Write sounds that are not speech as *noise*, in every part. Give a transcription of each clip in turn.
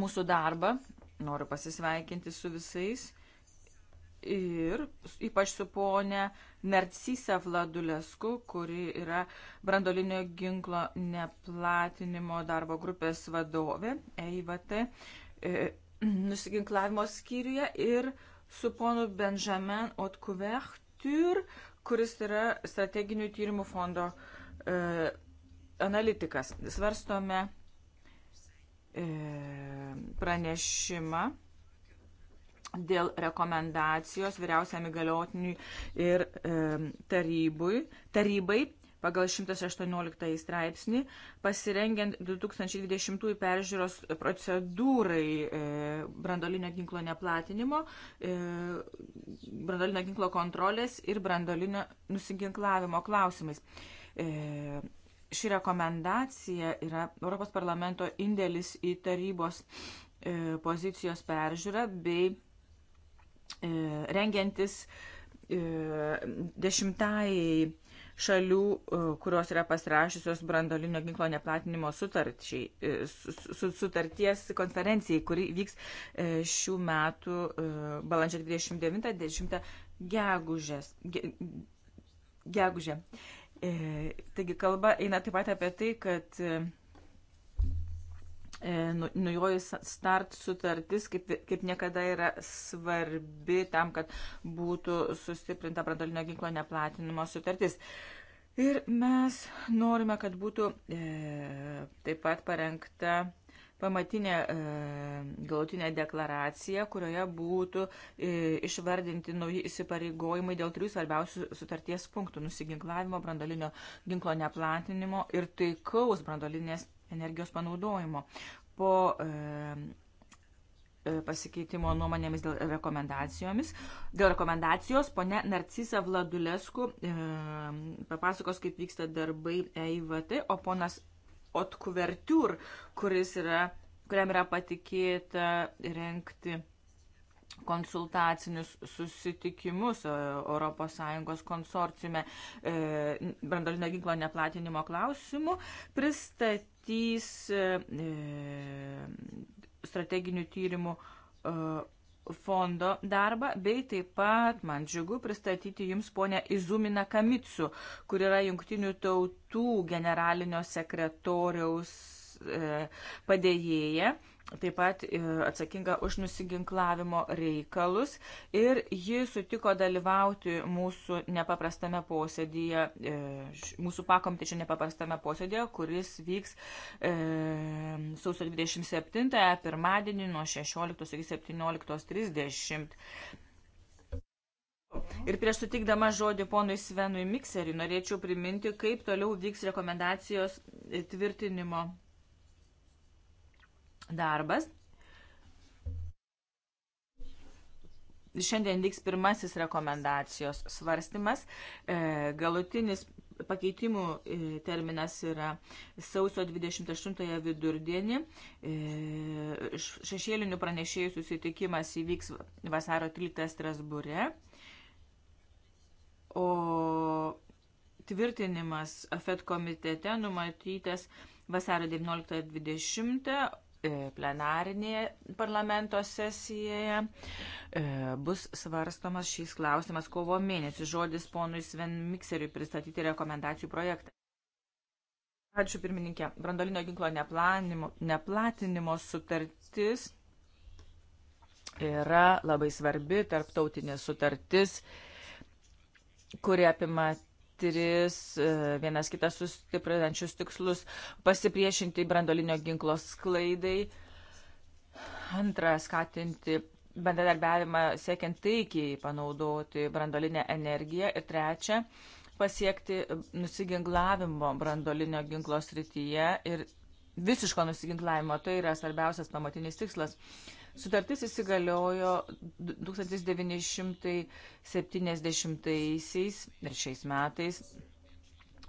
mūsų darbą. Noriu pasisveikinti su visais ir ypač su ponė Narcisa Vladulesku, kuri yra brandolinio ginklo neplatinimo darbo grupės vadovė EIVT e, nusiginklavimo skyriuje ir su ponu Benjamin Otkuvertur, kuris yra strateginių tyrimų fondo e, analitikas. Svarstome E, pranešimą dėl rekomendacijos vyriausiam įgaliotiniui ir e, tarybui, tarybai pagal 118 straipsnį, pasirengiant 2020 peržiūros procedūrai e, brandolinio ginklo neplatinimo, e, brandolinio ginklo kontrolės ir brandolinio nusiginklavimo klausimais. E, ši rekomendacija yra Europos parlamento indėlis į tarybos e, pozicijos peržiūrą bei e, rengiantis e, dešimtajai šalių, kurios yra pasirašysios brandolinio ginklo neplatinimo sutarčiai, sutarties konferencijai, kuri vyks šių metų balandžio 29-10 gegužės. Gegužė. E, taigi kalba eina taip pat apie tai, kad e, nujojus nu, start sutartis kaip, kaip niekada yra svarbi tam, kad būtų sustiprinta brandolinio ginklo neplatinimo sutartis. Ir mes norime, kad būtų e, taip pat parengta pamatinė e, galutinė deklaracija, kurioje būtų e, išvardinti nauji įsipareigojimai dėl trijų svarbiausių sutarties punktų - nusiginklavimo, brandolinio ginklo neplatinimo ir taikaus brandolinės energijos panaudojimo. Po e, e pasikeitimo nuomonėmis dėl rekomendacijomis. Dėl rekomendacijos pone Narcisa Vladulesku e, papasakos, kaip vyksta darbai EIVT, o ponas Otkuvertiūr, kuris yra, kuriam yra patikėta renkti konsultacinius susitikimus ES konsorciume e, brandolinio ginklo neplatinimo klausimų, pristatys e, e strateginių tyrimų e, fondo darbą, bei taip pat man džiugu pristatyti Jums ponę Izumina Kamitsu, kur yra Junktinių tautų generalinio sekretoriaus e, padėjėja taip pat e, atsakinga už nusiginklavimo reikalus ir ji sutiko dalyvauti mūsų nepaprastame posėdėje, e, mūsų pakomitečio nepaprastame posėdėje, kuris vyks e, sausio 27-ąją pirmadienį nuo 16 iki 17.30. Ir prieš sutikdama žodį ponui Svenui Mikseriui norėčiau priminti, kaip toliau vyks rekomendacijos tvirtinimo darbas. Šiandien vyks pirmasis rekomendacijos svarstymas. E, galutinis pakeitimų e, terminas yra sausio 28 vidurdienį. E, šešėlinių pranešėjų susitikimas įvyks vasaro 13 Strasbūre. O tvirtinimas AFET komitete numatytas vasaro 19-20, E, plenarinėje parlamento sesijoje e, bus svarstomas šis klausimas kovo mėnesį. Žodis ponui Sven Mikseriui pristatyti rekomendacijų projektą. Ačiū pirmininkė. Brandolinio ginklo neplanimo, neplatinimo sutartis yra labai svarbi tarptautinė sutartis, kuri apima tris e, vienas kitas sustiprinančius tikslus, pasipriešinti brandolinio ginklo sklaidai, antra, skatinti bendradarbiavimą siekiant taikiai panaudoti brandolinę energiją ir trečia, pasiekti nusiginglavimo brandolinio ginklo srityje ir visiško nusiginglavimo. Tai yra svarbiausias pamatinis tikslas. Sutartis įsigaliojo 1970-aisiais ir šiais metais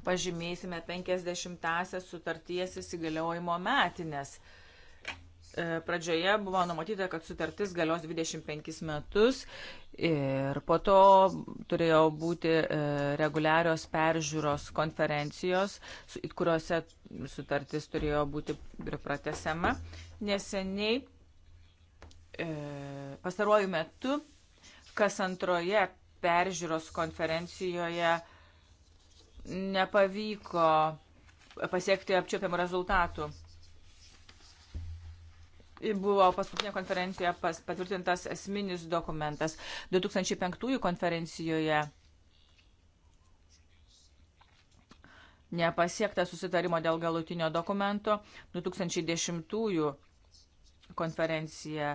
pažymėsime 50-asias sutarties įsigaliojimo metinės. E, pradžioje buvo numatyta, kad sutartis galios 25 metus ir po to turėjo būti e, reguliarios peržiūros konferencijos, kuriuose sutartis turėjo būti pratesiama. Neseniai E, pastaruoju metu, kas antroje peržiūros konferencijoje nepavyko pasiekti apčiopiamų rezultatų. Buvo paskutinė konferencija pas, patvirtintas esminis dokumentas. 2005 konferencijoje nepasiekta susitarimo dėl galutinio dokumento. 2010 konferencija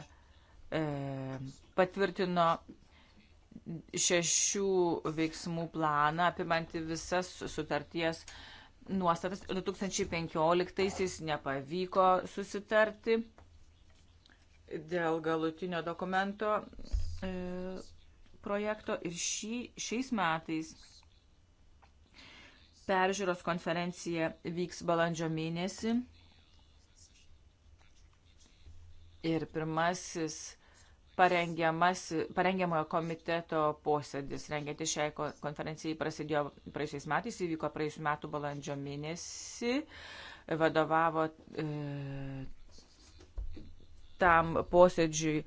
E, patvirtino šešių veiksmų planą, apimanti visas sutarties nuostatas. 2015-aisiais nepavyko susitarti dėl galutinio dokumento e, projekto ir šį, šiais metais peržiūros konferencija vyks balandžio mėnesį. Ir pirmasis parengiamojo komiteto posėdis rengianti šiai konferencijai prasidėjo praėjusiais metais, įvyko praėjusiu metu balandžio mėnesį, vadovavo e, tam posėdžiui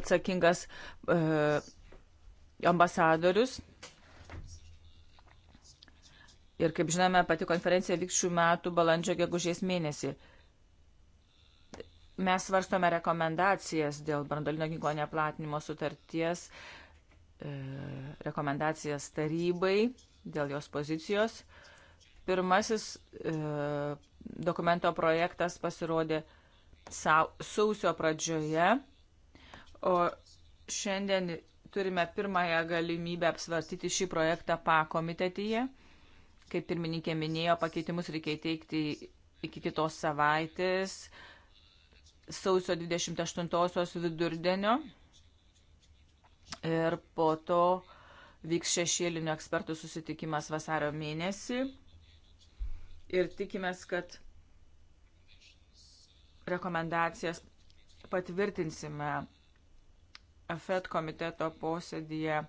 atsakingas e, ambasadorius. Ir kaip žinome, pati konferencija vyks šių metų balandžio gegužės mėnesį. E, Mes svarstome rekomendacijas dėl brandolinio ginklo neplatinimo sutarties, e, rekomendacijas tarybai dėl jos pozicijos. Pirmasis e, dokumento projektas pasirodė sausio pradžioje, o šiandien turime pirmąją galimybę apsvarstyti šį projektą pakomitetyje. Kaip pirmininkė minėjo, pakeitimus reikia teikti iki kitos savaitės sausio 28-osios vidurdienio ir po to vyks šešėlinių ekspertų susitikimas vasario mėnesį ir tikimės, kad rekomendacijas patvirtinsime FED komiteto posėdėje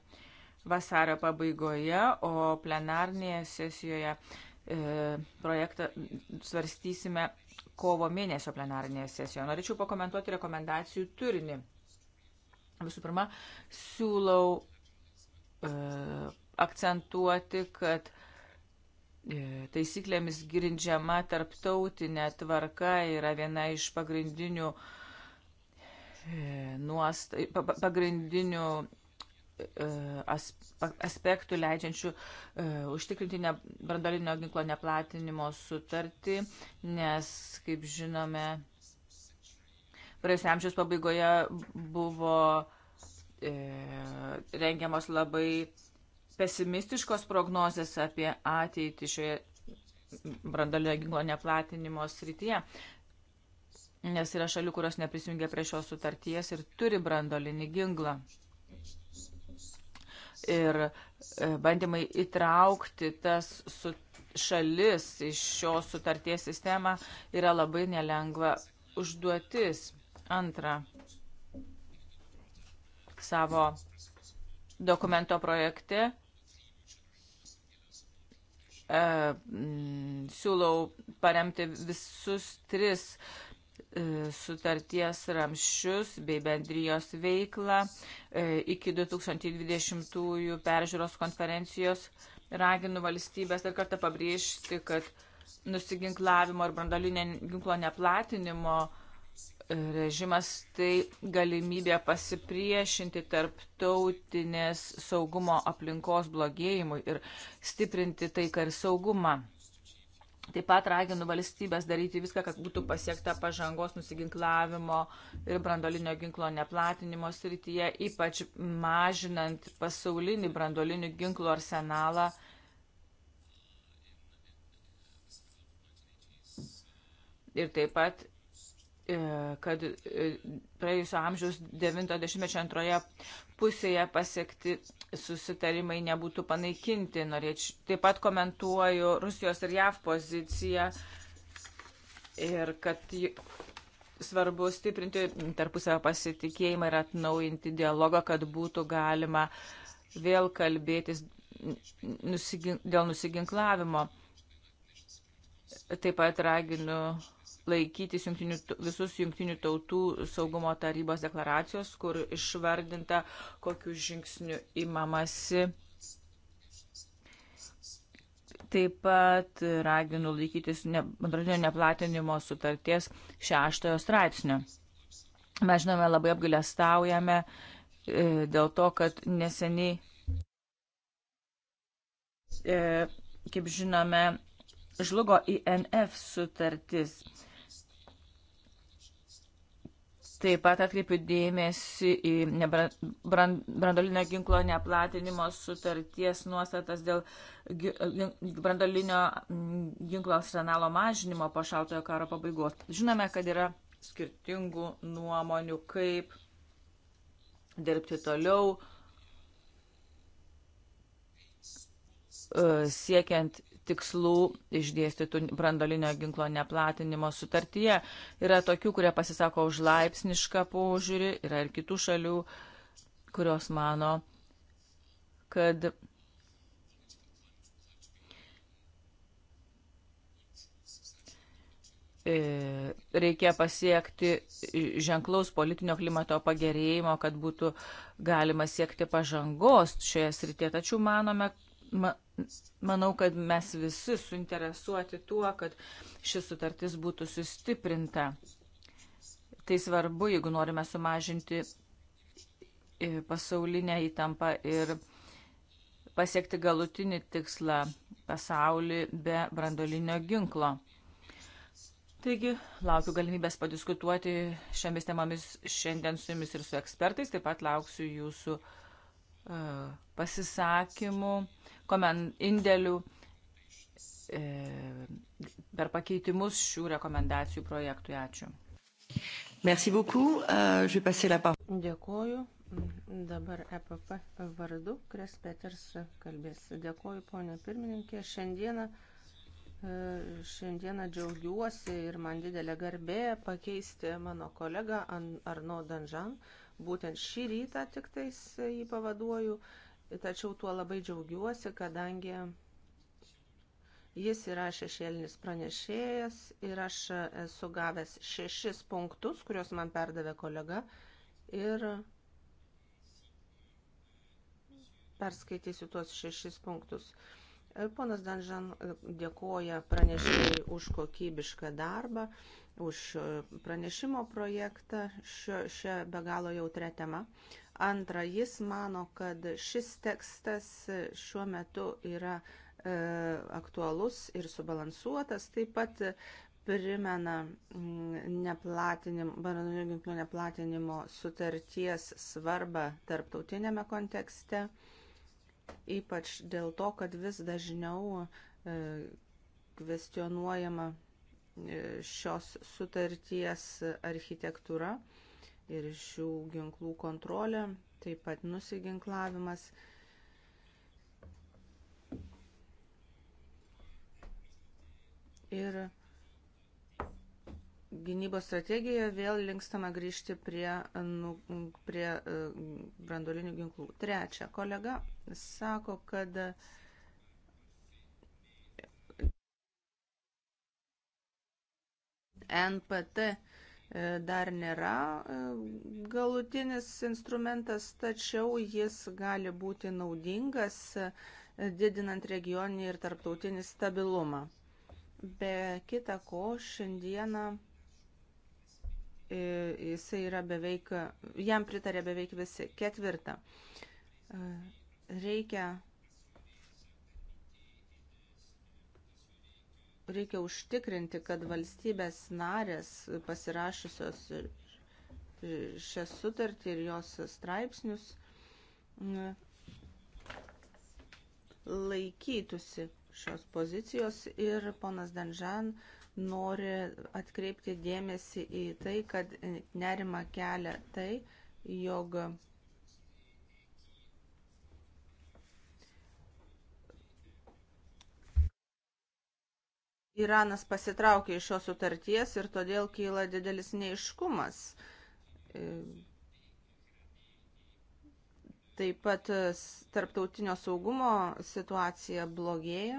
vasario pabaigoje, o plenarnėje sesijoje e, projektą svarstysime kovo mėnesio plenarinėje sesijoje. Norėčiau pakomentuoti rekomendacijų turinį. Visų pirma, siūlau e, akcentuoti, kad e, taisyklėmis grindžiama tarptautinė tvarka yra viena iš pagrindinių e, nuosta, pa, pagrindinių E, aspektų leidžiančių e, užtikrinti ne, brandolinio ginklo neplatinimo sutartį, nes, kaip žinome, praėjusio amžiaus pabaigoje buvo e, rengiamos labai pesimistiškos prognozės apie ateitį šioje brandolinio ginklo neplatinimo srityje. Nes yra šalių, kurios neprisijungia prie šios sutarties ir turi brandolinį ginklą ir e, bandymai įtraukti tas su šalis iš šios sutarties sistemą yra labai nelengva užduotis. Antra, savo dokumento projekte e, siūlau paremti visus tris E, sutarties ramščius bei bendrijos veiklą e, iki 2020 peržiūros konferencijos. Raginu valstybės dar kartą pabrėžti, kad nusiginklavimo ir brandolinio ginklo neplatinimo e, režimas tai galimybė pasipriešinti tarptautinės saugumo aplinkos blogėjimui ir stiprinti taiką ir saugumą. Taip pat raginu valstybės daryti viską, kad būtų pasiekta pažangos nusiginklavimo ir brandolinio ginklo neplatinimo srityje, ypač mažinant pasaulinį brandolinių ginklų arsenalą. Ir taip pat, e, kad e, praėjusio amžiaus 90-mečio antroje pusėje pasiekti susitarimai nebūtų panaikinti. Norėčiau. Taip pat komentuoju Rusijos ir JAV poziciją ir kad svarbu stiprinti tarpusavio pasitikėjimą ir atnaujinti dialogą, kad būtų galima vėl kalbėtis nusigin, dėl nusiginklavimo. Taip pat raginu laikytis jungtinių, visus jungtinių tautų saugumo tarybos deklaracijos, kur išvardinta, kokiu žingsniu įmamasi. Taip pat raginu laikytis bendradinio ne, neplatinimo sutarties šeštojo straipsnio. Mes žinome, labai apgailestaujame e, dėl to, kad neseniai e, kaip žinome, žlugo INF sutartis. Taip pat atkreipiu dėmesį į brandolinio ginklo neplatinimo sutarties nuostatas dėl brandolinio ginklo arsenalo mažinimo po šaltojo karo pabaigos. Žinome, kad yra skirtingų nuomonių, kaip dirbti toliau, e, siekiant tikslų išdėstytų brandolinio ginklo neplatinimo sutartyje. Yra tokių, kurie pasisako už laipsnišką požiūrį, yra ir kitų šalių, kurios mano, kad e, reikia pasiekti ženklaus politinio klimato pagerėjimo, kad būtų galima siekti pažangos šioje srityje. Tačiau manome, ma, manau, kad mes visi suinteresuoti tuo, kad ši sutartis būtų sustiprinta. Tai svarbu, jeigu norime sumažinti e, pasaulinę įtampą ir pasiekti galutinį tikslą pasaulį be brandolinio ginklo. Taigi, laukiu galimybės padiskutuoti šiomis temomis šiandien su jumis ir su ekspertais, taip pat lauksiu jūsų uh, pasisakymų, indėlių e, per pakeitimus šių rekomendacijų projektui. Ačiū. Merci beaucoup. Euh, je vais passer la parole. Dėkuoju. Dabar EPP vardu Kres Peters kalbės. Dėkuoju, ponė pirmininkė. Šiandieną, e, šiandieną džiaugiuosi ir man didelė garbė pakeisti mano kolegą Arno Danžan. Ar Būtent šį rytą tik tais jį pavaduoju, tačiau tuo labai džiaugiuosi, kadangi jis yra šešėlinis pranešėjas ir aš esu gavęs šešis punktus, kuriuos man perdavė kolega ir perskaitysiu tuos šešis punktus. Ponas Danžan dėkoja pranešėjai už kokybišką darbą, už e, pranešimo projektą šio, šią be galo jautrę temą. Antra, jis mano, kad šis tekstas šiuo metu yra e, aktualus ir subalansuotas, taip pat primena branduolinių mm, ginklų neplatinimo sutarties svarbą tarptautinėme kontekste, ypač dėl to, kad vis dažniau e, kvestionuojama šios sutarties architektūra ir šių ginklų kontrolė, taip pat nusiginklavimas. Ir gynybos strategijoje vėl linkstama grįžti prie, nu, prie e, brandolinių ginklų. Trečia, kolega sako, kad uh, NPT e, dar nėra e, galutinis instrumentas, tačiau jis gali būti naudingas, e, didinant regioninį ir tarptautinį stabilumą. Be kita ko, šiandieną jisai yra beveik, jam pritarė beveik visi. Ketvirta, reikia reikia užtikrinti, kad valstybės narės pasirašusios šią sutartį ir jos straipsnius laikytųsi šios pozicijos ir ponas Danžan nori atkreipti dėmesį į tai, kad nerima kelia tai, jog Iranas pasitraukė iš šios sutarties ir todėl kyla didelis neiškumas. E, Taip pat tarptautinio saugumo situacija blogėja.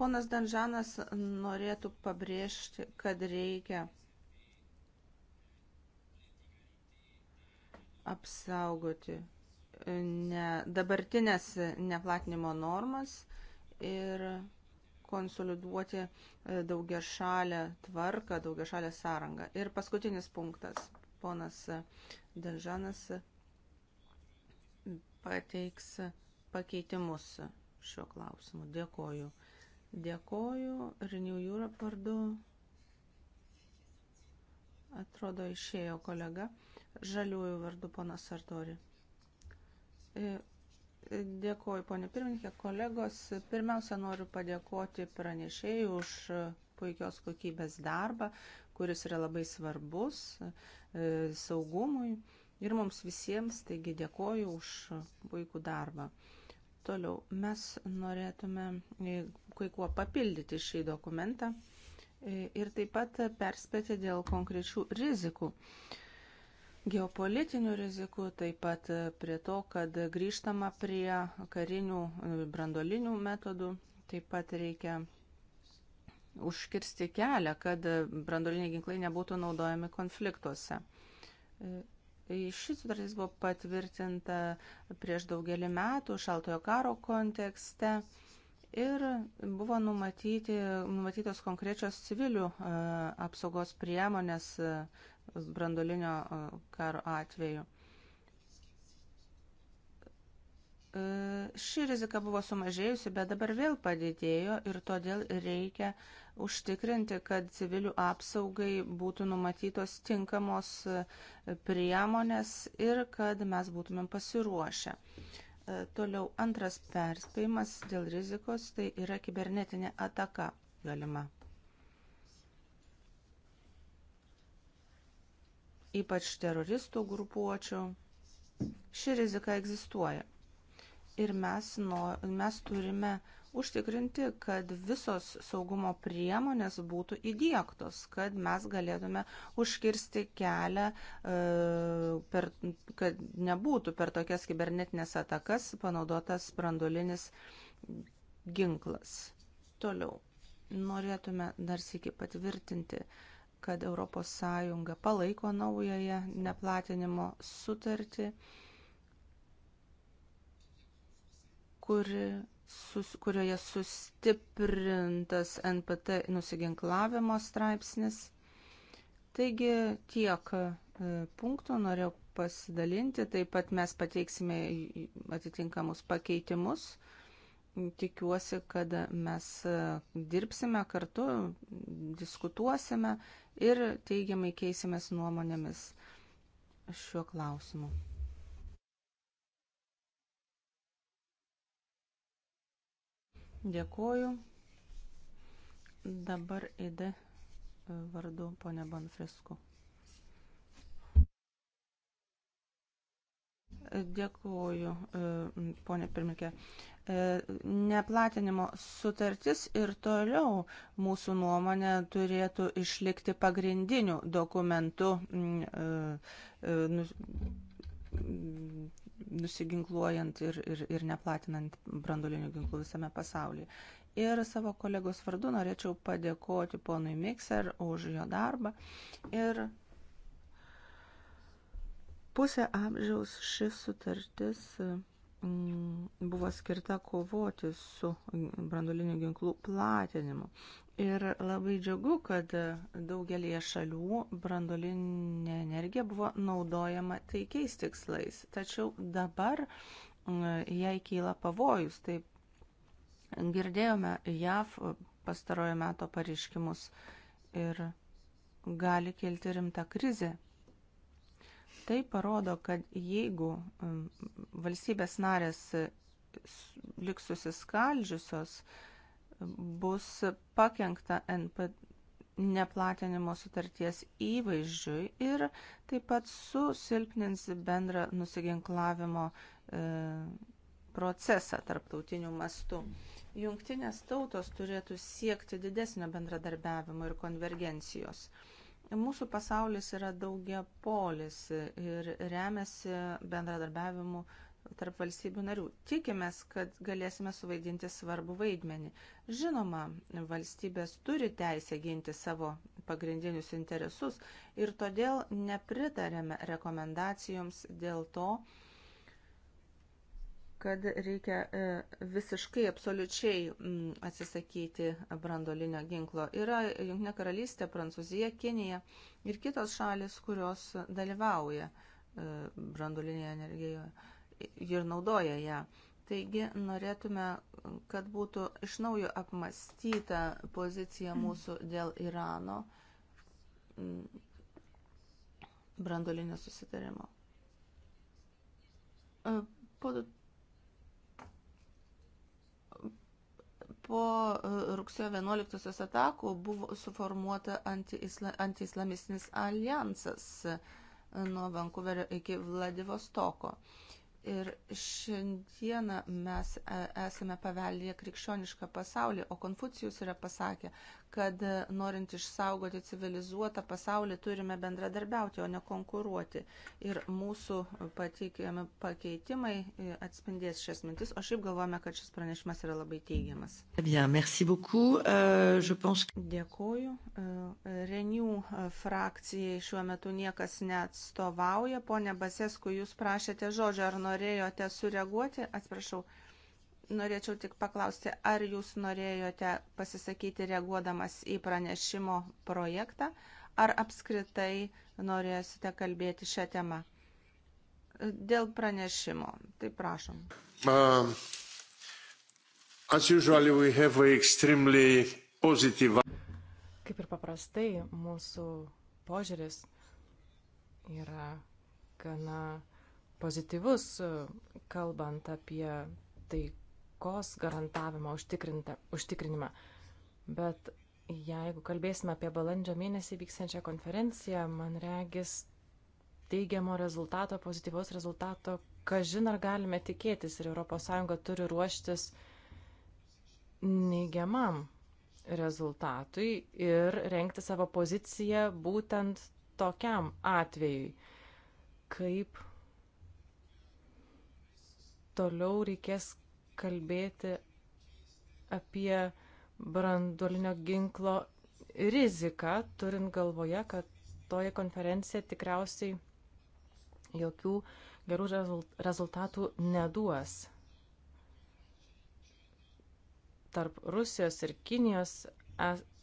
Ponas Danžanas norėtų pabrėžti, kad reikia apsaugoti e, ne, dabartinės neplatinimo normas ir konsoliduoti e, daugia šalę tvarką, daugia šalę sąrangą. Ir paskutinis punktas. Ponas e, Danžanas e, pateiks pakeitimus šiuo klausimu. Dėkoju. Dėkoju Renew Europe vardu. Atrodo, išėjo kolega. Žaliųjų vardu ponas Sartori. Dėkuoju, ponė pirmininkė, kolegos. Pirmiausia, noriu padėkoti pranešėjai už puikios kokybės darbą, kuris yra labai svarbus e, saugumui ir mums visiems, taigi dėkoju už puikų darbą. Toliau, mes norėtume e, kai kuo papildyti šį dokumentą e, ir taip pat perspėti dėl konkrečių rizikų geopolitinių rizikų, taip pat e, prie to, kad grįžtama prie karinių e, brandolinių metodų, taip pat reikia užkirsti kelią, kad e, brandoliniai ginklai nebūtų naudojami konfliktuose. Šis sutartis buvo patvirtinta prieš daugelį metų šaltojo karo kontekste ir buvo numatyti, numatytos konkrečios civilių e, apsaugos priemonės e, brandolinio e, karo atveju. Ši rizika buvo sumažėjusi, bet dabar vėl padidėjo ir todėl reikia užtikrinti, kad civilių apsaugai būtų numatytos tinkamos priemonės ir kad mes būtumėm pasiruošę. E, toliau antras perspėjimas dėl rizikos, tai yra kibernetinė ataka galima. Ypač teroristų grupuočių. Ši rizika egzistuoja. Ir mes, nu, mes turime uh, užtikrinti, kad visos saugumo priemonės būtų įdėktos, kad mes galėtume užkirsti kelią, e, per, kad nebūtų per tokias kibernetinės atakas panaudotas brandulinis ginklas. Toliau norėtume dar sėki patvirtinti, kad ES palaiko naująją neplatinimo sutartį, kuri sus, kurioje sustiprintas NPT nusiginklavimo straipsnis. Taigi tiek e, punktų norėjau pasidalinti. Taip pat mes pateiksime atitinkamus pakeitimus. Tikiuosi, kad mes e, dirbsime kartu, diskutuosime ir teigiamai keisimės nuomonėmis šiuo klausimu. Dėkuoju. Dabar įdė e, vardu ponė Banfrisku. E, Dėkuoju, e, ponė pirmikė. Neplatinimo sutartis ir toliau mūsų nuomonė turėtų išlikti pagrindiniu dokumentu nu, nusiginkluojant ir, ir, ir neplatinant brandolinių ginklų visame pasaulyje. Ir savo kolegos vardu norėčiau padėkoti ponui Mikser už jo darbą. Ir pusę amžiaus šis sutartis mm, buvo skirta kovoti su brandolinių ginklų platinimu. Ir labai džiugu, kad daugelie šalių brandolinė energija buvo naudojama taikiais tikslais. Tačiau dabar mm, jai kyla pavojus. Taip girdėjome JAV pastarojo meto pareiškimus ir gali kilti rimta krizė. Tai parodo, kad jeigu mm, valstybės narės liks susiskaldžiusios, bus pakengta NP neplatinimo sutarties įvaizdžiui ir taip pat susilpnins bendrą nusiginklavimo e, procesą tarptautiniu mastu. Jungtinės tautos turėtų siekti didesnio bendradarbiavimo ir konvergencijos. Mūsų pasaulis yra daugia polis ir remiasi bendradarbiavimu tarp valstybių narių. Tikimės, kad galėsime suvaidinti svarbų vaidmenį. Žinoma, valstybės turi teisę ginti savo pagrindinius interesus ir todėl nepritarėme rekomendacijoms dėl to, kad reikia e, visiškai, absoliučiai atsisakyti brandolinio ginklo. Yra Junktinė karalystė, Prancūzija, Kinija ir kitos šalis, kurios dalyvauja e, brandolinėje energijoje ir naudoja ją. Taigi norėtume, kad būtų iš naujo apmastyta pozicija mūsų dėl Irano mm, brandolinio susitarimo. E, po, po e, rugsėjo 11 atakų buvo suformuota antiislamistinis anti alijansas e, nuo Vankuverio iki Vladivostoko. Stoko Ir šiandieną mes e, esame paveldėję krikščionišką pasaulį, o Konfucijus yra pasakę, kad e, norint išsaugoti civilizuotą pasaulį turime bendradarbiauti, o ne konkuruoti. Ir mūsų pateikiami pakeitimai e, atspindės šias mintis, o šiaip galvojame, kad šis pranešimas yra labai teigiamas. Bien, merci beaucoup. Uh, je pense... Dėkoju. Uh, Renių frakcijai šiuo metu niekas neatstovauja. Pone Basesku, jūs prašėte žodžio, ar norėjote sureaguoti? Atsiprašau. Uh, Norėčiau tik paklausti, ar jūs norėjote pasisakyti reaguodamas į pranešimo projektą, ar apskritai norėsite kalbėti šią temą? Dėl pranešimo, tai prašom. Um, positive... Kaip ir paprastai, mūsų požiūris yra gana pozityvus, kalbant apie tai, taikos garantavimą, užtikrinimą. Bet jeigu kalbėsime apie balandžio mėnesį vyksiančią konferenciją, man regis teigiamo rezultato, pozityvaus rezultato, kažin ar galime tikėtis ir ES turi ruoštis neigiamam rezultatui ir renkti savo poziciją būtent tokiam atvejui, kaip toliau reikės kalbėti apie branduolinio ginklo riziką, turint galvoje, kad toje konferencija tikriausiai jokių gerų rezultatų neduos. Tarp Rusijos ir Kinijos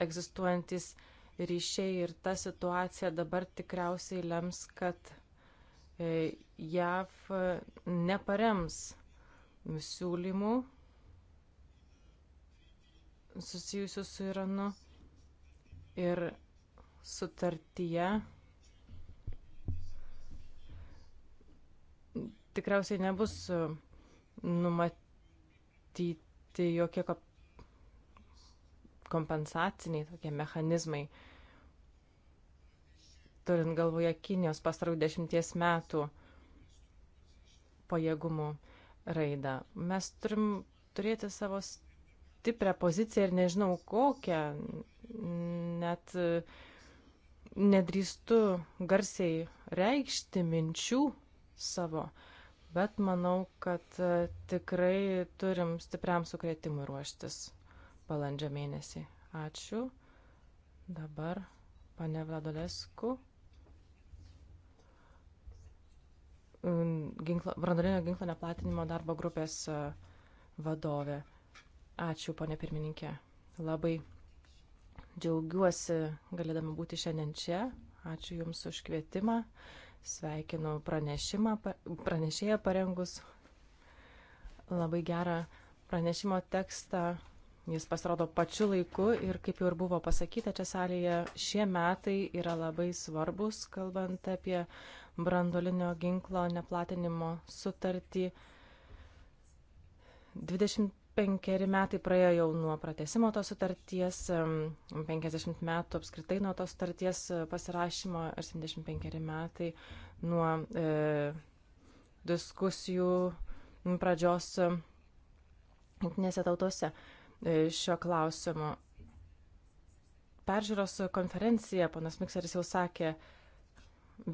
egzistuojantis ryšiai ir ta situacija dabar tikriausiai lems, kad e, JAV neparems siūlymų susijusių su Iranu ir sutartyje tikriausiai nebus e, numatyti jokie kompensaciniai tokie mechanizmai, turint galvoje Kinijos pastarų dešimties metų pajėgumų raidą. Mes turim turėti savo stiprią poziciją ir nežinau kokią, net e, nedrįstu garsiai reikšti minčių savo, bet manau, kad e, tikrai turim stipriam sukretimui ruoštis balandžio mėnesį. Ačiū. Dabar pane Vladolesku Mm, ginklo, brandolinio ginklo neplatinimo darbo grupės e, vadovė. Ačiū, ponė pirmininkė. Labai džiaugiuosi galėdami būti šiandien čia. Ačiū Jums už kvietimą. Sveikinu pranešimą, pranešėją parengus. Labai gerą pranešimo tekstą. Jis pasirodo pačiu laiku ir kaip jau ir buvo pasakyta čia salėje, šie metai yra labai svarbus, kalbant apie brandolinio ginklo neplatinimo sutartį. 25 metai praėjo jau nuo pratesimo tos sutarties, 50 metų apskritai nuo tos sutarties e, pasirašymo ir 75 metai nuo e, diskusijų pradžios e, jungtinėse tautose e, šio klausimu. Peržiūros konferencija, panas Mikseris jau sakė,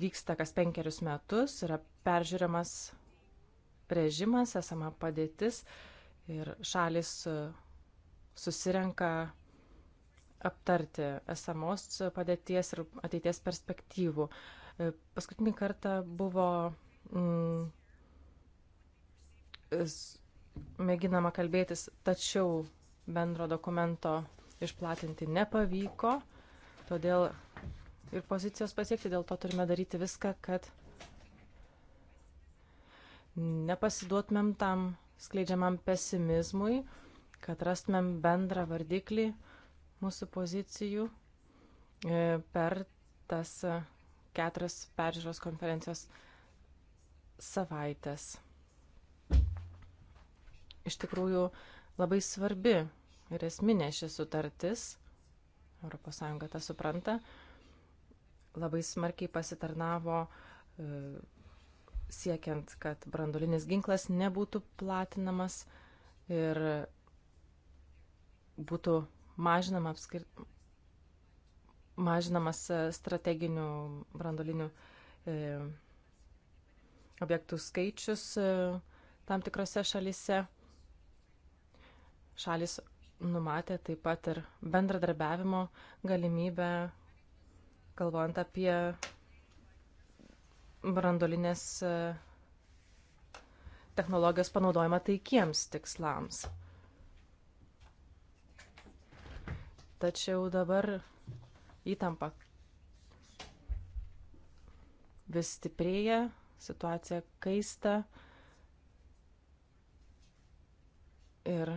vyksta kas penkerius metus, yra peržiūriamas režimas, esama padėtis ir šalis e, susirenka aptarti esamos padėties ir ateities perspektyvų. E, paskutinį kartą buvo mm, mėginama kalbėtis, tačiau bendro dokumento išplatinti nepavyko, todėl ir pozicijos pasiekti, dėl to turime daryti viską, kad nepasiduotumėm tam skleidžiamam pesimizmui, kad rastumėm bendrą vardiklį mūsų pozicijų e, per tas keturias peržiūros konferencijos savaitės. Iš tikrųjų, labai svarbi ir esminė ši sutartis, ES tą supranta, labai smarkiai pasitarnavo e, siekiant, kad brandolinis ginklas nebūtų platinamas ir būtų mažinama apskir... mažinamas e, strateginių brandolinių e, objektų skaičius e, tam tikrose šalise. Šalis numatė taip pat ir bendradarbiavimo galimybę galvojant apie brandolinės e, technologijos panaudojimą taikiems tikslams. Tačiau dabar įtampa vis stiprėja, situacija kaista ir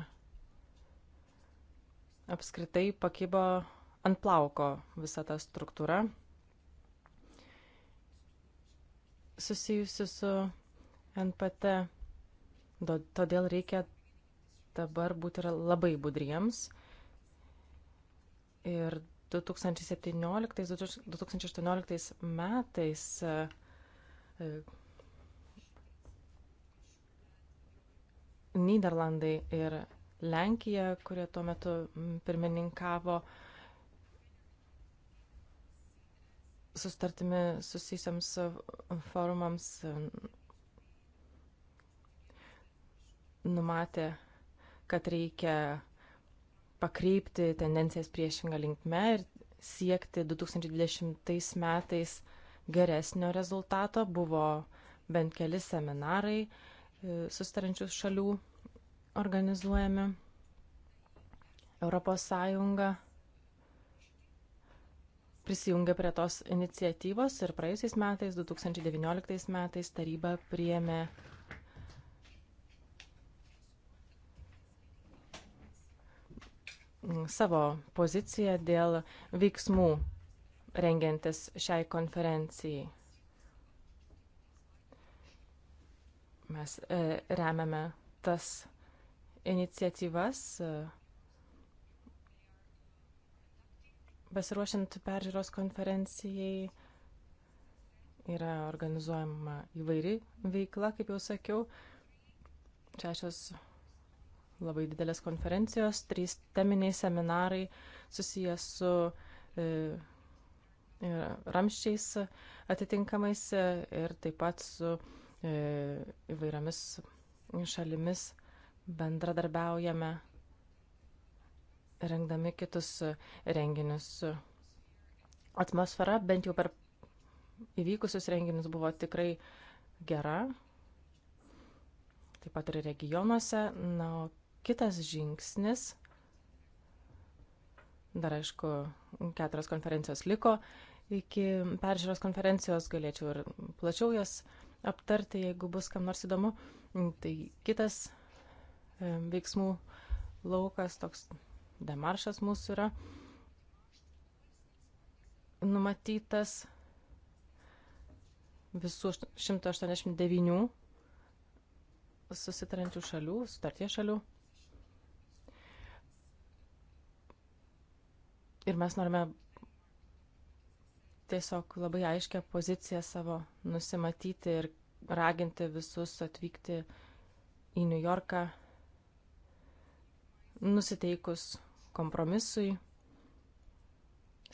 apskritai pakibo ant plauko visa ta struktūra susijusi su NPT. Todėl reikia dabar būti labai budriems. Ir 2017-2018 metais e, Niderlandai ir Lenkija, kurie tuo metu pirmininkavo, uh, sustartimi susijusiams e, forumams e, numatė, kad reikia pakreipti tendencijas priešingą linkme ir siekti 2020 metais geresnio rezultato. Buvo bent keli seminarai e, sustarančių šalių organizuojami. Europos Sąjunga prisijungė prie tos iniciatyvos ir praėjusiais metais, 2019 metais, taryba priėmė savo poziciją dėl veiksmų rengiantis šiai konferencijai. Mes e, remiame tas iniciatyvas, e, Besiruošiant peržiūros konferencijai yra organizuojama įvairi veikla, kaip jau sakiau. Šešios labai didelės konferencijos, trys teminiai seminarai susijęs su e, e, ramščiais atitinkamais ir taip pat su e, įvairiomis šalimis bendradarbiaujame rengdami kitus renginius. Atmosfera bent jau per įvykusius renginius buvo tikrai gera, taip pat ir regionuose. Na, o kitas žingsnis, dar aišku, keturios konferencijos liko, iki peržiūros konferencijos galėčiau ir plačiau jas aptarti, jeigu bus kam nors įdomu. Tai kitas e, veiksmų laukas toks demaršas mūsų yra numatytas visų 189 susitarančių šalių, sutarties šalių. Ir mes norime tiesiog labai aiškę poziciją savo nusimatyti ir raginti visus atvykti į Niujorką nusiteikus kompromisui,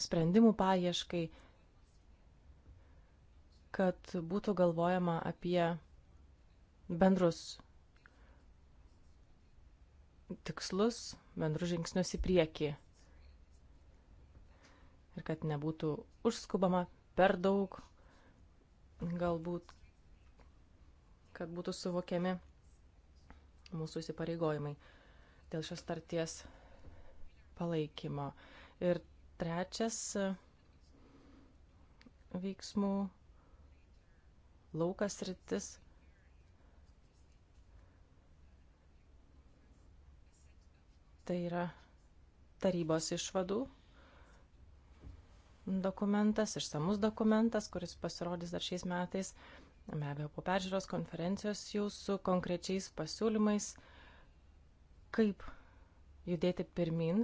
sprendimų paieškai, kad būtų galvojama apie bendrus tikslus, bendrus žingsnius į priekį. Ir kad nebūtų užskubama per daug, galbūt, kad būtų suvokiami mūsų įsipareigojimai dėl šios starties palaikymo. Ir trečias e, veiksmų laukas rytis. Tai yra tarybos išvadų dokumentas, išsamus dokumentas, kuris pasirodys dar šiais metais, be abejo, po peržiūros konferencijos jau su konkrečiais pasiūlymais kaip judėti pirmin.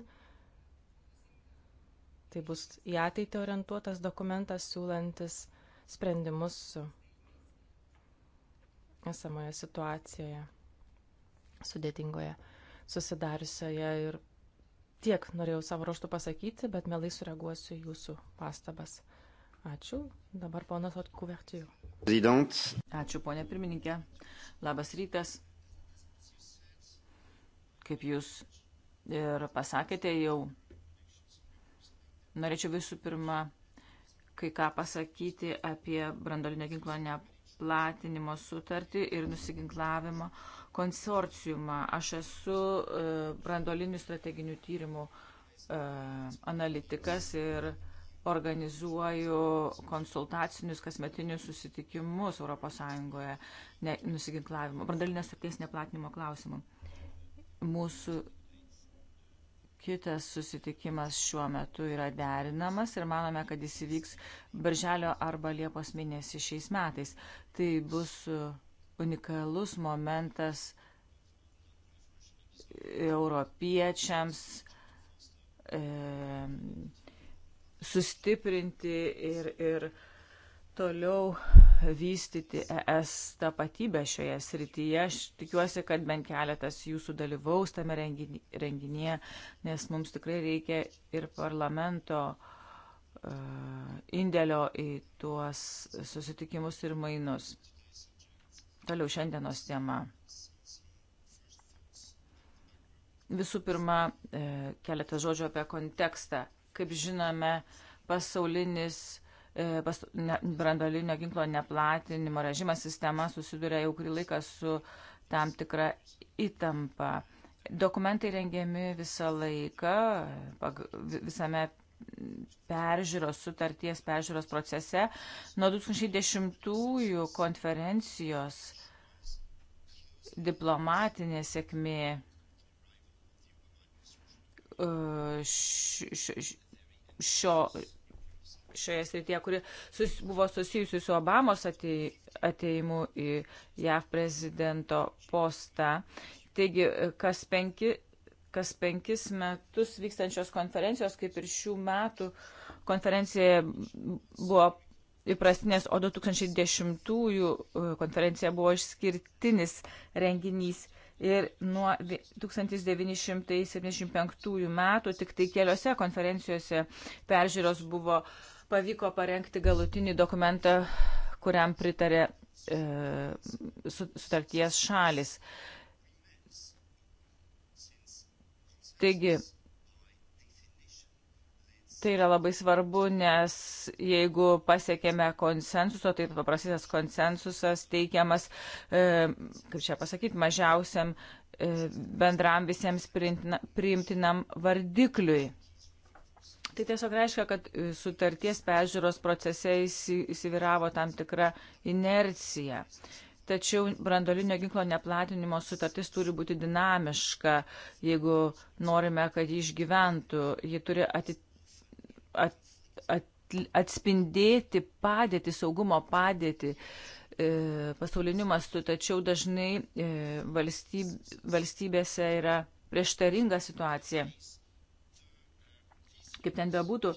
Tai bus į ateitį orientuotas dokumentas siūlantis sprendimus esamoje situacijoje, sudėtingoje, susidariusioje ir tiek norėjau savo ruoštų pasakyti, bet melai sureaguosiu jūsų pastabas. Ačiū. Dabar ponas Otkuvertijų. Ačiū, ponė pirmininkė. Labas rytas kaip jūs ir pasakėte jau, norėčiau visų pirma kai ką pasakyti apie brandolinio ginklo neplatinimo sutartį ir nusiginklavimo konsorciumą. Aš esu e, brandolinių strateginių tyrimų e, analitikas ir organizuoju konsultacinius kasmetinius susitikimus ES nusiginklavimo, brandalinės sutarties neplatinimo klausimų. Mūsų kitas susitikimas šiuo metu yra derinamas ir manome, kad jis įvyks birželio arba liepos mėnesį šiais metais. Tai bus unikalus momentas europiečiams e, sustiprinti ir, ir toliau vystyti ES tapatybę šioje srityje. Aš tikiuosi, kad bent keletas jūsų dalyvaus tame renginyje, nes mums tikrai reikia ir parlamento uh, indėlio į tuos susitikimus ir mainus. Toliau šiandienos tema. Visų pirma, e, keletas žodžių apie kontekstą. Kaip žinome, pasaulinis E, brandolinio ginklo neplatinimo režimas sistema susiduria jau kurį laiką su tam tikra įtampa. Dokumentai rengiami visą laiką, visame peržiūros sutarties peržiūros procese. Nuo 2010-ųjų konferencijos diplomatinė sėkmė e, šio, šioje srityje, kuri sus, buvo susijusi su Obamos ateimu į JAV prezidento postą. Taigi, kas, penki, kas penkis metus vykstančios konferencijos, kaip ir šių metų konferencija buvo įprastinės, o 2010-ųjų e, konferencija buvo išskirtinis renginys. Ir nuo 1975 metų tik tai keliose konferencijose peržiūros buvo uh, pavyko parengti galutinį dokumentą, kuriam pritarė e, sutarties šalis. Taigi, tai yra labai svarbu, nes jeigu pasiekėme konsensuso, tai paprastas konsensusas teikiamas, e, kaip čia pasakyti, mažiausiam e, bendram visiems priimtinam vardikliui. Tai tiesiog reiškia, kad e, sutarties pežiūros procese įsiviravo tam tikra inercija. Tačiau brandolinio ginklo neplatinimo sutartis turi būti dinamiška, jeigu norime, kad jį išgyventų. Ji turi ati, at, at, atspindėti padėtį, saugumo padėtį e, pasauliniu mastu, tačiau dažnai e, valstyb, valstybėse yra prieštaringa situacija. Kaip ten bebūtų,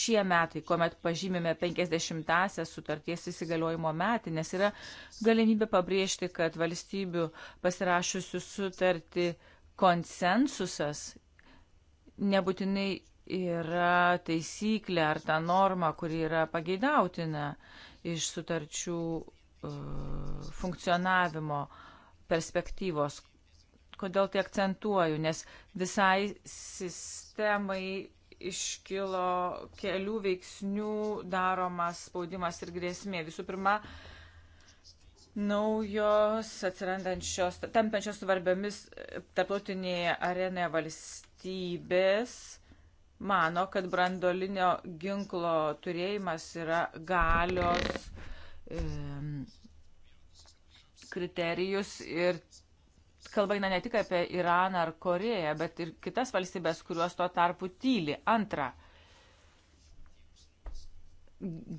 šie metai, kuomet pažymime 50-asias sutarties įsigaliojimo metinės, yra galimybė pabrėžti, kad valstybių pasirašiusių sutartį konsensusas nebūtinai yra taisyklė ar ta norma, kuri yra pageidautina iš sutarčių uh, funkcionavimo perspektyvos. Kodėl tai akcentuoju? Nes visai sistemai iškilo kelių veiksnių daromas spaudimas ir grėsmė. Visų pirma, naujos atsirandančios, tampančios svarbiomis tarptautinėje arenoje valstybės mano, kad brandolinio ginklo turėjimas yra galios e, kriterijus ir kalba eina ne tik apie Iraną ar Koreją, bet ir kitas valstybės, kuriuos tuo tarpu tyli. Antra,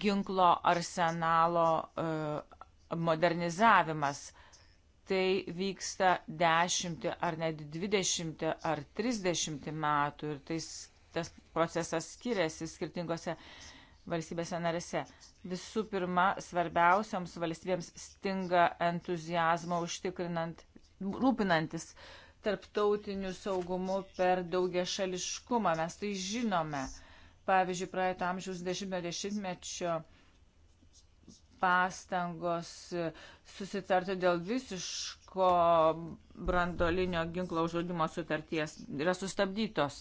ginklo arsenalo e, modernizavimas. Tai vyksta dešimtį ar net dvidešimtį ar trisdešimtį metų ir tais, tas procesas skiriasi skirtingose valstybėse narėse. Visų pirma, svarbiausiams valstybėms stinga entuzijazmo užtikrinant rūpinantis tarptautiniu saugumu per daugia šališkumą. Mes tai žinome. Pavyzdžiui, praeito amžiaus dešimtmečio pastangos susitarti dėl visiško brandolinio ginklo uždraudimo sutarties yra sustabdytos.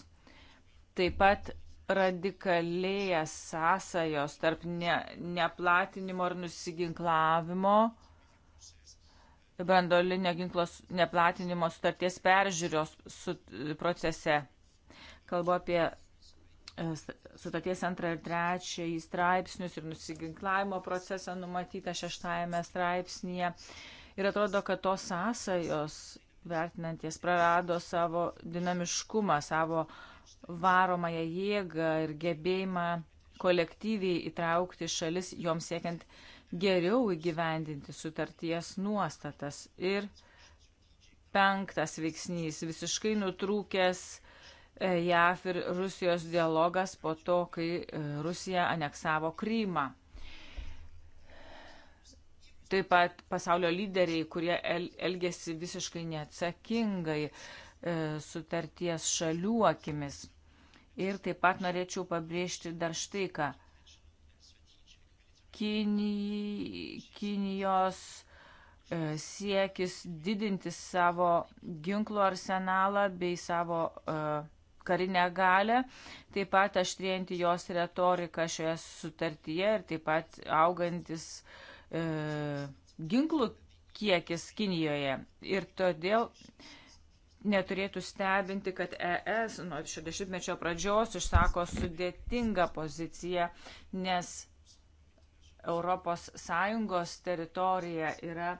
Taip pat radikalėja sąsajos tarp ne, neplatinimo ir nusiginklavimo brandolinio ginklos neplatinimo sutarties peržiūros su, procese. Kalbu apie e, sutarties antrą ir trečiąjį straipsnius ir nusiginklavimo procesą numatytą šeštajame straipsnėje. Ir atrodo, kad tos sąsajos vertinanties prarado savo dinamiškumą, savo varomąją jėgą ir gebėjimą kolektyviai įtraukti šalis joms siekiant uh, geriau įgyvendinti sutarties nuostatas. Ir penktas veiksnys - visiškai nutrūkęs e, JAF ir Rusijos dialogas po to, kai e, Rusija aneksavo Krymą. Taip pat pasaulio lyderiai, kurie elgėsi visiškai neatsakingai e, sutarties šalių akimis. Ir taip pat norėčiau pabrėžti dar štai ką. Kinij, Kinijos e, siekis didinti savo ginklų arsenalą bei savo e, karinę galę, taip pat aštrėjantį jos retoriką šioje sutartyje ir taip pat augantis e, ginklų kiekis Kinijoje. Ir todėl neturėtų stebinti, kad ES nuo 60-mečio pradžios išsako sudėtingą poziciją, nes ES teritorija yra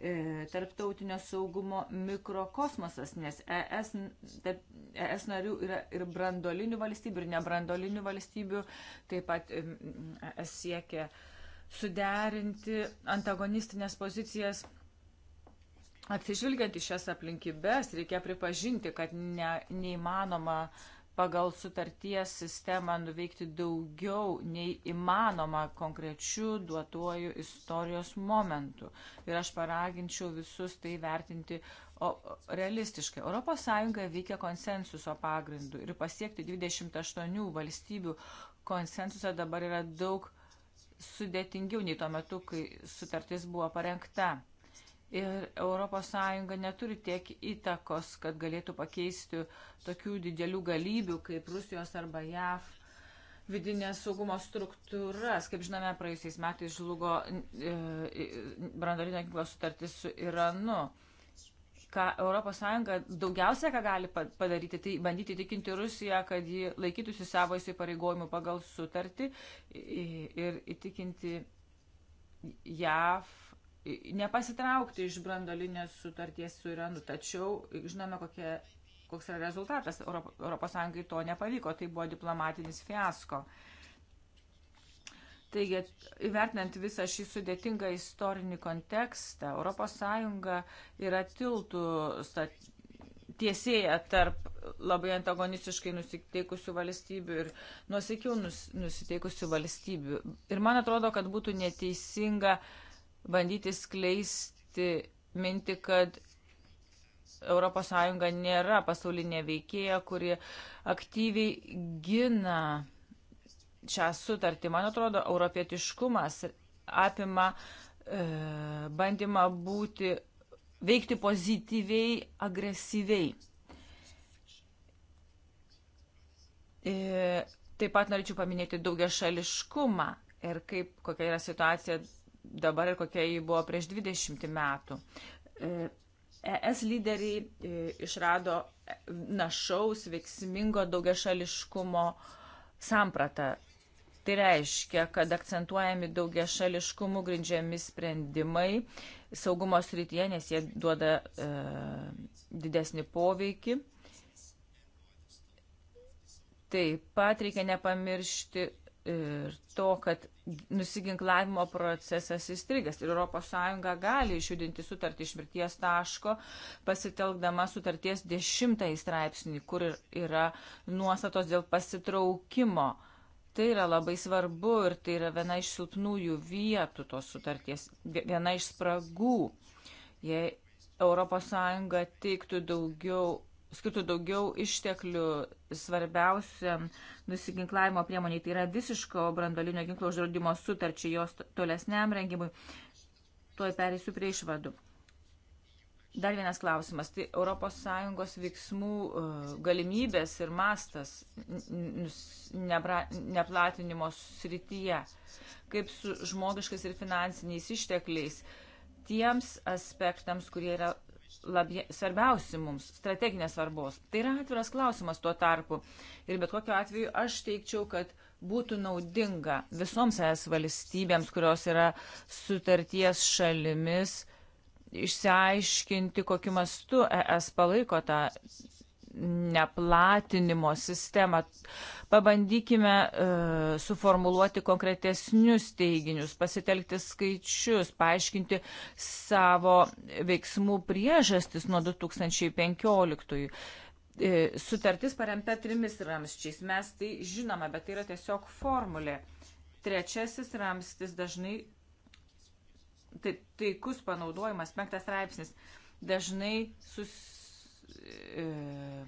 e, tarptautinio saugumo mikrokosmosas, nes ES, te, ES narių yra ir brandolinių valstybių, ir nebrandolinių valstybių, taip pat ES e siekia suderinti antagonistinės pozicijas. Atsižvilgiant į šias aplinkybės, reikia pripažinti, kad ne, neįmanoma uh, pagal sutarties sistemą nuveikti daugiau nei įmanoma konkrečių duotuoju istorijos momentu. Ir aš paraginčiau visus tai vertinti o, realistiškai. ES veikia konsensuso pagrindu ir pasiekti 28 valstybių konsensusą dabar yra daug sudėtingiau nei tuo metu, kai sutartis buvo parengta ir ES neturi tiek įtakos, kad galėtų pakeisti tokių didelių galybių kaip Rusijos arba JAV vidinės saugumo struktūras. Kaip žinome, praėjusiais metais žlugo e, e brandolinio ginklo sutartis su Iranu. Ką ES daugiausia, ką gali padaryti, tai bandyti tikinti Rusiją, kad ji laikytųsi savo įsipareigojimų pagal sutartį ir įtikinti JAV nepasitraukti iš brandolinės sutarties su Iranu. Tačiau žinome, kokie, koks yra rezultatas. Europos Sąjungai to nepavyko. Tai buvo diplomatinis fiasko. Taigi, įvertinant visą šį sudėtingą istorinį kontekstą, ES yra tiltų stat... tiesėja tarp labai antagonistiškai nusiteikusių valstybių ir nuosekiau nus... nusiteikusių valstybių. Ir man atrodo, kad būtų neteisinga uh, bandyti skleisti minti, kad ES nėra pasaulinė veikėja, kuri aktyviai gina šią sutartį. Man atrodo, europietiškumas apima e, bandymą būti, veikti pozityviai, agresyviai. E, taip pat norėčiau paminėti daugia šališkumą ir kaip, kokia yra situacija dabar ir kokia ji buvo prieš 20 metų. ES e lyderiai e, išrado našaus, veiksmingo daugiašališkumo sampratą. Tai reiškia, kad akcentuojami daugia šališkumų grindžiami sprendimai saugumo srityje, nes jie duoda e, didesnį poveikį. Taip pat reikia nepamiršti ir to, kad nusiginklavimo procesas įstrigęs ir ES gali išjudinti sutartį iš mirties taško, pasitelkdama sutarties dešimtąjį straipsnį, kur yra nuostatos dėl pasitraukimo. Tai yra labai svarbu ir tai yra viena iš silpnųjų vietų tos sutarties, viena iš spragų. Jei ES teiktų daugiau skirtų daugiau išteklių svarbiausiam nusiginklavimo priemoniai, tai yra visiško brandolinio ginklo uždraudimo sutarčiai jos tolesniam rengimui. Tuoj perėsiu prie išvadų. Dar vienas klausimas. Tai ES veiksmų e, galimybės ir mastas nebra, neplatinimo srityje. Kaip su žmogiškais ir finansiniais ištekliais tiems aspektams, kurie yra labie, svarbiausi mums, strateginės svarbos. Tai yra atviras klausimas tuo tarpu. Ir bet kokiu atveju aš teikčiau, kad būtų naudinga visoms es valstybėms, kurios yra sutarties šalimis, išsiaiškinti, kokiu mastu e es palaiko tą neplatinimo sistemą. Pabandykime e, suformuluoti konkretesnius teiginius, pasitelkti skaičius, paaiškinti savo veiksmų priežastis nuo 2015. E, sutartis paremta trimis ramščiais. Mes tai žinome, bet tai yra tiesiog formulė. Trečiasis ramstis dažnai tai, taikus panaudojimas, penktas straipsnis, dažnai sus, E,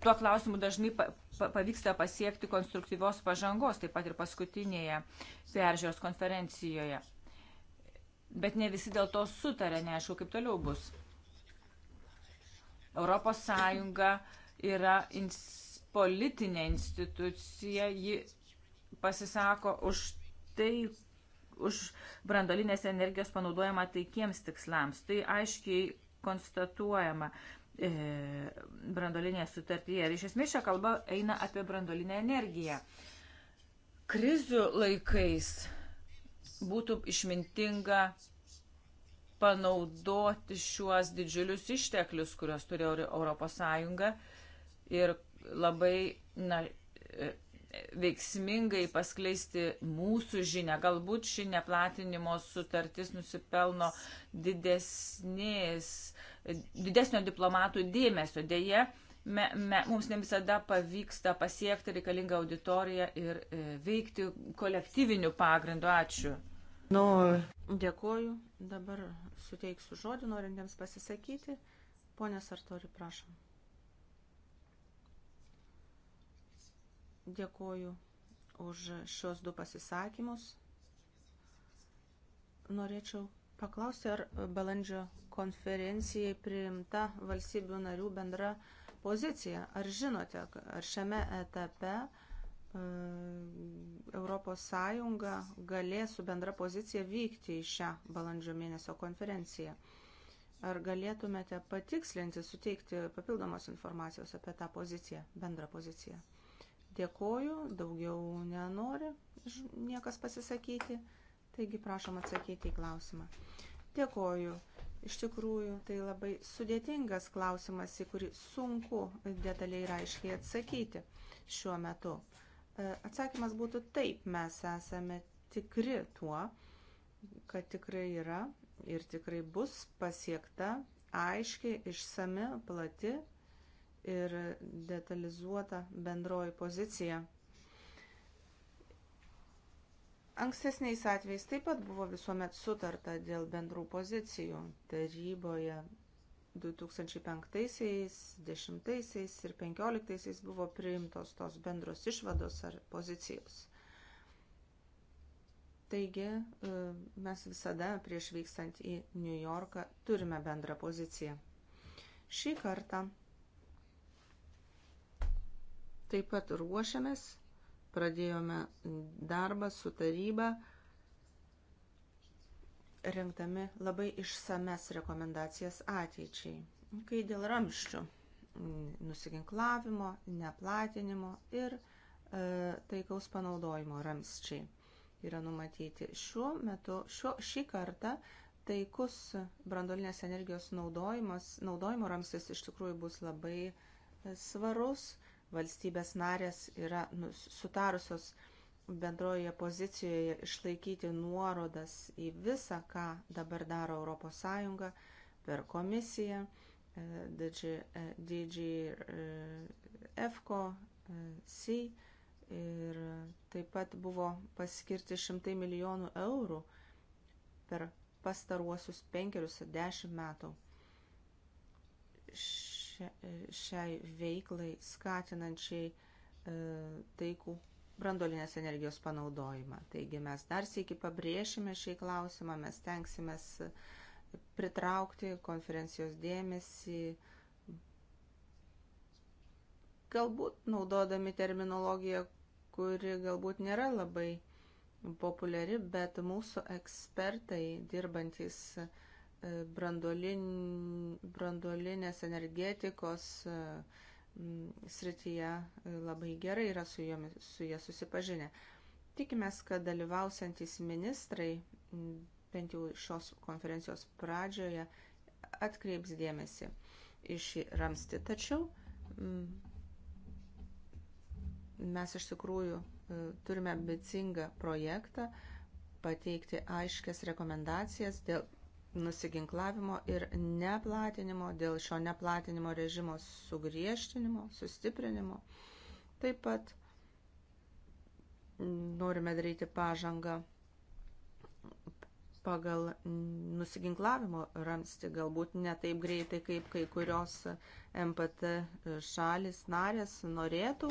tuo klausimu dažnai pavyksta pasiekti konstruktyvios pažangos, taip pat ir paskutinėje peržiūros konferencijoje. Bet ne visi dėl to sutarė, neaišku, kaip toliau bus. Europos Sąjunga yra ins, politinė institucija, ji pasisako už tai, už brandolinės energijos panaudojimą taikiems tikslams. Tai aiškiai konstatuojama e, brandolinės sutartyje. Ir iš esmės čia kalba eina apie brandolinę energiją. Krizių laikais būtų išmintinga panaudoti šiuos didžiulius išteklius, kuriuos turi Europos Sąjunga ir labai na, e, veiksmingai paskleisti mūsų žinę. Galbūt ši neplatinimo sutartis nusipelno didesnės didesnio diplomatų dėmesio. Deja, me, me, mums ne visada pavyksta pasiekti reikalingą auditoriją ir e, veikti kolektyviniu pagrindu. Ačiū. Nu, dėkoju. Dabar suteiksiu žodį norintiems pasisakyti. Pone Sartori, prašom. Dėkoju už šios du pasisakymus. Norėčiau paklausė, ar balandžio konferencijai priimta valstybių narių bendra pozicija. Ar žinote, ar šiame etape e, Europos Sąjunga galės su bendra pozicija vykti į šią balandžio mėnesio konferenciją? Ar galėtumėte patikslinti, suteikti papildomos informacijos apie tą poziciją, bendrą poziciją? Dėkoju, daugiau nenori niekas pasisakyti. Taigi prašom atsakyti į klausimą. Dėkoju. Iš tikrųjų, tai labai sudėtingas klausimas, į kurį sunku detaliai ir aiškiai atsakyti šiuo metu. E, atsakymas būtų taip, mes esame tikri tuo, kad tikrai yra ir tikrai bus pasiekta aiškiai, išsami, plati ir detalizuota bendroji pozicija Ankstesniais atvejais taip pat buvo visuomet sutarta dėl bendrų pozicijų taryboje. 2005-aisiais, 10-aisiais ir 15-aisiais buvo priimtos tos bendros išvados ar pozicijos. Taigi e, mes visada prieš vykstant į New Yorką turime bendrą poziciją. Šį kartą taip pat ruošiamės pradėjome darbą su taryba, rengdami labai išsames rekomendacijas ateičiai. Kai dėl ramščių nusiginklavimo, neplatinimo ir e, taikaus panaudojimo ramščiai yra numatyti. Šiuo metu, šiuo, šį kartą taikus brandolinės energijos naudojimas, naudojimo ramstis iš tikrųjų bus labai e, svarus valstybės narės yra nu, sutarusios bendroje pozicijoje išlaikyti nuorodas į visą, ką dabar daro ES per komisiją, DG, e, DG EFCO, e, e, C ir taip pat buvo paskirti šimtai milijonų eurų per pastaruosius penkerius dešimt metų. Ši šia, e, šiai veiklai skatinančiai e, taikų brandolinės energijos panaudojimą. Taigi mes dar sėki pabrėšime šį klausimą, mes tenksimės pritraukti konferencijos dėmesį, galbūt naudodami terminologiją, kuri galbūt nėra labai populiari, bet mūsų ekspertai dirbantis uh, branduolin, branduolinės energetikos e, srityje e, labai gerai yra su, jomis, su jie susipažinę. Tikimės, kad dalyvausiantys ministrai bent jau šios konferencijos pradžioje atkreips dėmesį į šį ramstį. Tačiau mes iš tikrųjų e, turime ambicingą projektą pateikti aiškias rekomendacijas dėl nusiginklavimo ir neplatinimo, dėl šio neplatinimo režimo sugriežtinimo, sustiprinimo. Taip pat norime daryti pažangą pagal nusiginklavimo ramsti, galbūt ne taip greitai, kaip kai kurios MPT šalis narės norėtų.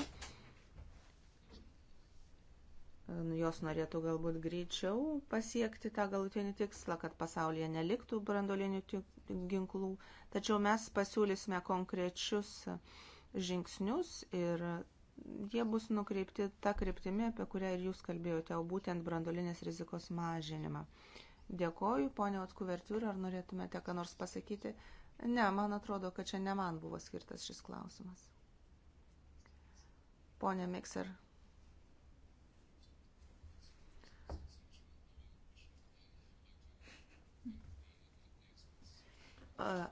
Nu, jos norėtų galbūt greičiau pasiekti tą galutinį tikslą, kad pasaulyje neliktų brandolinių ginklų. Tačiau mes pasiūlysime konkrečius žingsnius ir jie bus nukreipti tą kryptimį, apie kurią ir jūs kalbėjote, o būtent brandolinės rizikos mažinimą. Dėkoju, ponia Otkuvertiūra, ar norėtumėte ką nors pasakyti? Ne, man atrodo, kad čia ne man buvo skirtas šis klausimas. Pone Mikser,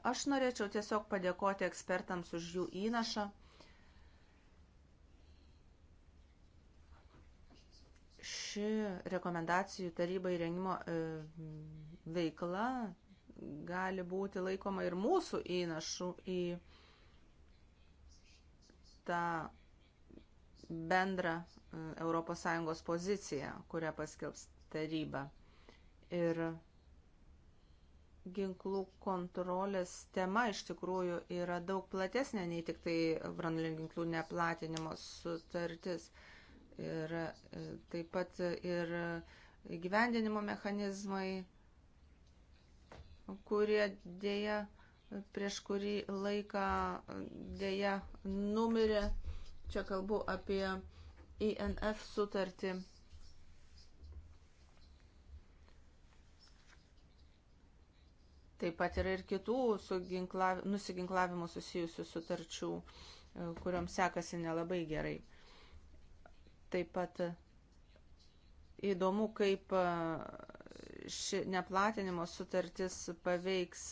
Aš norėčiau tiesiog padėkoti ekspertams už jų įnašą. Ši rekomendacijų tarybai rengimo e, veikla gali būti laikoma ir mūsų įnašų į tą bendrą ES poziciją, kurią paskelbs taryba. Ir ginklų kontrolės tema iš tikrųjų yra daug platesnė nei tik tai branduolinių ginklų neplatinimo sutartis. Ir e, taip pat ir gyvendinimo mechanizmai, kurie dėja prieš kurį laiką dėja numirė. Čia kalbu apie INF sutartį Taip pat yra ir kitų su ginklav... nusiginklavimu susijusių sutarčių, e, kuriuoms sekasi nelabai gerai. Taip pat e, įdomu, kaip e, ši neplatinimo sutartis paveiks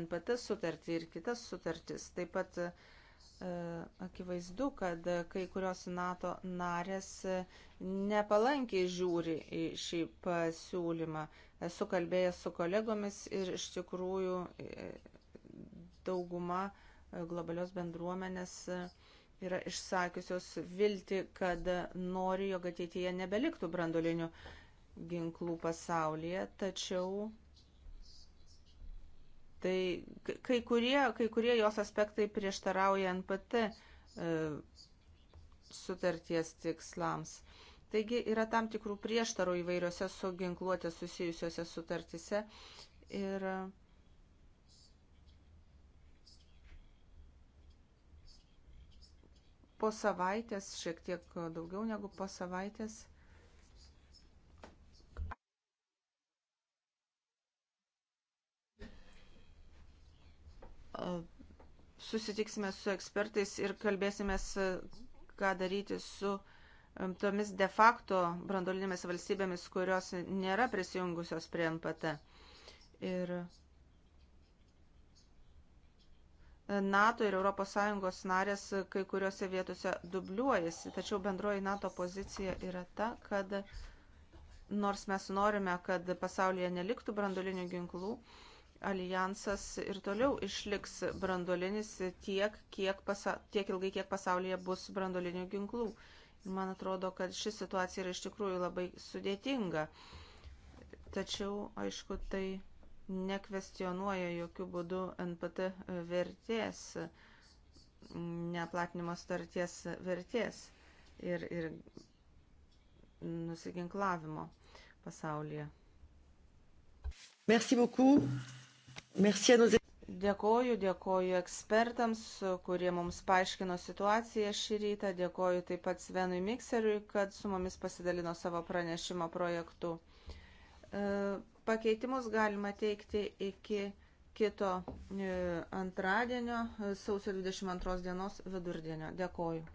NPT sutartį ir kitas sutartis. Taip pat akivaizdu, kad kai kurios NATO narės nepalankiai žiūri į šį pasiūlymą Esu kalbėjęs su kolegomis ir iš tikrųjų e, dauguma e, globalios bendruomenės e, yra išsakiusios vilti, kad nori, jog ateityje nebeliktų brandolinių ginklų pasaulyje, tačiau tai kai kurie, kai kurie jos aspektai prieštarauja NPT sutarties tikslams. Taigi yra tam tikrų prieštarų įvairiose su ginkluotė susijusiuose sutartise. Ir po savaitės, šiek tiek daugiau negu po savaitės, susitiksime su ekspertais ir kalbėsime, ką daryti su tomis de facto brandolinėmis valstybėmis, kurios nėra prisijungusios prie NPT. Ir NATO ir ES narės kai kuriuose vietose dubliuojasi, tačiau bendroji NATO pozicija yra ta, kad nors mes norime, kad pasaulyje neliktų brandolinių ginklų, alijansas ir toliau išliks brandolinis tiek, kiek pasa tiek ilgai, kiek pasaulyje bus brandolinių ginklų. Ir man atrodo, kad ši situacija yra iš tikrųjų labai sudėtinga. Tačiau, aišku, tai nekvestionuoja jokių būdų NPT vertės, neplatinimo starties vertės ir, ir nusiginklavimo pasaulyje. Merci beaucoup. Merci à nos Dėkoju, dėkoju ekspertams, kurie mums paaiškino situaciją šį rytą. Dėkoju taip pat Svenui Mikseriui, kad su mumis pasidalino savo pranešimo projektu. E, pakeitimus galima teikti iki kito e, antradienio, sausio 22 dienos vidurdienio. Dėkoju.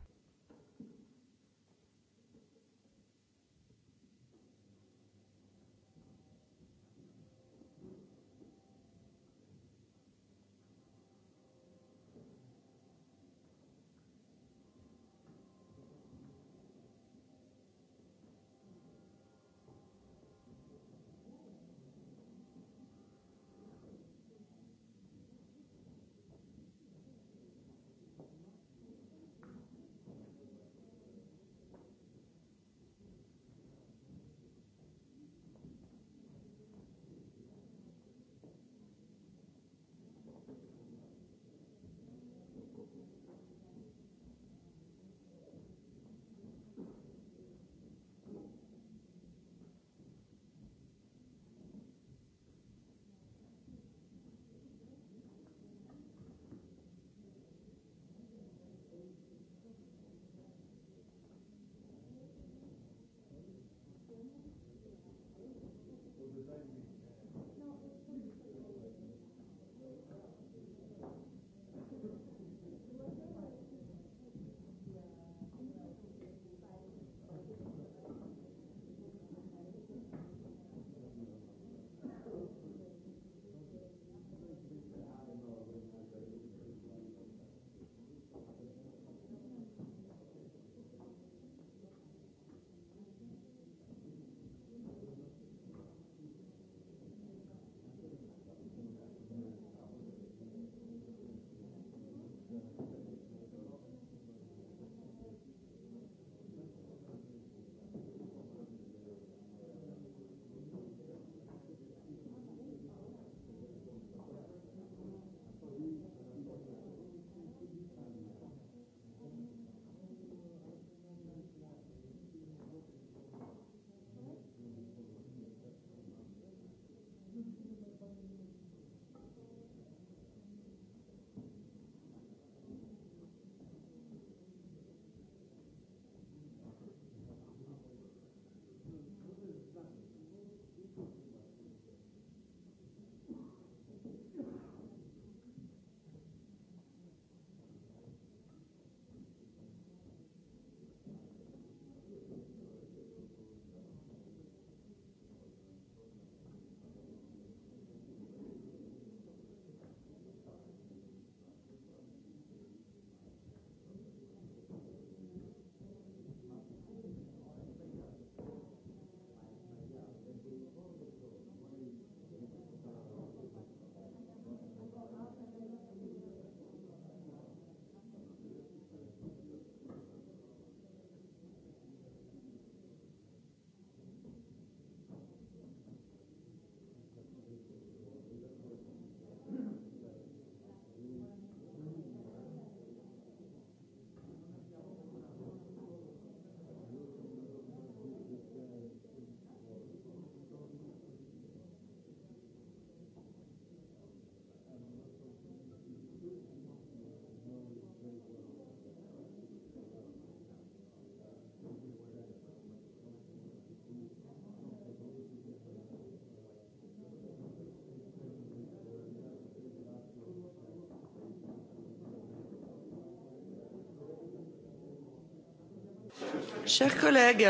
Chers collègues,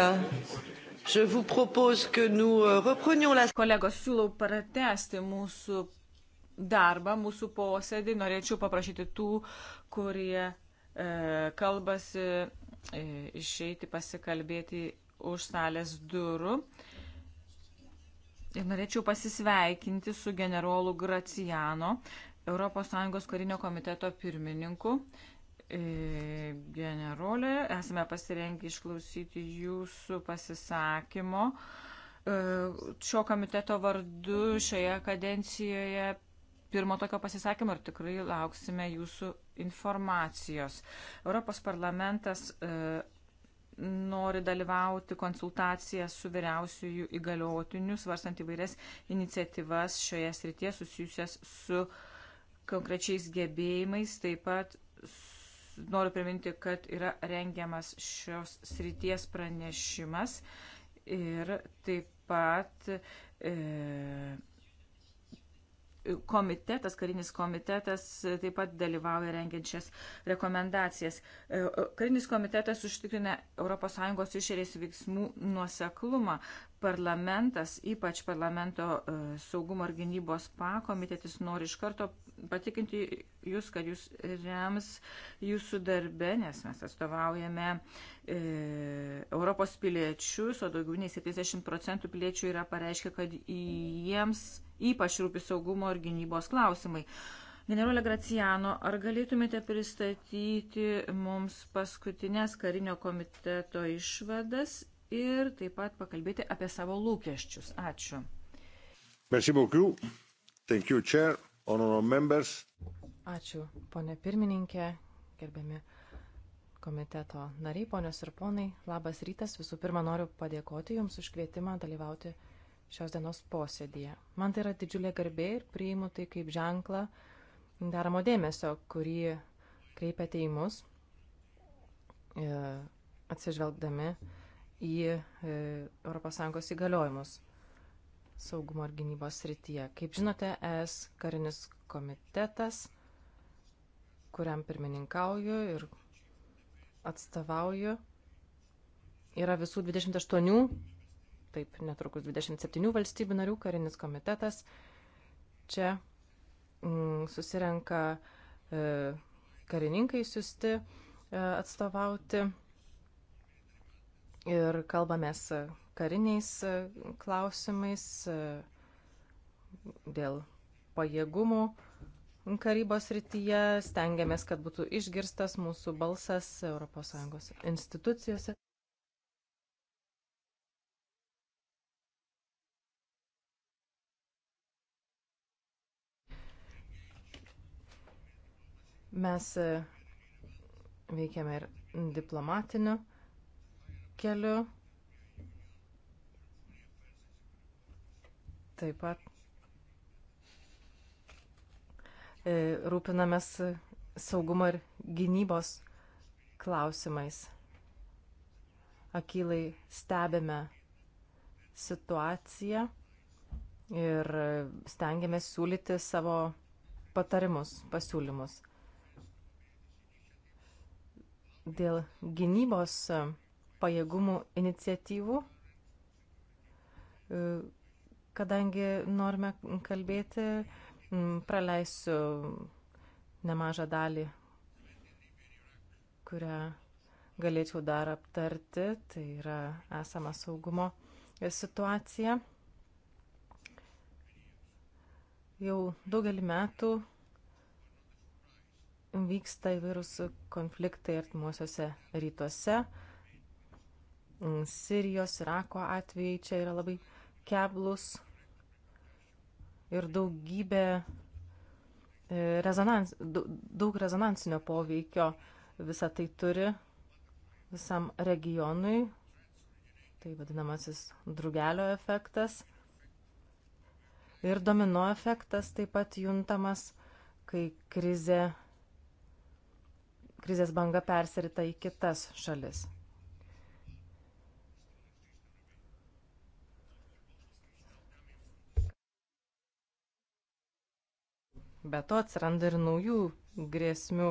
je vous propose que nous euh, reprenions la. Kolegos, siūlau pratesti mūsų darbą, mūsų posėdį. Norėčiau paprašyti tų, kurie e, kalbasi, e, išeiti pasikalbėti už salės durų. Ir norėčiau pasisveikinti su generolu Graciano, ES karinio komiteto pirmininku. E, E, generolė, esame pasirengę išklausyti jūsų pasisakymo. E, šio komiteto vardu šioje kadencijoje pirmo tokio pasisakymo ir tikrai lauksime jūsų informacijos. Europos parlamentas e, nori dalyvauti konsultaciją su vyriausiųjų įgaliotiniu, svarstant įvairias iniciatyvas šioje srityje susijusias su konkrečiais gebėjimais, taip pat noriu priminti, kad yra rengiamas šios srities pranešimas ir taip pat e, komitetas, karinis komitetas taip pat dalyvauja rengiančias rekomendacijas. E, karinis komitetas užtikrina ES išorės veiksmų nuoseklumą. Parlamentas, ypač parlamento e, saugumo ir gynybos pakomitetis, nori iš karto patikinti jūs, kad jūs rems jūsų darbe, nes mes atstovaujame e, Europos piliečius, o daugiau nei 70 procentų piliečių yra pareiškę, kad jiems ypač rūpi saugumo ir gynybos klausimai. Generolė Graciano, ar galėtumėte pristatyti mums paskutinės karinio komiteto išvadas ir taip pat pakalbėti apie savo lūkesčius? Ačiū. Merci beaucoup. Thank you, Chair. Ačiū, ponė pirmininkė, gerbiami komiteto nariai, ponios ir ponai. Labas rytas. Visų pirma, noriu padėkoti Jums už kvietimą dalyvauti šios dienos posėdėje. Man tai yra didžiulė garbė ir priimu tai kaip ženklą daramo dėmesio, kurį kreipiate į mus, e, atsižvelgdami į ES įgaliojimus saugumo ir gynybos srityje. Kaip žinote, ES karinis komitetas, kuriam pirmininkauju ir atstovauju, yra visų 28, taip netrukus 27 valstybių narių karinis komitetas. Čia mm, susirenka e, karininkai siusti e, atstovauti ir kalbamės kariniais e, klausimais e, dėl pajėgumų karybos rytyje, stengiamės, kad būtų išgirstas mūsų balsas ES institucijose. Mes e, veikiame ir diplomatiniu keliu. Taip pat e, rūpinamės saugumo ir gynybos klausimais. Akylai stebime situaciją ir stengiamės siūlyti savo patarimus, pasiūlymus. Dėl gynybos pajėgumų iniciatyvų, kadangi norime kalbėti, praleisiu nemažą dalį, kurią galėčiau dar aptarti, tai yra esama saugumo situacija. Jau daugelį metų vyksta įvairūs konfliktai artimuosiuose rytuose, Mm, Sirijos, Irako atvejai čia yra labai keblus ir daugybė e, rezonans, daug rezonansinio poveikio visą tai turi visam regionui, tai vadinamasis drugelio efektas. Ir domino efektas taip pat juntamas, kai krizė, krizės banga persirita į kitas šalis. Be to atsiranda ir naujų grėsmių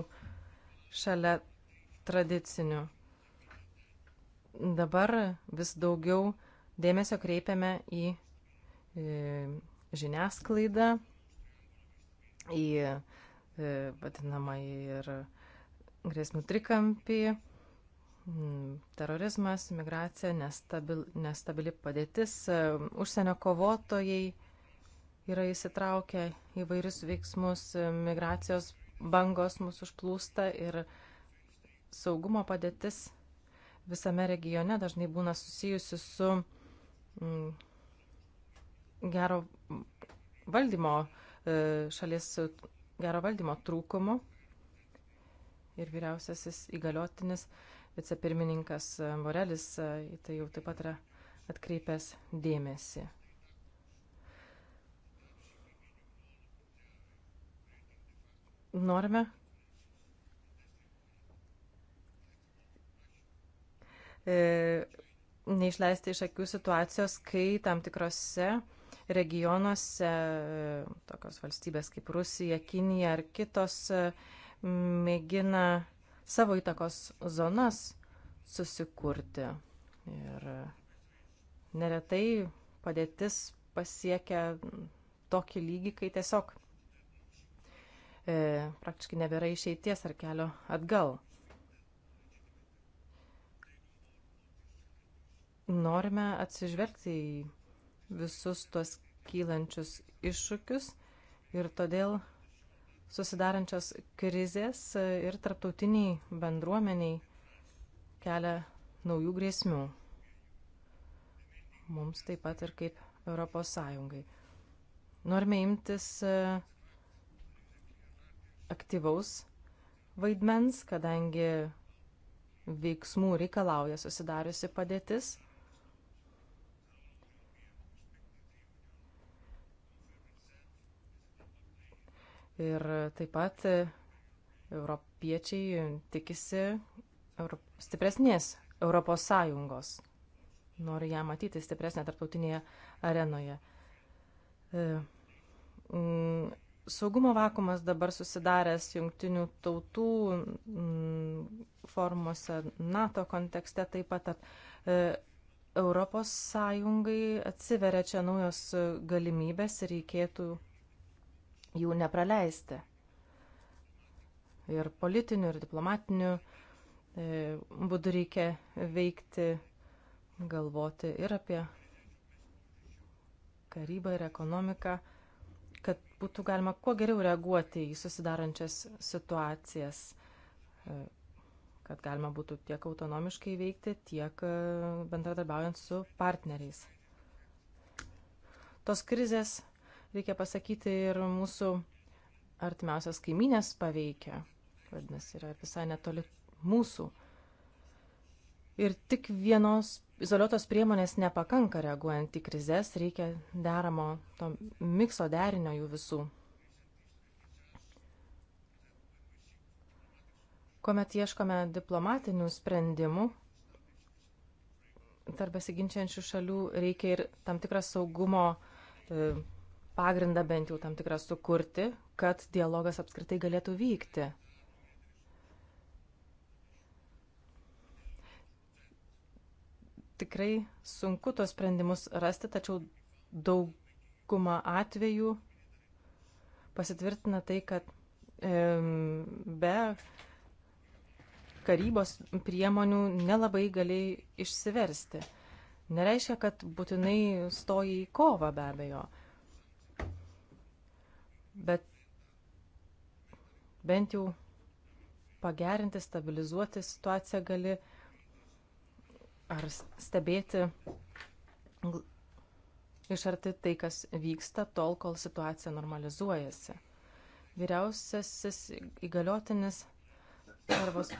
šalia tradicinių. Dabar vis daugiau dėmesio kreipiame į e, žiniasklaidą, į e, vadinamą ir grėsmių trikampį, terorizmas, migracija, nestabil, nestabili padėtis, e, užsienio kovotojai yra įsitraukę įvairius veiksmus, migracijos bangos mūsų užplūsta ir saugumo padėtis visame regione dažnai būna susijusi su mm, gero valdymo e, šalies gero valdymo trūkumu. Ir vyriausiasis įgaliotinis vicepirmininkas Morelis e, į tai jau taip pat yra atkreipęs dėmesį. norime e, neišleisti iš akių situacijos, kai tam tikrose regionuose, e, tokios valstybės kaip Rusija, Kinija ar kitos, e, mėgina savo įtakos zonas susikurti. Ir neretai padėtis pasiekia tokį lygį, kai tiesiog e, praktiškai nebėra išeities ar kelio atgal. Norime atsižvelgti į visus tuos kylančius iššūkius ir todėl susidarančios krizės ir tarptautiniai bendruomeniai kelia naujų grėsmių. Mums taip pat ir kaip Europos Sąjungai. Norime imtis uh, aktyvaus vaidmens, kadangi veiksmų reikalauja susidariusi padėtis. Ir taip pat europiečiai tikisi Europ... stipresnės Europos Sąjungos. Nori ją matyti stipresnę tarptautinėje arenoje. E, saugumo vakumas dabar susidaręs jungtinių tautų mm, formuose, NATO kontekste taip pat. At, e, Europos Sąjungai atsiveria čia naujos galimybės ir reikėtų jų nepraleisti. Ir politiniu, ir diplomatiniu e, būdu reikia veikti, galvoti ir apie karybą, ir ekonomiką kad būtų galima kuo geriau reaguoti į susidarančias situacijas, e, kad galima būtų tiek autonomiškai veikti, tiek e, bendradarbiaujant su partneriais. Tos krizės, reikia pasakyti, ir mūsų artimiausias kaiminės paveikia, vadinasi, yra visai netoli mūsų. Ir tik vienos Izoliuotos priemonės nepakanka reaguojant į krizės, reikia deramo to mikso derinio jų visų. Komet ieškome diplomatinių sprendimų, tarp besiginčiančių šalių reikia ir tam tikrą saugumo e, pagrindą bent jau tam tikrą sukurti, kad dialogas apskritai galėtų vykti. tikrai sunku tos sprendimus rasti, tačiau dauguma atvejų pasitvirtina tai, kad e, be karybos priemonių nelabai galiai išsiversti. Nereiškia, kad būtinai stoji į kovą be abejo. Bet bent jau pagerinti, stabilizuoti situaciją gali ar stebėti iš arti tai, kas vyksta tol, kol situacija normalizuojasi. Vyriausiasis įgaliotinis Arvos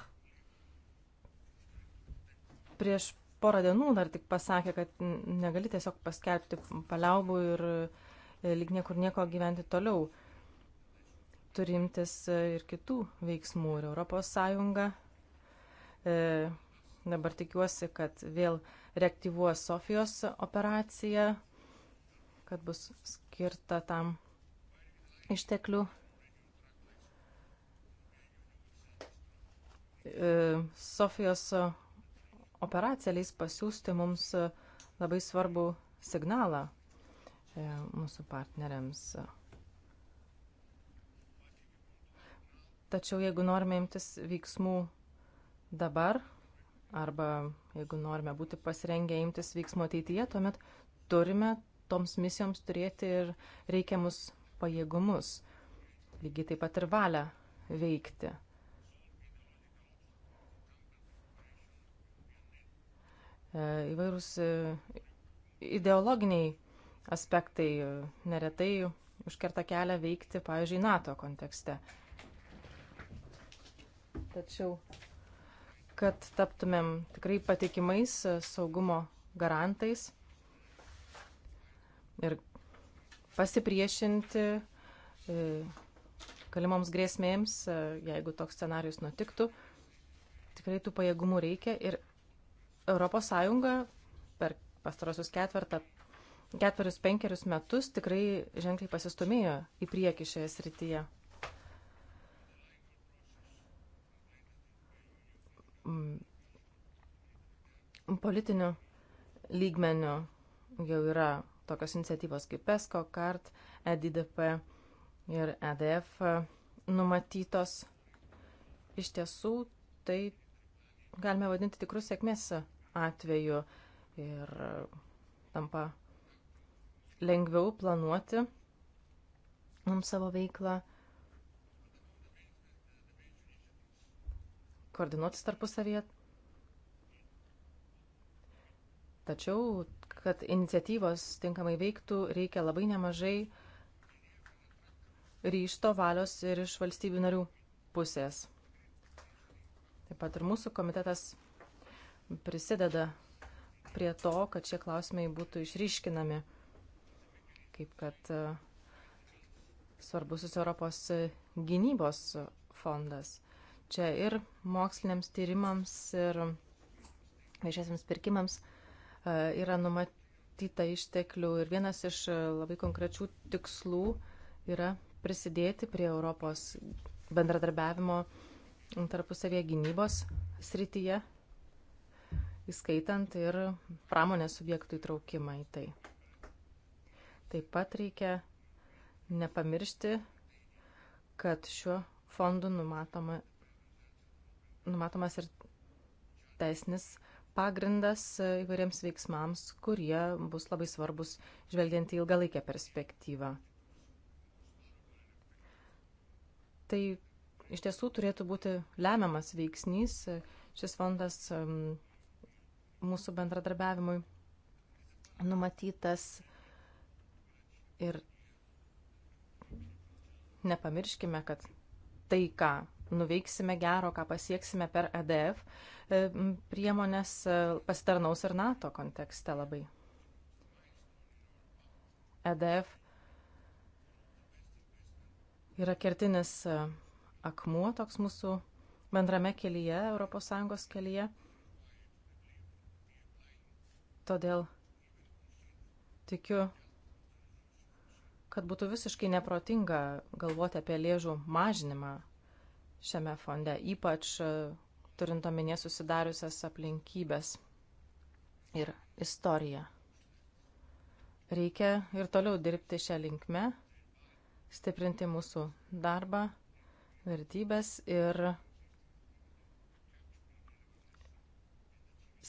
prieš porą dienų dar tik pasakė, kad negali tiesiog paskelbti paliaubų ir e, lyg niekur nieko gyventi toliau. Turimtis e, ir kitų veiksmų ir Europos Sąjunga e, Dabar tikiuosi, kad vėl reaktyvuos Sofijos operacija, kad bus skirta tam išteklių. E, Sofijos operacija leis pasiūsti mums labai svarbų signalą e, mūsų partneriams. Tačiau jeigu norime imtis veiksmų dabar, arba jeigu norime būti pasirengę imtis veiksmų ateityje, tuomet turime toms misijoms turėti ir reikiamus pajėgumus, lygiai taip pat ir valią veikti. E, įvairūs e, ideologiniai aspektai e, neretai užkerta kelią veikti, pavyzdžiui, NATO kontekste. Tačiau kad taptumėm tikrai patikimais e, saugumo garantais ir pasipriešinti e, galimoms grėsmėms, e, jeigu toks scenarius nutiktų. Tikrai tų pajėgumų reikia ir ES per pastarosius ketvertą, ketverius penkerius metus tikrai ženkliai pasistumėjo į priekį šioje srityje. Politiniu lygmeniu jau yra tokios iniciatyvos kaip PESCO, CART, EDDP ir EDF numatytos. Iš tiesų, tai galime vadinti tikrus sėkmės atveju ir tampa lengviau planuoti mums savo veiklą, koordinuotis tarpusavyje Tačiau, kad iniciatyvos tinkamai veiktų, reikia labai nemažai ryšto valios ir iš valstybių narių pusės. Taip pat ir mūsų komitetas prisideda prie to, kad šie klausimai būtų išryškinami, kaip kad e, svarbusis Europos gynybos fondas. Čia ir moksliniams tyrimams, ir viešiesiams pirkimams E, yra numatyta išteklių ir vienas iš e, labai konkrečių tikslų yra prisidėti prie Europos bendradarbiavimo tarpusavėje gynybos srityje, įskaitant ir pramonės subjektų įtraukimą į tai. Taip pat reikia nepamiršti, kad šiuo fondu numatoma, numatomas ir teisnis pagrindas e, įvairiems veiksmams, kurie bus labai svarbus žvelgiant į ilgalaikę perspektyvą. Tai iš tiesų turėtų būti lemiamas veiksnys e, šis fondas mūsų bendradarbiavimui numatytas ir nepamirškime, kad tai, ką nuveiksime gero, ką pasieksime per EDF, e, priemonės e, pasitarnaus ir NATO kontekste labai. EDF yra kertinis e, akmuo toks mūsų bendrame kelyje, ES kelyje. Todėl tikiu, kad būtų visiškai neprotinga galvoti apie lėžų mažinimą šiame fonde, ypač e, turint omenyje susidariusias aplinkybės ir istoriją. Reikia ir toliau dirbti šią linkmę, stiprinti mūsų darbą, vertybės ir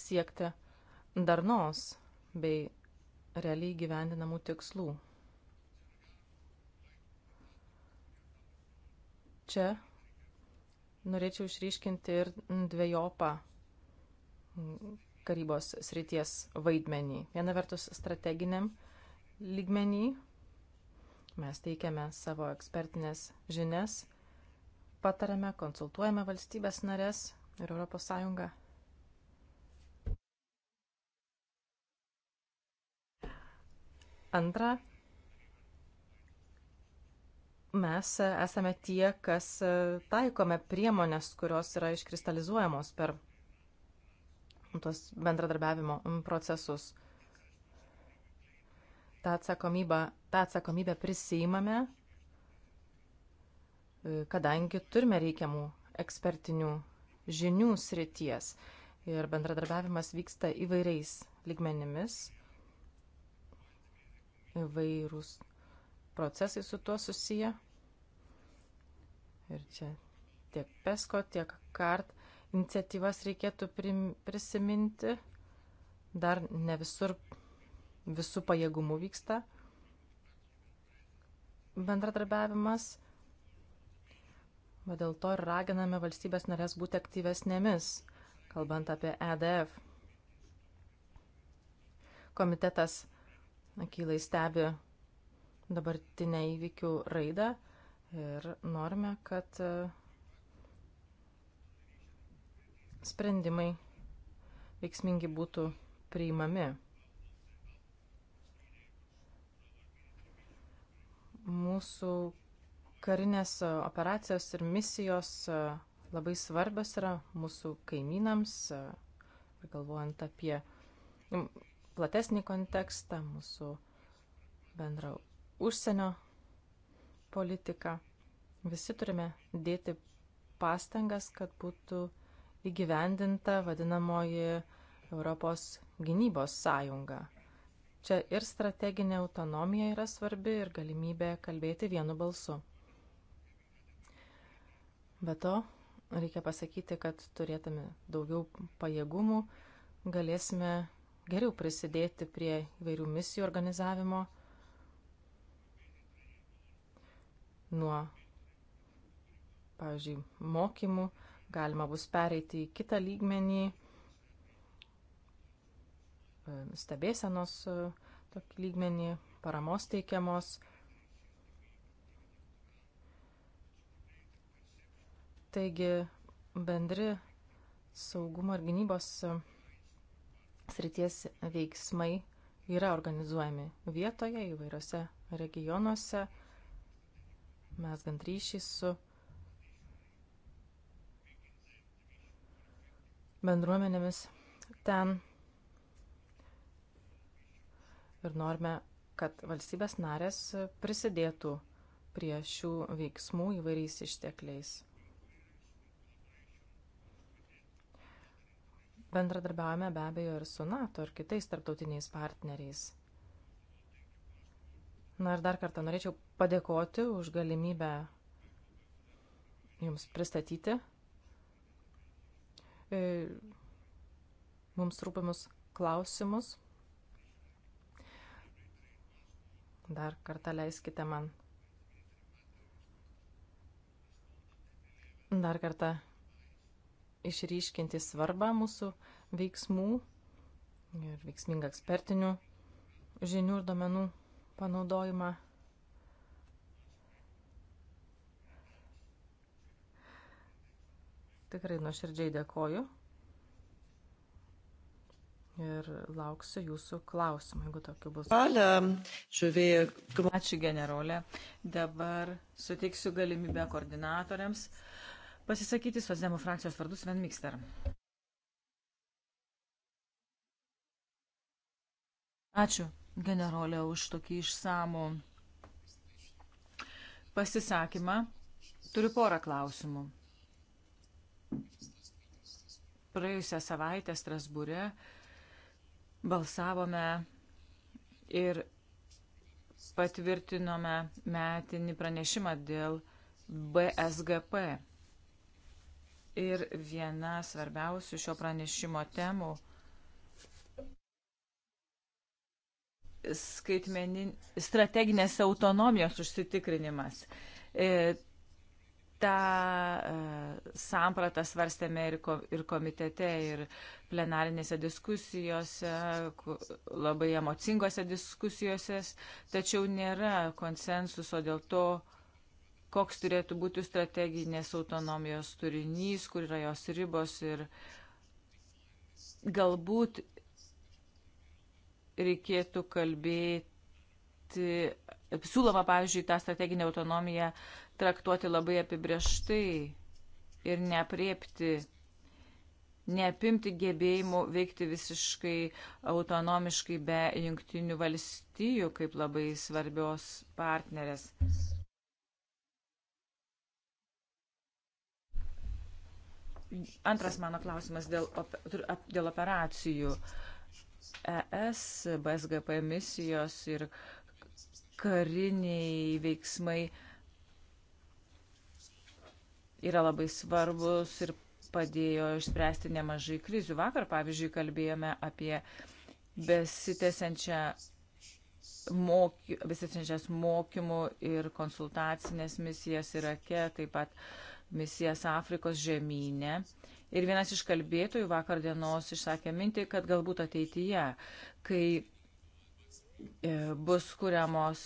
siekti darnos bei realiai gyvendinamų tikslų. Čia norėčiau išryškinti ir dviejopą karybos srities vaidmenį. Viena vertus strateginiam lygmenį mes teikiame savo ekspertinės žinias, patarame, konsultuojame valstybės narės ir ES. Antra, mes esame tie, kas taikome priemonės, kurios yra iškristalizuojamos per tuos bendradarbiavimo procesus. Ta atsakomybė, ta atsakomybė prisijimame, kadangi turime reikiamų ekspertinių žinių srities ir bendradarbiavimas vyksta įvairiais ligmenimis. Įvairūs procesai su tuo susiję. Ir čia tiek PESCO, tiek KART iniciatyvas reikėtų prim, prisiminti. Dar ne visur visų pajėgumų vyksta bendradarbiavimas. Bet dėl to ir raginame valstybės narės būti aktyvesnėmis, kalbant apie EDF. Komitetas akylai stebi dabartinę įvykių raidą ir norime, kad e, sprendimai veiksmingi būtų priimami. Mūsų karinės operacijos ir misijos e, labai svarbios yra mūsų kaimynams, e, galvojant apie platesnį kontekstą, mūsų bendrą užsienio politiką. Visi turime dėti pastangas, kad būtų įgyvendinta vadinamoji Europos gynybos sąjunga. Čia ir strateginė autonomija yra svarbi ir galimybė kalbėti vienu balsu. Be to, reikia pasakyti, kad turėtami daugiau pajėgumų galėsime geriau prisidėti prie vairių misijų organizavimo nuo, pavyzdžiui, mokymų galima bus pereiti į kitą lygmenį, e, stebėsenos e, tokį lygmenį, paramos teikiamos. Taigi bendri saugumo ir gynybos e, srities veiksmai yra organizuojami vietoje įvairiose regionuose mes gant ryšį su bendruomenėmis ten ir norime, kad valstybės narės prisidėtų prie šių veiksmų įvairiais ištekliais. Bendradarbiaujame be abejo ir su NATO ir kitais tarptautiniais partneriais. Na ir dar kartą norėčiau padėkoti už galimybę Jums pristatyti e, mums rūpimus klausimus. Dar kartą leiskite man. Dar kartą išryškinti svarbą mūsų veiksmų ir veiksmingą ekspertinių žinių ir domenų panaudojimą. Tikrai nuoširdžiai dėkoju ir lauksiu jūsų klausimų, jeigu tokių bus. Ačiū generolė. Dabar suteiksiu galimybę koordinatoriams pasisakyti Sozemų frakcijos vardus Sven Mikster. Ačiū generolė už tokį išsamų pasisakymą. Turiu porą klausimų. Praėjusią savaitę Strasbūre balsavome ir patvirtinome metinį pranešimą dėl BSGP. Ir viena svarbiausių šio pranešimo temų skaitmenin, strateginės autonomijos užsitikrinimas. E, tą e, sampratą svarstėme ir, ko, ir komitete, ir plenarinėse diskusijose, labai emocingose diskusijose, tačiau nėra konsensuso dėl to, koks turėtų būti strateginės autonomijos turinys, kur yra jos ribos ir galbūt reikėtų kalbėti, siūloma, pavyzdžiui, tą strateginę autonomiją traktuoti labai apibrieštai ir neapriepti, neapimti gebėjimų veikti visiškai autonomiškai be jungtinių valstijų kaip labai svarbios partnerės. Antras mano klausimas dėl, dėl operacijų. Uh, ES, BSGP misijos ir kariniai veiksmai yra labai svarbus ir padėjo išspręsti nemažai krizių. Vakar, pavyzdžiui, kalbėjome apie besitęsiančią moky, besitęsiančias mokymų ir konsultacinės misijas Irake, taip pat misijas Afrikos žemynė. Ir vienas iš kalbėtojų vakar dienos išsakė mintį, kad galbūt ateityje, kai e, bus kuriamos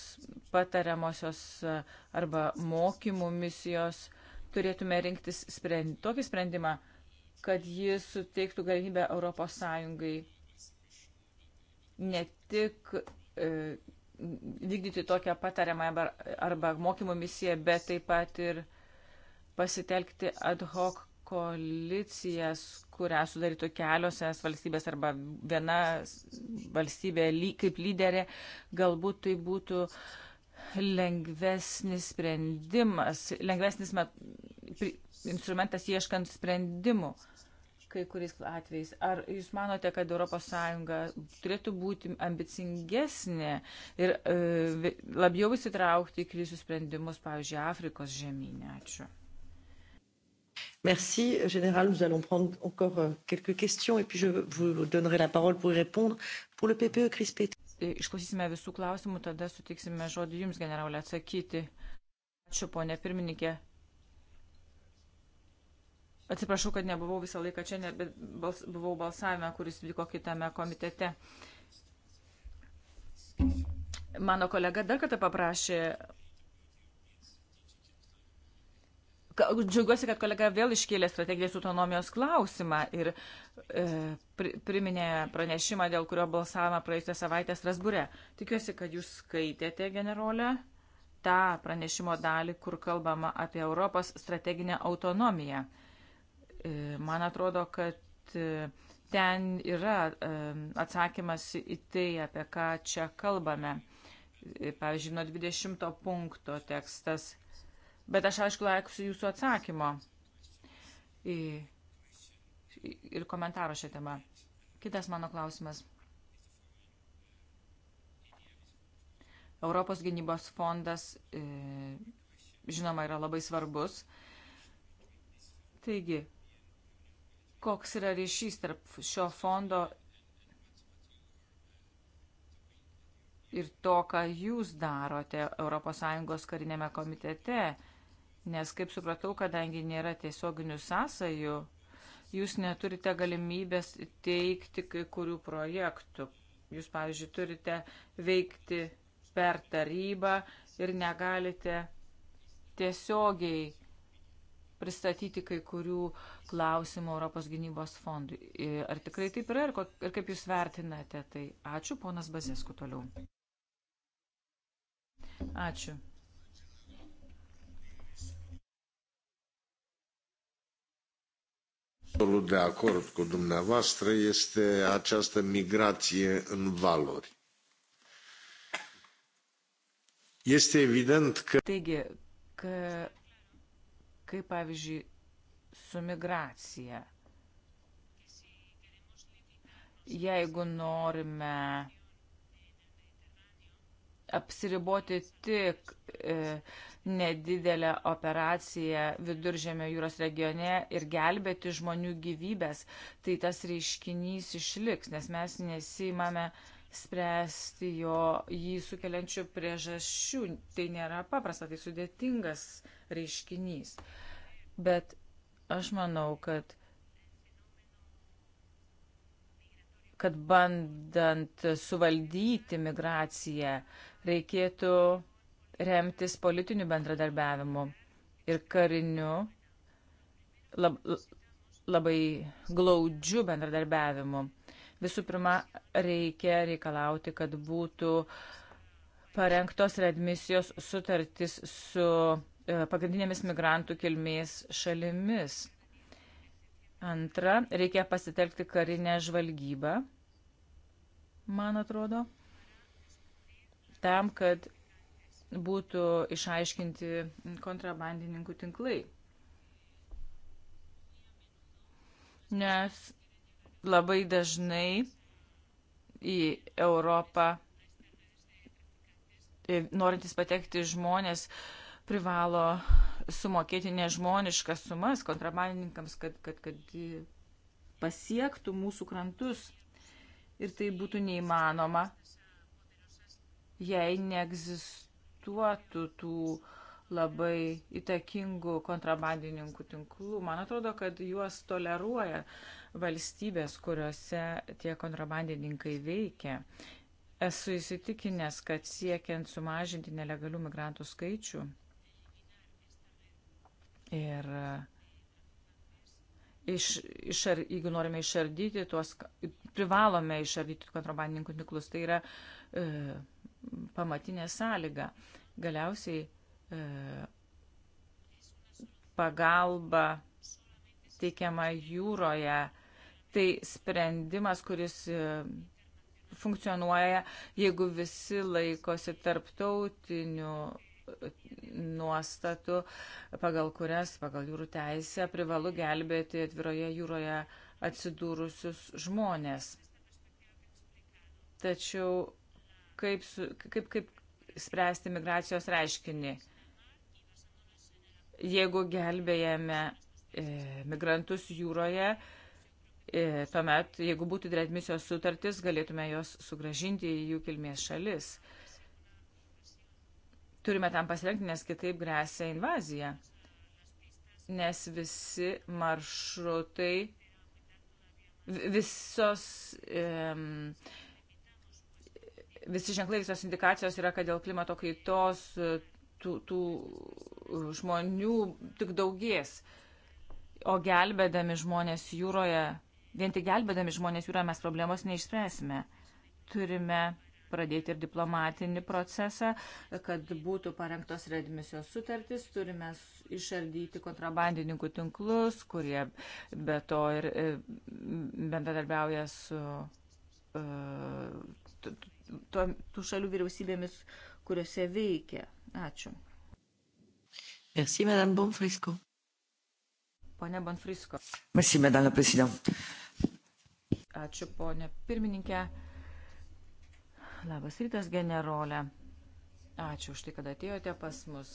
patariamosios e, arba mokymų misijos, turėtume rinktis sprend, tokį sprendimą, kad jis suteiktų galimybę ES ne tik e, vykdyti tokią patariamą arba, arba mokymų misiją, bet taip pat ir pasitelkti ad hoc koalicijas, kurią sudarytų kelios es valstybės arba viena valstybė kaip lyderė, galbūt tai būtų lengvesnis sprendimas, lengvesnis met, pri, instrumentas ieškant sprendimų kai kuriais atvejais. Ar jūs manote, kad ES turėtų būti ambicingesnė ir e, labiau įsitraukti į krizių sprendimus, pavyzdžiui, Afrikos žemynė? Ačiū. Merci, euh, Général. Nous allons prendre encore euh, quelques questions et puis je vous donnerai la parole pour y répondre. Pour le PPE, Chris Pet. Išklausysime visų klausimų, tada sutiksime žodį Jums, generalė, atsakyti. Ačiū, ponė pirmininkė. Atsiprašau, kad nebuvau visą laiką čia, ne, bet bals, buvau balsavime, kuris vyko kitame komitete. Mano kolega dar kartą paprašė Džiaugiuosi, kad kolega vėl iškėlė strategijos autonomijos klausimą ir e, priminė pranešimą, dėl kurio balsavome praėjusią savaitę Strasbūre. Tikiuosi, kad jūs skaitėte, generolė, tą pranešimo dalį, kur kalbama apie Europos strateginę autonomiją. E, man atrodo, kad e, ten yra e, atsakymas į tai, apie ką čia kalbame. E, pavyzdžiui, nuo 20 punkto tekstas Bet aš aišku lauksiu jūsų atsakymo į, ir komentaro šią temą. Kitas mano klausimas. Europos gynybos fondas, e, žinoma, yra labai svarbus. Taigi, koks yra ryšys tarp šio fondo ir to, ką jūs darote ES karinėme komitete? Nes, kaip supratau, kadangi nėra tiesioginių sąsajų, jūs neturite galimybės teikti kai kurių projektų. Jūs, pavyzdžiui, turite veikti per tarybą ir negalite tiesiogiai pristatyti kai kurių klausimų Europos gynybos fondui. Ar tikrai taip yra ir, ko, ir kaip jūs vertinate tai? Ačiū, ponas Bazėsku, toliau. Ačiū. Absolut de acord cu dumneavoastră este această migrație în valori. Este evident că. Taigi, ka, kaip pavyzdžiui, su migracija. Jeigu norime apsiriboti tik e, nedidelę operaciją viduržėmio jūros regione ir gelbėti žmonių gyvybės, tai tas reiškinys išliks, nes mes nesimame spręsti jo jį sukeliančių priežasčių. Tai nėra paprasta, tai sudėtingas reiškinys. Bet aš manau, kad kad bandant suvaldyti migraciją reikėtų remtis politiniu bendradarbiavimu ir kariniu lab, labai glaudžiu bendradarbiavimu. Visų pirma, reikia reikalauti, kad būtų parengtos readmisijos sutartis su e, pagrindinėmis migrantų kilmės šalimis Antra, reikia pasitelkti karinę žvalgybą, man atrodo, tam, kad būtų išaiškinti kontrabandininkų tinklai. Nes labai dažnai į Europą e, norintys patekti žmonės privalo sumokėti nežmoniškas sumas kontrabandininkams, kad, kad, kad pasiektų mūsų krantus. Ir tai būtų neįmanoma, jei neegzistuotų tų labai įtakingų kontrabandininkų tinklų. Man atrodo, kad juos toleruoja valstybės, kuriuose tie kontrabandininkai veikia. Esu įsitikinęs, kad siekiant sumažinti nelegalių migrantų skaičių, Ir e, iš, išar, jeigu norime išardyti tuos, privalome išardyti kontrabandininkų niklus, tai yra e, pamatinė sąlyga. Galiausiai e, pagalba teikiama jūroje, tai sprendimas, kuris e, funkcionuoja, jeigu visi laikosi tarptautinių nuostatų, pagal kurias, pagal jūrų teisę, privalu gelbėti atviroje jūroje atsidūrusius žmonės. Tačiau kaip, su, kaip, kaip spręsti migracijos reiškinį? Jeigu gelbėjame e, migrantus jūroje, e, tuomet, jeigu būtų readmisijos sutartis, galėtume jos sugražinti į jų kilmės šalis. E, Turime tam pasirengti, nes kitaip grėsia invazija. Nes visi maršrutai, visos, um, visi ženklai, visos indikacijos yra, kad dėl klimato kaitos tų, tų žmonių tik daugės. O gelbėdami žmonės jūroje, vien tik gelbėdami žmonės jūroje mes problemos neišspręsime. Turime pradėti ir diplomatinį procesą, kad būtų parengtos redmisijos sutartys, turime išardyti kontrabandininkų tinklus, kurie be to ir e, bendradarbiauja su e, tų šalių vyriausybėmis, kuriuose veikia. Ačiū. Merci, Madame Bonfrisco. Pone Bonfrisko. Merci, Madame la Présidente. Ačiū, ponė pirmininkė. Labas rytas, generolė. Ačiū už tai, kad atėjote pas mus.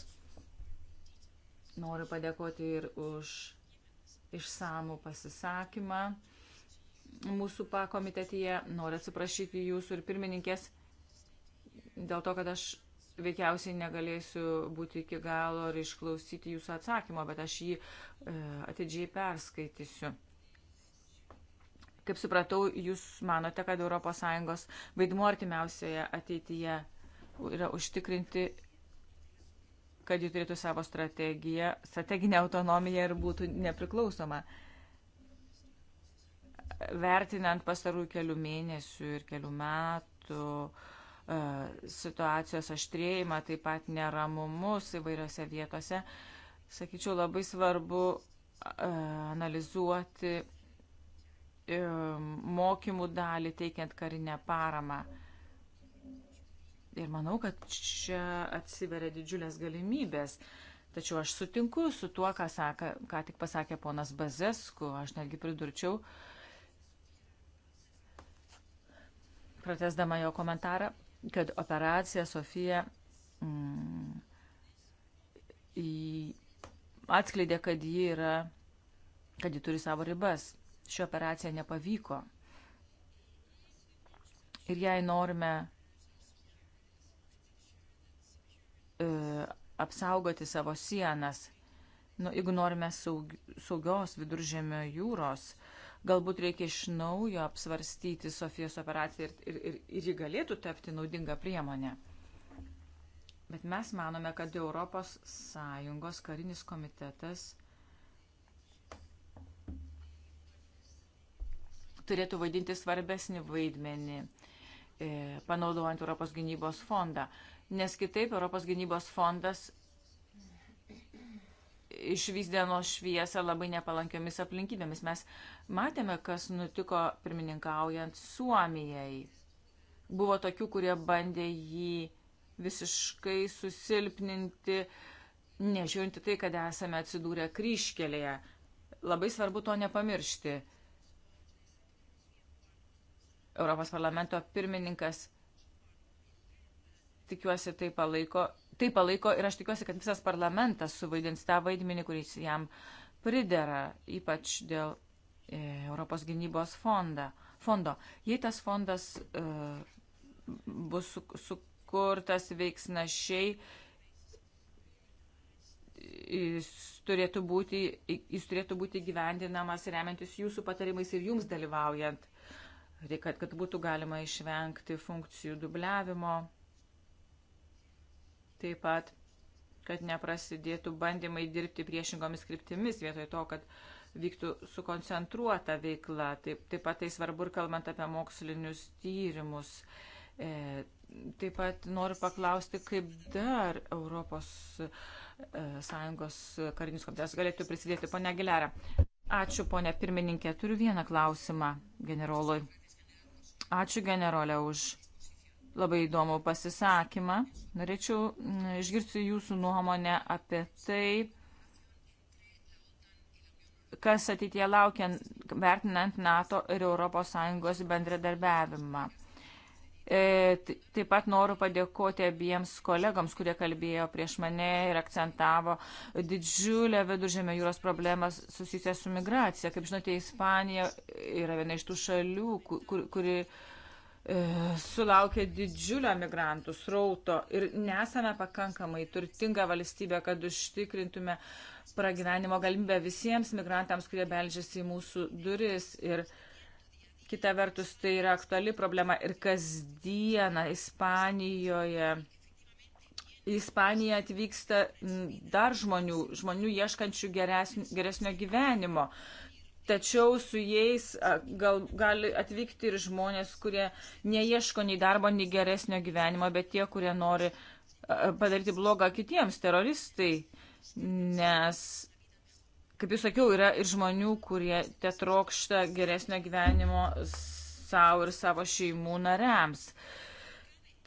Noriu padėkoti ir už išsamų pasisakymą mūsų pakomitetyje. Noriu atsiprašyti jūsų ir pirmininkės dėl to, kad aš veikiausiai negalėsiu būti iki galo ir išklausyti jūsų atsakymo, bet aš jį e, atidžiai perskaitysiu. Kaip supratau, jūs manote, kad ES vaidmuo artimiausioje ateityje yra užtikrinti, kad ji turėtų savo strategiją, strateginę autonomiją ir būtų nepriklausoma. Vertinant pastarųjų kelių mėnesių ir kelių metų, e, situacijos aštrėjimą, taip pat neramumus įvairiose vietose, sakyčiau, labai svarbu e, analizuoti E, mokymų dalį teikiant karinę paramą. Ir manau, kad čia atsiveria didžiulės galimybės. Tačiau aš sutinku su tuo, ką, saka, ką tik pasakė ponas Bazesku. Aš netgi pridurčiau, pratesdama jo komentarą, kad operacija Sofija mm, atskleidė, kad ji yra, kad ji turi savo ribas ši operacija nepavyko. Ir jei norime e, apsaugoti savo sienas, nu, jeigu norime saug, saugios viduržėmio jūros, galbūt reikia iš naujo apsvarstyti Sofijos operaciją ir, ir, ir, ir ji galėtų tapti naudinga priemonė. Bet mes manome, kad Europos Sąjungos karinis komitetas turėtų vaidinti svarbesnį vaidmenį, e, panaudojant Europos gynybos fondą. Nes kitaip Europos gynybos fondas išvys dienos šviesą labai nepalankiomis aplinkybėmis. Mes matėme, kas nutiko pirmininkaujant Suomijai. Buvo tokių, kurie bandė jį visiškai susilpninti, nežiūrinti tai, kad esame atsidūrę kryškelėje. Labai svarbu to nepamiršti. Europos parlamento pirmininkas tikiuosi tai palaiko, tai palaiko ir aš tikiuosi, kad visas parlamentas suvaidins tą vaidmenį, kuris jam pridera, ypač dėl e, Europos gynybos fonda, fondo. Jei tas fondas e, bus su, sukurtas veiksnašiai, jis turėtų būti, jis turėtų būti gyvendinamas remiantis jūsų patarimais ir jums dalyvaujant Tai kad, kad būtų galima išvengti funkcijų dubliavimo. Taip pat, kad neprasidėtų bandymai dirbti priešingomis kryptimis vietoj to, kad vyktų sukoncentruota veikla. Taip, taip pat tai svarbu ir kalbant apie mokslinius tyrimus. E, taip pat noriu paklausti, kaip dar Europos e, Sąjungos karinis komitetas galėtų prisidėti, ponia Gilera. Ačiū, ponia pirmininkė. Turiu vieną klausimą generolui. Ačiū generolė už labai įdomų pasisakymą. Norėčiau išgirsti jūsų nuomonę apie tai, kas ateitie laukia vertinant NATO ir ES bendradarbiavimą. E, taip pat noriu padėkoti abiems kolegams, kurie kalbėjo prieš mane ir akcentavo didžiulę viduržėmio jūros problemą susijusią su migracija. Kaip žinote, Ispanija yra viena iš tų šalių, kur, kuri e, sulaukė didžiulio migrantų srauto ir nesame pakankamai turtinga valstybė, kad užtikrintume pragyvenimo galimybę visiems migrantams, kurie beldžiasi į mūsų duris. Ir, e, Kita vertus, tai yra aktuali problema ir kasdieną Ispanijoje. Į Ispaniją atvyksta dar žmonių, žmonių ieškančių geresnio, geresnio gyvenimo. Tačiau su jais gal, gali atvykti ir žmonės, kurie neieško nei darbo, nei geresnio gyvenimo, bet tie, kurie nori padaryti blogą kitiems, teroristai. Nes kaip jūs sakiau, yra ir žmonių, kurie te trokšta geresnio gyvenimo savo ir savo šeimų nariams.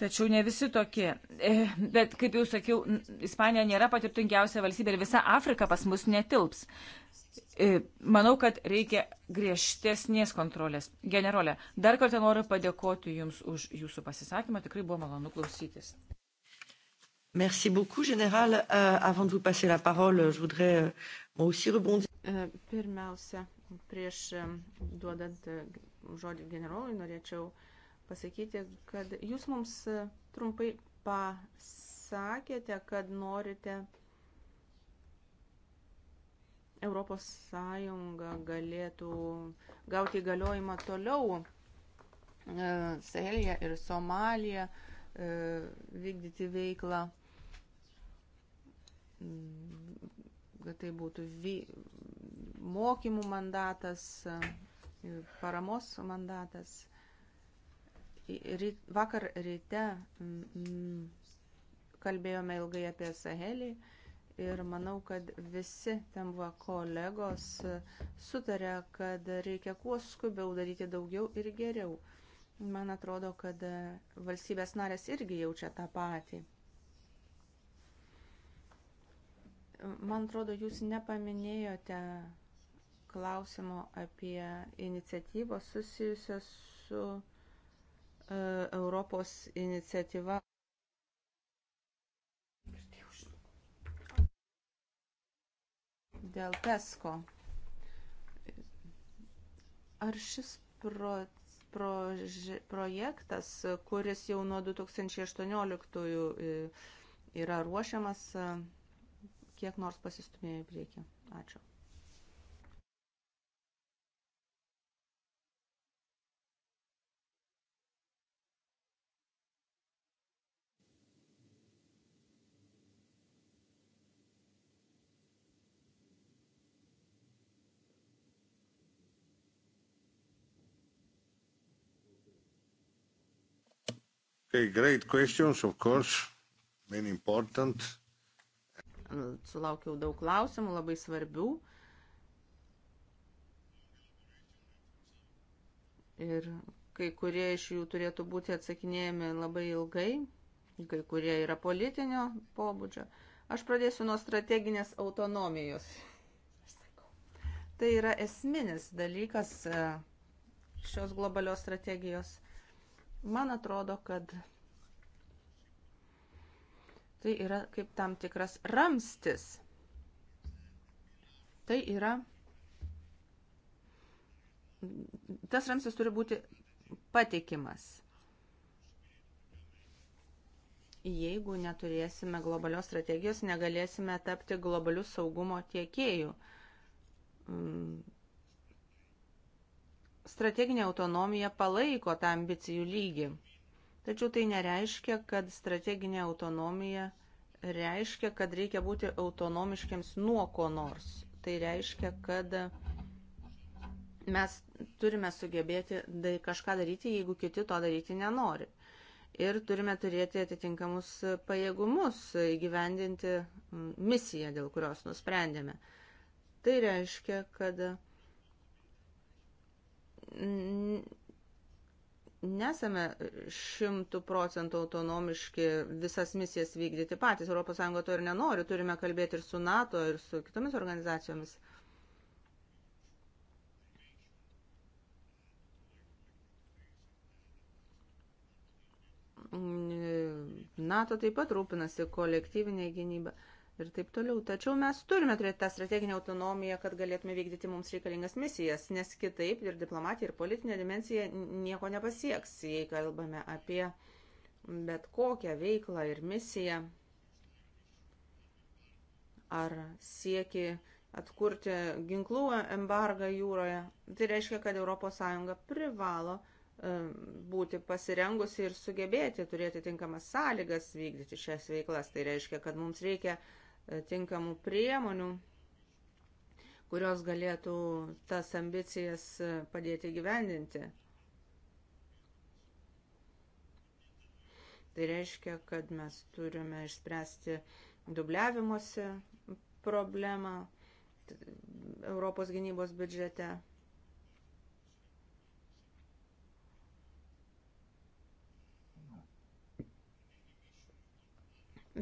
Tačiau ne visi tokie. E, bet, kaip jau sakiau, Ispanija nėra patirtingiausia valstybė ir visa Afrika pas mus netilps. E, manau, kad reikia griežtesnės kontrolės. Generolė, dar kartą noriu padėkoti Jums už Jūsų pasisakymą. Tikrai buvo malonu klausytis. Merci beaucoup, Général. Euh, avant de vous passer la parole, je voudrais euh, moi aussi rebondir. Euh, pirmiausia, prieš euh, duodant euh, žodį generolui, norėčiau pasakyti, kad jūs mums trumpai pasakėte, kad norite Europos Sąjunga galėtų gauti įgaliojimą toliau Sahelija ir Somalija vykdyti veiklą kad tai būtų vy, mokymų mandatas, e, paramos mandatas. Ryt, vakar ryte mm, kalbėjome ilgai apie Sahelį ir manau, kad visi ten buvo kolegos e, sutarė, kad reikia kuo skubiau daryti daugiau ir geriau. Man atrodo, kad e, valstybės narės irgi jaučia tą patį. Man atrodo, jūs nepaminėjote klausimo apie iniciatyvos susijusios su uh, Europos iniciatyva. Dėl PESCO. Ar šis pro, pro, projektas, kuris jau nuo 2018 e, yra ruošiamas, uh, kiek nors pasistumėjo į priekį. Ačiū. Okay, great questions, of course, many important. Sulaukiau daug klausimų, labai svarbių. Ir kai kurie iš jų turėtų būti atsakinėjami labai ilgai, kai kurie yra politinio pobūdžio. Aš pradėsiu nuo strateginės autonomijos. Tai yra esminis dalykas e, šios globalios strategijos. Man atrodo, kad Tai yra kaip tam tikras ramstis. Tai yra. Tas ramstis turi būti patikimas. Jeigu neturėsime globalios strategijos, negalėsime tapti globalių saugumo tiekėjų mm. strateginė autonomija palaiko tą ambicijų lygį. Tačiau tai nereiškia, kad strateginė autonomija reiškia, kad reikia būti autonomiškiams nuo ko nors. Tai reiškia, kad mes turime sugebėti tai kažką daryti, jeigu kiti to daryti nenori. Ir turime turėti atitinkamus pajėgumus įgyvendinti misiją, dėl kurios nusprendėme. Tai reiškia, kad nesame šimtų procentų autonomiški visas misijas vykdyti patys. ES to ir nenori. Turime kalbėti ir su NATO, ir su kitomis organizacijomis. NATO taip pat rūpinasi kolektyvinė gynyba ir taip toliau. Tačiau mes turime turėti tą strateginę autonomiją, kad galėtume vykdyti mums reikalingas misijas, nes kitaip ir diplomatija, ir politinė dimensija nieko nepasieks, jei kalbame apie bet kokią veiklą ir misiją ar sieki atkurti ginklų embargą jūroje. Tai reiškia, kad ES privalo e, būti pasirengusi ir sugebėti turėti tinkamas sąlygas vykdyti šias veiklas. Tai reiškia, kad mums reikia uh, E, tinkamų priemonių, kurios galėtų tas ambicijas e, padėti gyvendinti. Tai reiškia, kad mes turime išspręsti dubliavimuose problemą Europos gynybos biudžete.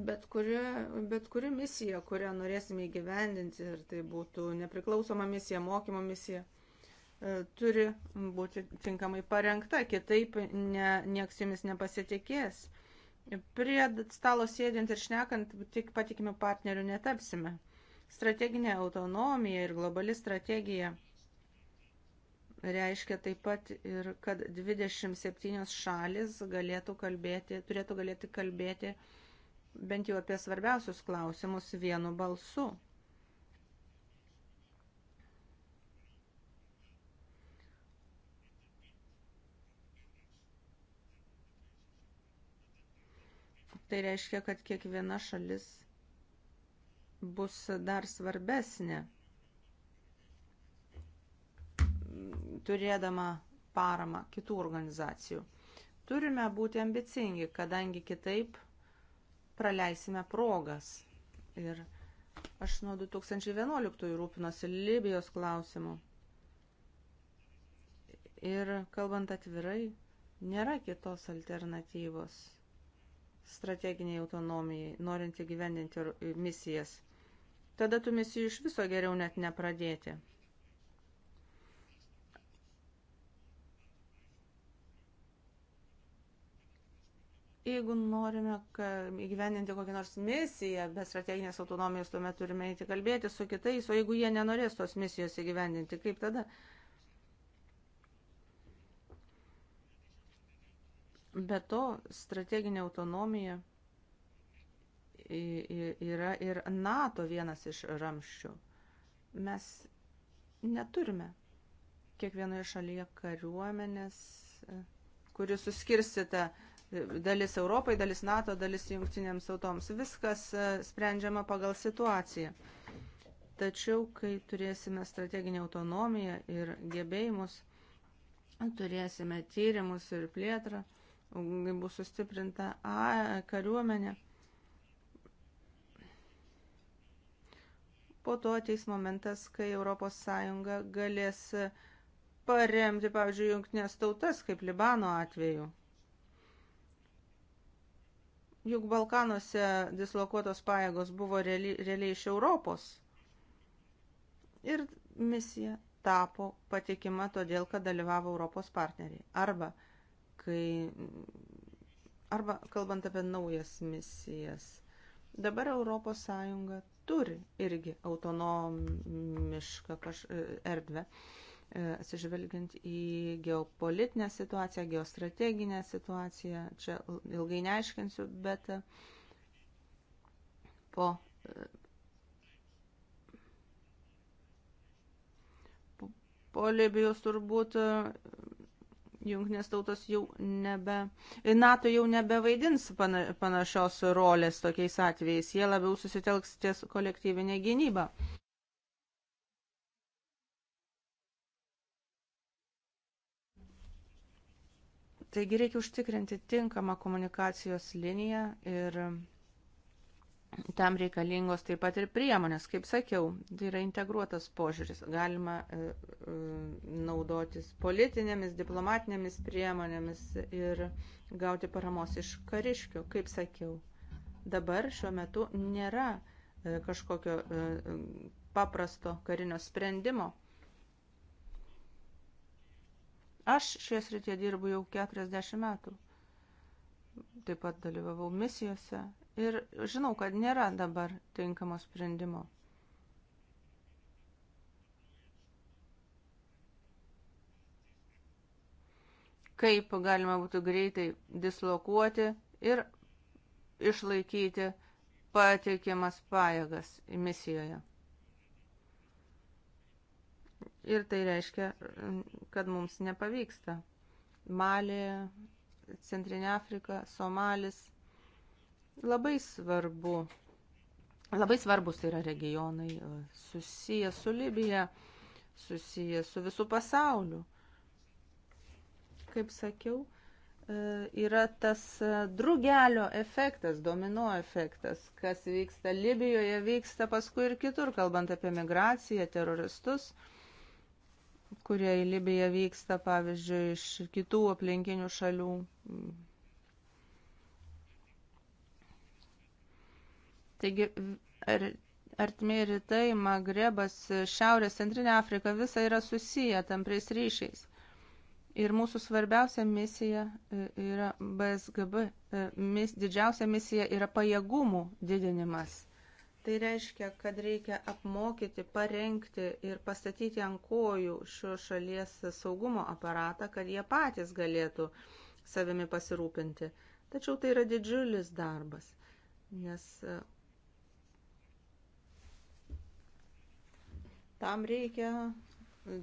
bet kuri, bet kuri misija, kurią norėsime įgyvendinti, ir tai būtų nepriklausoma misija, mokymo misija, e, turi būti tinkamai parengta, kitaip ne, nieks jumis nepasitikės. Prie stalo sėdint ir šnekant, tik patikimių partnerių netapsime. Strateginė autonomija ir globali strategija reiškia taip pat ir, kad 27 šalis galėtų kalbėti, turėtų galėti kalbėti uh, bent jau apie svarbiausius klausimus vienu balsu. Tai reiškia, kad kiekviena šalis bus dar svarbesnė, turėdama paramą kitų organizacijų. Turime būti ambicingi, kadangi kitaip – praleisime progas. Ir aš nuo 2011 rūpinosi Libijos klausimu. Ir kalbant atvirai, nėra kitos alternatyvos strateginiai autonomijai, norint įgyvendinti misijas. Tada tų misijų iš viso geriau net nepradėti. Jeigu norime įgyvendinti kokią nors misiją be strateginės autonomijos, tuomet turime eiti kalbėti su kitais, o jeigu jie nenorės tos misijos įgyvendinti, kaip tada? Be to, strateginė autonomija yra ir NATO vienas iš ramščių. Mes neturime kiekvienoje šalyje kariuomenės, e, kuri suskirstyta ta dalis Europai, dalis NATO, dalis jungtinėms tautoms. Viskas e, sprendžiama pagal situaciją. Tačiau, kai turėsime strateginę autonomiją ir gebėjimus, turėsime tyrimus ir plėtrą, bus sustiprinta A, kariuomenė. Po to ateis momentas, kai ES galės paremti, pavyzdžiui, jungtinės tautas, kaip Libano atveju. Juk Balkanuose dislokuotos pajėgos buvo realiai, realiai iš Europos. Ir misija tapo patikima todėl, kad dalyvavo Europos partneriai. Arba, kai, arba kalbant apie naujas misijas, dabar Europos Sąjunga turi irgi autonomišką kaž, erdvę. Uh, E, atsižvelgiant į geopolitinę situaciją, geostrateginę situaciją. Čia ilgai neaiškinsiu, bet e, e, po, po Libijos turbūt jungtinės tautos jau nebe, NATO jau nebevaidins panašios rolės tokiais atvejais, jie labiau susitelks ties kolektyvinė gynyba. Taigi reikia užtikrinti tinkamą komunikacijos liniją ir tam reikalingos taip pat ir priemonės. Kaip sakiau, tai yra integruotas požiūris. Galima e, e, naudotis politinėmis, diplomatinėmis priemonėmis ir gauti paramos iš kariškių. Kaip sakiau, dabar šiuo metu nėra e, kažkokio paprasto karinio sprendimo Aš šioje srityje dirbu jau 40 metų. Taip pat dalyvavau misijose ir žinau, kad nėra dabar tinkamo sprendimo. Kaip galima būtų greitai dislokuoti ir išlaikyti patikimas pajėgas misijoje. Ir tai reiškia, kad mums nepavyksta. Malė, Centrinė Afrika, Somalis. Labai svarbu. Labai svarbus yra regionai e, susiję su Libija, susiję su visų pasauliu. Kaip sakiau, e, yra tas e, drugelio efektas, domino efektas, kas vyksta Libijoje, vyksta paskui ir kitur, kalbant apie migraciją, teroristus kurie į Libiją vyksta, pavyzdžiui, iš kitų aplinkinių šalių. Taigi, ar, artimiai rytai, Magrebas, Šiaurės, Centrinė Afrika, visa yra susiję tampriais ryšiais. Ir mūsų svarbiausia misija e, yra BSGB. E, mis, didžiausia misija yra pajėgumų didinimas. Tai reiškia, kad reikia apmokyti, parengti ir pastatyti ant kojų šios šalies saugumo aparatą, kad jie patys galėtų savimi pasirūpinti. Tačiau tai yra didžiulis darbas, nes e, tam reikia e,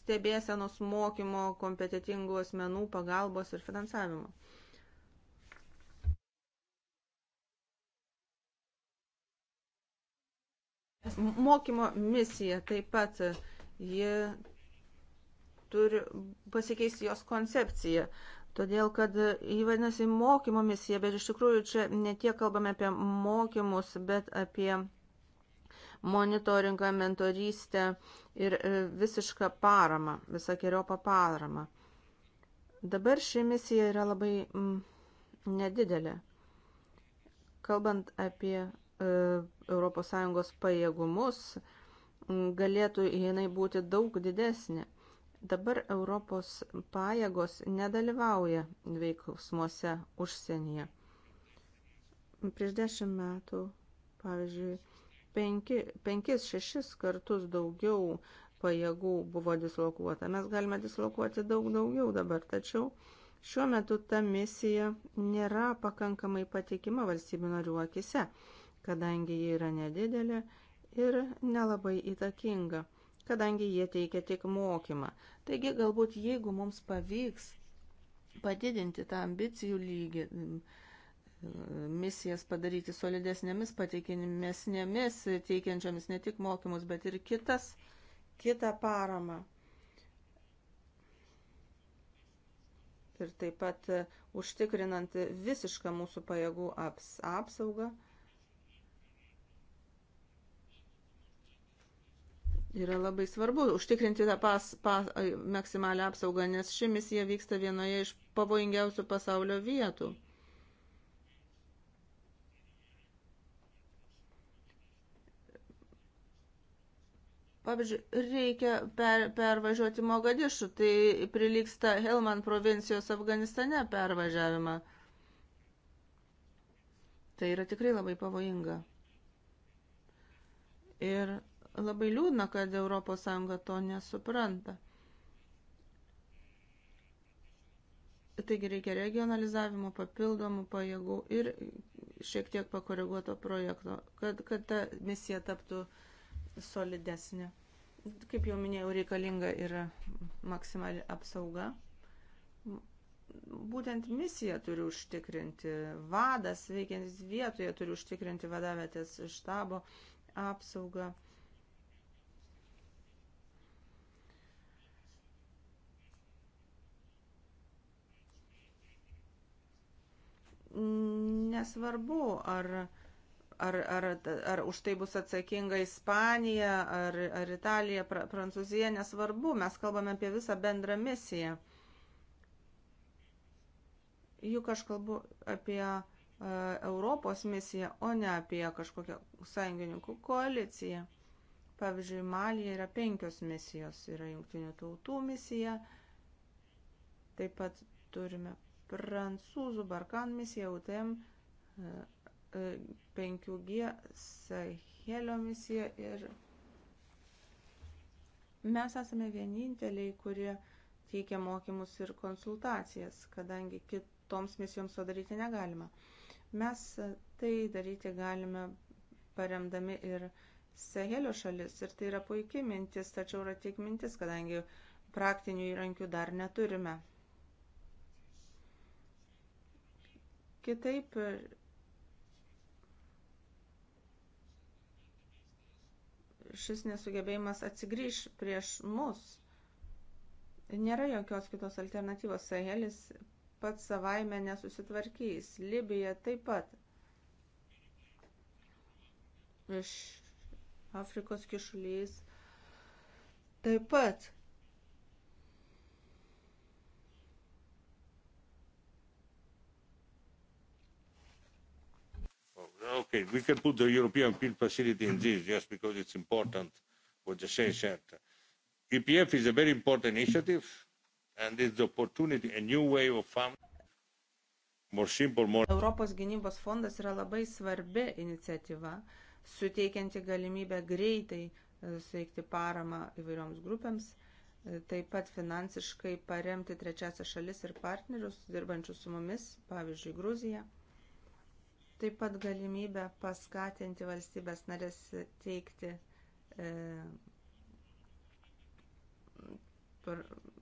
stebėsenos mokymo, kompetitingų asmenų pagalbos ir finansavimo. Mokymo misija taip pat e, ji turi pasikeisti jos koncepciją. Todėl, kad įvadinasi e, mokymo misija, bet iš tikrųjų čia ne tiek kalbame apie mokymus, bet apie monitoringą, mentorystę ir e, visišką paramą, visokeriopą paramą. Dabar ši misija yra labai mm, nedidelė. Kalbant apie ES pajėgumus, galėtų jinai būti daug didesnė. Dabar Europos pajėgos nedalyvauja veiksmuose užsienyje. Prieš dešimt metų, pavyzdžiui, penki, penkis, šešis kartus daugiau pajėgų buvo dislokuota. Mes galime dislokuoti daug daugiau dabar, tačiau šiuo metu ta misija nėra pakankamai patikima valstybių narių akise kadangi ji yra nedidelė ir nelabai įtakinga, kadangi jie teikia tik mokymą. Taigi galbūt jeigu mums pavyks padidinti tą ambicijų lygį, misijas padaryti solidesnėmis, patikinimesnėmis, teikiančiamis ne tik mokymus, bet ir kitas, kitą paramą. Ir taip pat e, užtikrinant visišką mūsų pajėgų aps, apsaugą. Yra labai svarbu užtikrinti tą pas, pas, maksimalią apsaugą, nes ši misija vyksta vienoje iš pavojingiausių pasaulio vietų. Pavyzdžiui, reikia per, pervažiuoti Mogadišų, tai prilyksta Helman provincijos Afganistane pervažiavimą. Tai yra tikrai labai pavojinga. Ir Labai liūdna, kad ES to nesupranta. Taigi reikia regionalizavimo, papildomų pajėgų ir šiek tiek pakoreguoto projekto, kad, kad ta misija taptų solidesnė. Kaip jau minėjau, reikalinga yra maksimali apsauga. Būtent misija turi užtikrinti, vadas veikiantis vietoje turi užtikrinti vadavietės štabo apsaugą Nesvarbu, ar, ar, ar, ar už tai bus atsakinga Ispanija, ar, ar Italija, pra, Prancūzija, nesvarbu, mes kalbame apie visą bendrą misiją. Juk aš kalbu apie e, Europos misiją, o ne apie kažkokią sąjungininkų koaliciją. Pavyzdžiui, Malija yra penkios misijos. Yra jungtinių tautų misija. Taip pat turime prancūzų Barkan misija, UTM 5G, e, e, Sahelio misija ir mes esame vieninteliai, kurie teikia mokymus ir konsultacijas, kadangi kitoms misijoms to daryti negalima. Mes tai daryti galime paremdami ir Sahelio šalis ir tai yra puikiai mintis, tačiau yra tik mintis, kadangi praktinių įrankių dar neturime. Kitaip šis nesugebėjimas atsigrįž prieš mus. Nėra jokios kitos alternatyvos. Sahelis pats savaime nesusitvarkys. Libija taip pat. Iš Afrikos kišulys taip pat. okay, we can put the European Peel Facility in this just because it's important what the Shane said. EPF is a very important initiative and it's the opportunity, a new way of funding. More simple, more... Europos gynybos fondas yra labai svarbi iniciatyva, suteikianti galimybę greitai e, suteikti paramą įvairioms grupėms, e, taip pat finansiškai paremti trečiasias šalis ir partnerius, dirbančius su mumis, pavyzdžiui, Gruziją taip pat galimybę paskatinti valstybės narės teikti e,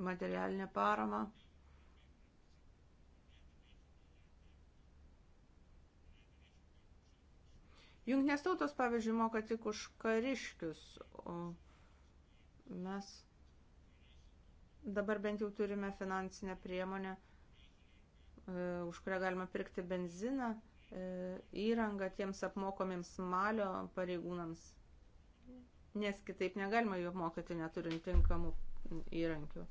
materialinę paramą. Junknės tautos, pavyzdžiui, moka tik už kariškius, o mes dabar bent jau turime finansinę priemonę, e, už kurią galima pirkti benziną. E, E, įrangą tiems apmokomiems malio pareigūnams, nes kitaip negalima jų apmokyti neturint tinkamų įrankių.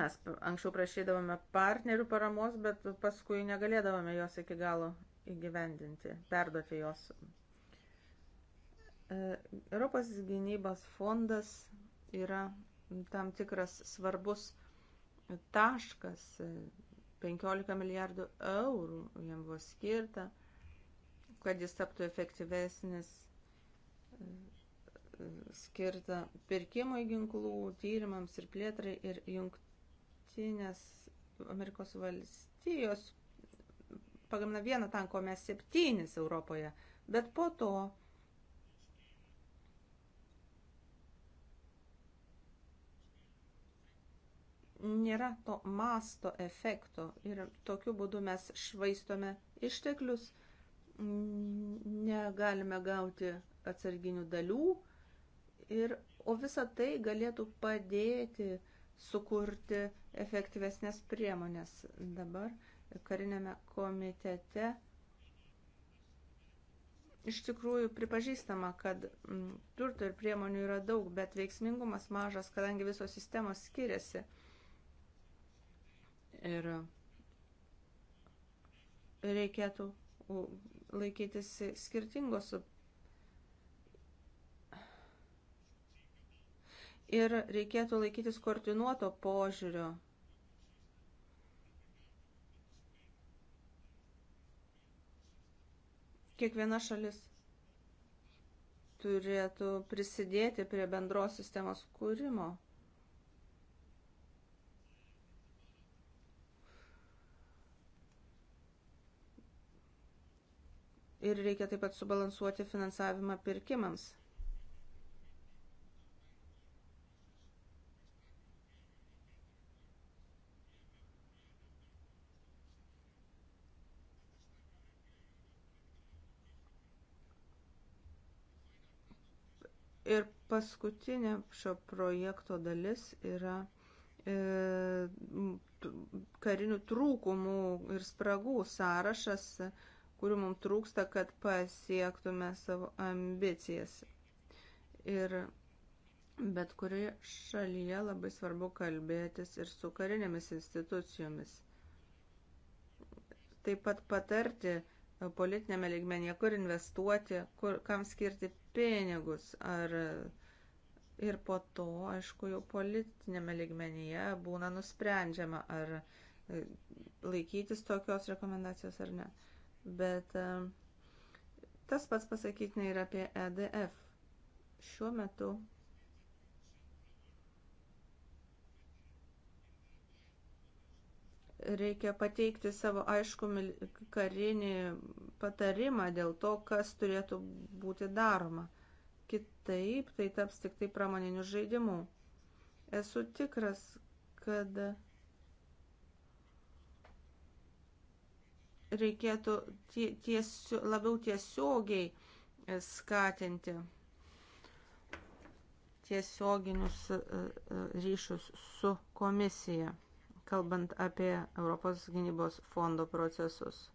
Mes anksčiau prašydavome partnerių paramos, bet paskui negalėdavome jos iki galo įgyvendinti, perduoti jos. E, Europos gynybos fondas yra tam tikras svarbus taškas 15 milijardų eurų jam buvo skirta, kad jis taptų efektyvesnis, e, e, skirta pirkimui ginklų, tyrimams ir plėtrai ir jungtinės Amerikos valstijos pagamina vieną tanką, o mes septynis Europoje. Bet po to nėra to masto efekto ir tokiu būdu mes švaistome išteklius, negalime gauti atsarginių dalių, ir, o visa tai galėtų padėti sukurti efektyvesnės priemonės. Dabar karinėme komitete iš tikrųjų pripažįstama, kad mm, turto ir priemonių yra daug, bet veiksmingumas mažas, kadangi visos sistemos skiriasi. Ir reikėtų laikytis skirtingos. Ir reikėtų laikytis koordinuoto požiūrio. Kiekviena šalis turėtų prisidėti prie bendros sistemos kūrimo. ir reikia taip pat subalansuoti finansavimą pirkimams. Ir paskutinė šio projekto dalis yra e, karinių trūkumų ir spragų sąrašas, kurių mums trūksta, kad pasiektume savo ambicijas. Ir bet kurioje šalyje labai svarbu kalbėtis ir su karinėmis institucijomis. Taip pat patarti politinėme ligmenyje, kur investuoti, kur, kam skirti pinigus. Ar, ir po to, aišku, jau politinėme ligmenyje būna nusprendžiama, ar laikytis tokios rekomendacijos ar ne bet e, tas pats pasakytina ir apie EDF. Šiuo metu reikia pateikti savo aišku karinį patarimą dėl to, kas turėtų būti daroma. Kitaip tai taps tik tai pramoniniu žaidimu. Esu tikras, kad reikėtų ties, labiau tiesiogiai e, skatinti tiesioginius e, e, ryšius su komisija, kalbant apie Europos gynybos fondo procesus.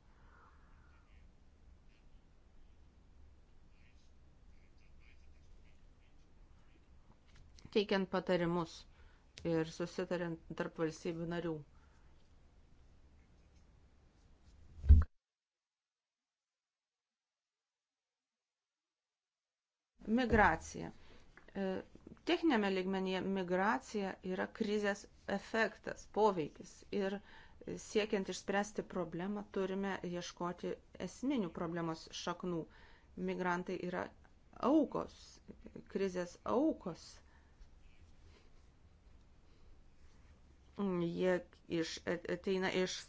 teikiant patarimus ir susitariant tarp valstybių narių. Migracija. E, Techninėme ligmenyje migracija yra krizės efektas, poveikis. Ir siekiant išspręsti problemą turime ieškoti esminių problemos šaknų. Migrantai yra aukos, krizės aukos. Jie iš, ateina iš,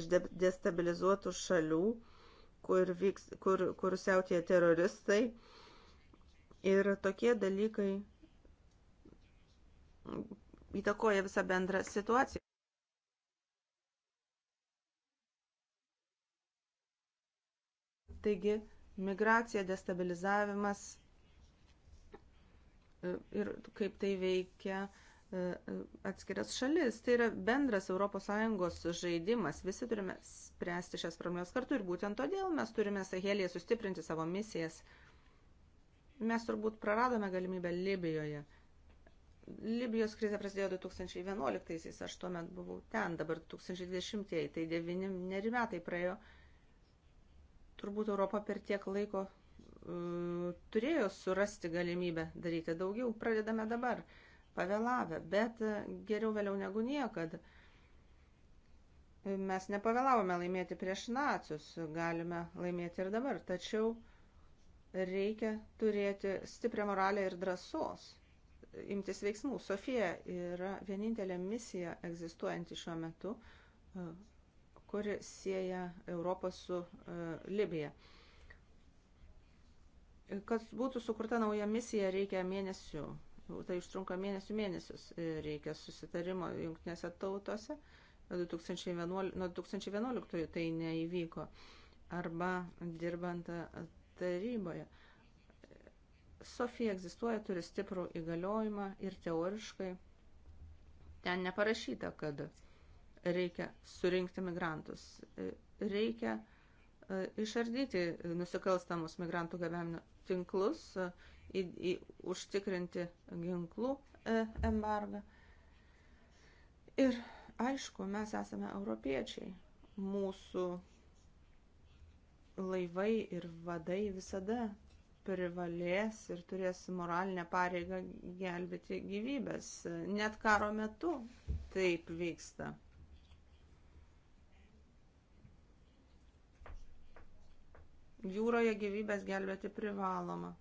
iš destabilizuotų šalių, kur, vyks, kur, kur siautėja teroristai Ir tokie dalykai įtakoja visą bendrą situaciją. Taigi, migracija, destabilizavimas e, ir kaip tai veikia e, e, atskiras šalis. Tai yra bendras ES žaidimas. Visi turime spręsti šias problemas kartu ir būtent todėl mes turime Sahelėje sustiprinti savo misijas – Mes turbūt praradome galimybę Libijoje. Libijos krizė prasidėjo 2011-aisiais, aš tuomet buvau ten, dabar 2020-ieji, tai devyneri metai praėjo. Turbūt Europa per tiek laiko uh, turėjo surasti galimybę daryti daugiau, pradedame dabar, pavėlavę, bet e, geriau vėliau negu niekada. Mes nepavėlavome laimėti prieš nacius, galime laimėti ir dabar, tačiau uh, reikia turėti stiprią moralę ir drąsos imtis veiksmų. Sofija yra vienintelė misija egzistuojanti šiuo metu, e, kuri sieja Europą su e, Libija. Kad būtų sukurta nauja misija, reikia mėnesių. Tai užtrunka mėnesių mėnesius. Reikia susitarimo jungtinėse tautose. 2011, nuo 2011 tai neįvyko. Arba dirbant taryboje. Sofija egzistuoja, turi stiprų įgaliojimą ir teoriškai ten neparašyta, kad reikia surinkti migrantus. Reikia e, išardyti nusikalstamus migrantų gabenimo tinklus, e, į, į, užtikrinti ginklų e, embargą. Ir aišku, mes esame europiečiai. Mūsų laivai ir vadai visada privalės ir turės moralinę pareigą gelbėti gyvybės. Net karo metu taip vyksta. Jūroje gyvybės gelbėti privaloma.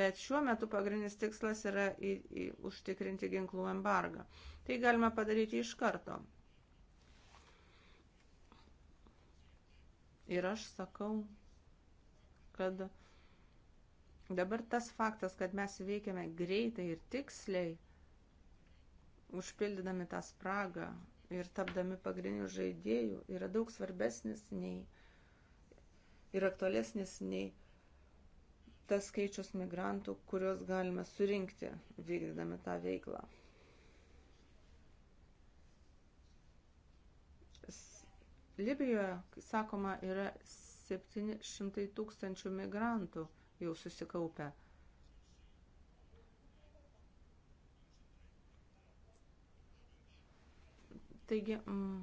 Bet šiuo metu pagrindinis tikslas yra į, į, užtikrinti ginklų embargą. Tai galima padaryti iš karto. Ir aš sakau, kad dabar tas faktas, kad mes veikiame greitai ir tiksliai, užpildydami tą spragą ir tapdami pagrindinių žaidėjų, yra daug svarbesnis nei ir aktualesnis nei tas skaičius migrantų, kuriuos galime surinkti vykdydami tą veiklą. Libijoje, sakoma, yra 700 tūkstančių migrantų jau susikaupę. Taigi, mm,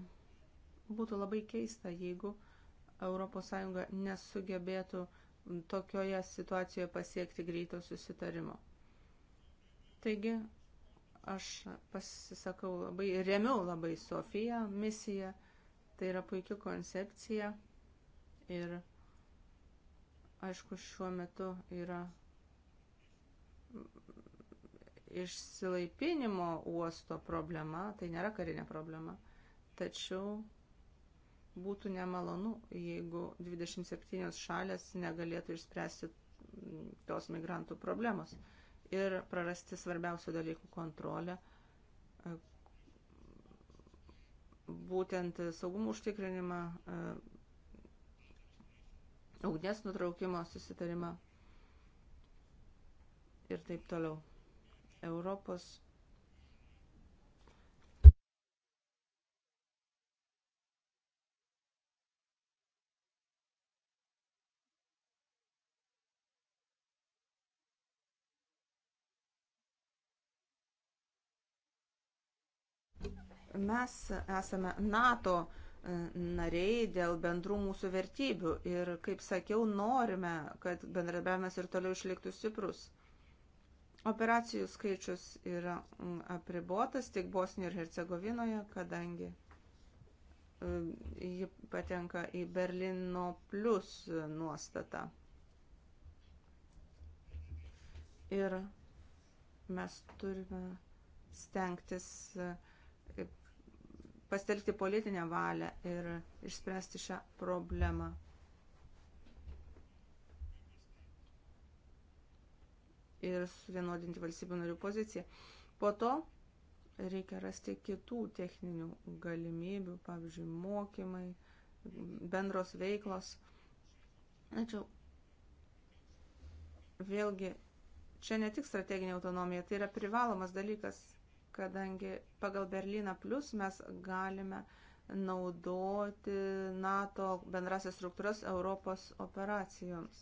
būtų labai keista, jeigu ES nesugebėtų tokioje situacijoje pasiekti greito susitarimo. Taigi, aš pasisakau labai, remiau labai Sofiją misiją Tai yra puikia koncepcija ir aišku šiuo metu yra išsilaipinimo uosto problema, tai nėra karinė problema. Tačiau būtų nemalonu, jeigu 27 šalės negalėtų išspręsti tos migrantų problemos ir prarasti svarbiausių dalykų kontrolę būtent saugumo užtikrinimą, e, ugnies nutraukimo susitarimą ir taip toliau. Europos Mes esame NATO e, nariai dėl bendrų mūsų vertybių ir, kaip sakiau, norime, kad bendradarbiavimas ir toliau išliktų stiprus. Operacijų skaičius yra apribotas tik Bosnijoje ir Hercegovinoje, kadangi e, ji patenka į Berlino plus nuostatą. Ir mes turime stengtis e, pastelgti politinę valią ir išspręsti šią problemą. Ir suvienodinti valstybių narių poziciją. Po to reikia rasti kitų techninių galimybių, pavyzdžiui, mokymai, bendros veiklos. Tačiau vėlgi, čia ne tik strateginė autonomija, tai yra privalomas dalykas kadangi pagal Berlyną Plus mes galime naudoti NATO bendrasias struktūras Europos operacijoms.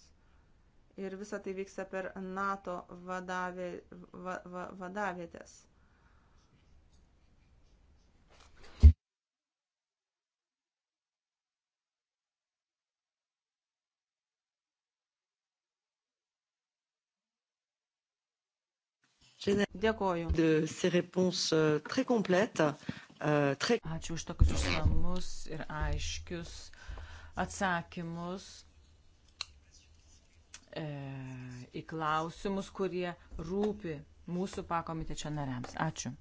Ir visa tai vyksta per NATO vadavė, va, va, vadavietės. Dėkoju. Euh, euh, Ačiū už tokius išsamus ir aiškius atsakymus e, į klausimus, kurie rūpi mūsų pakomitečio nariams. Ačiū.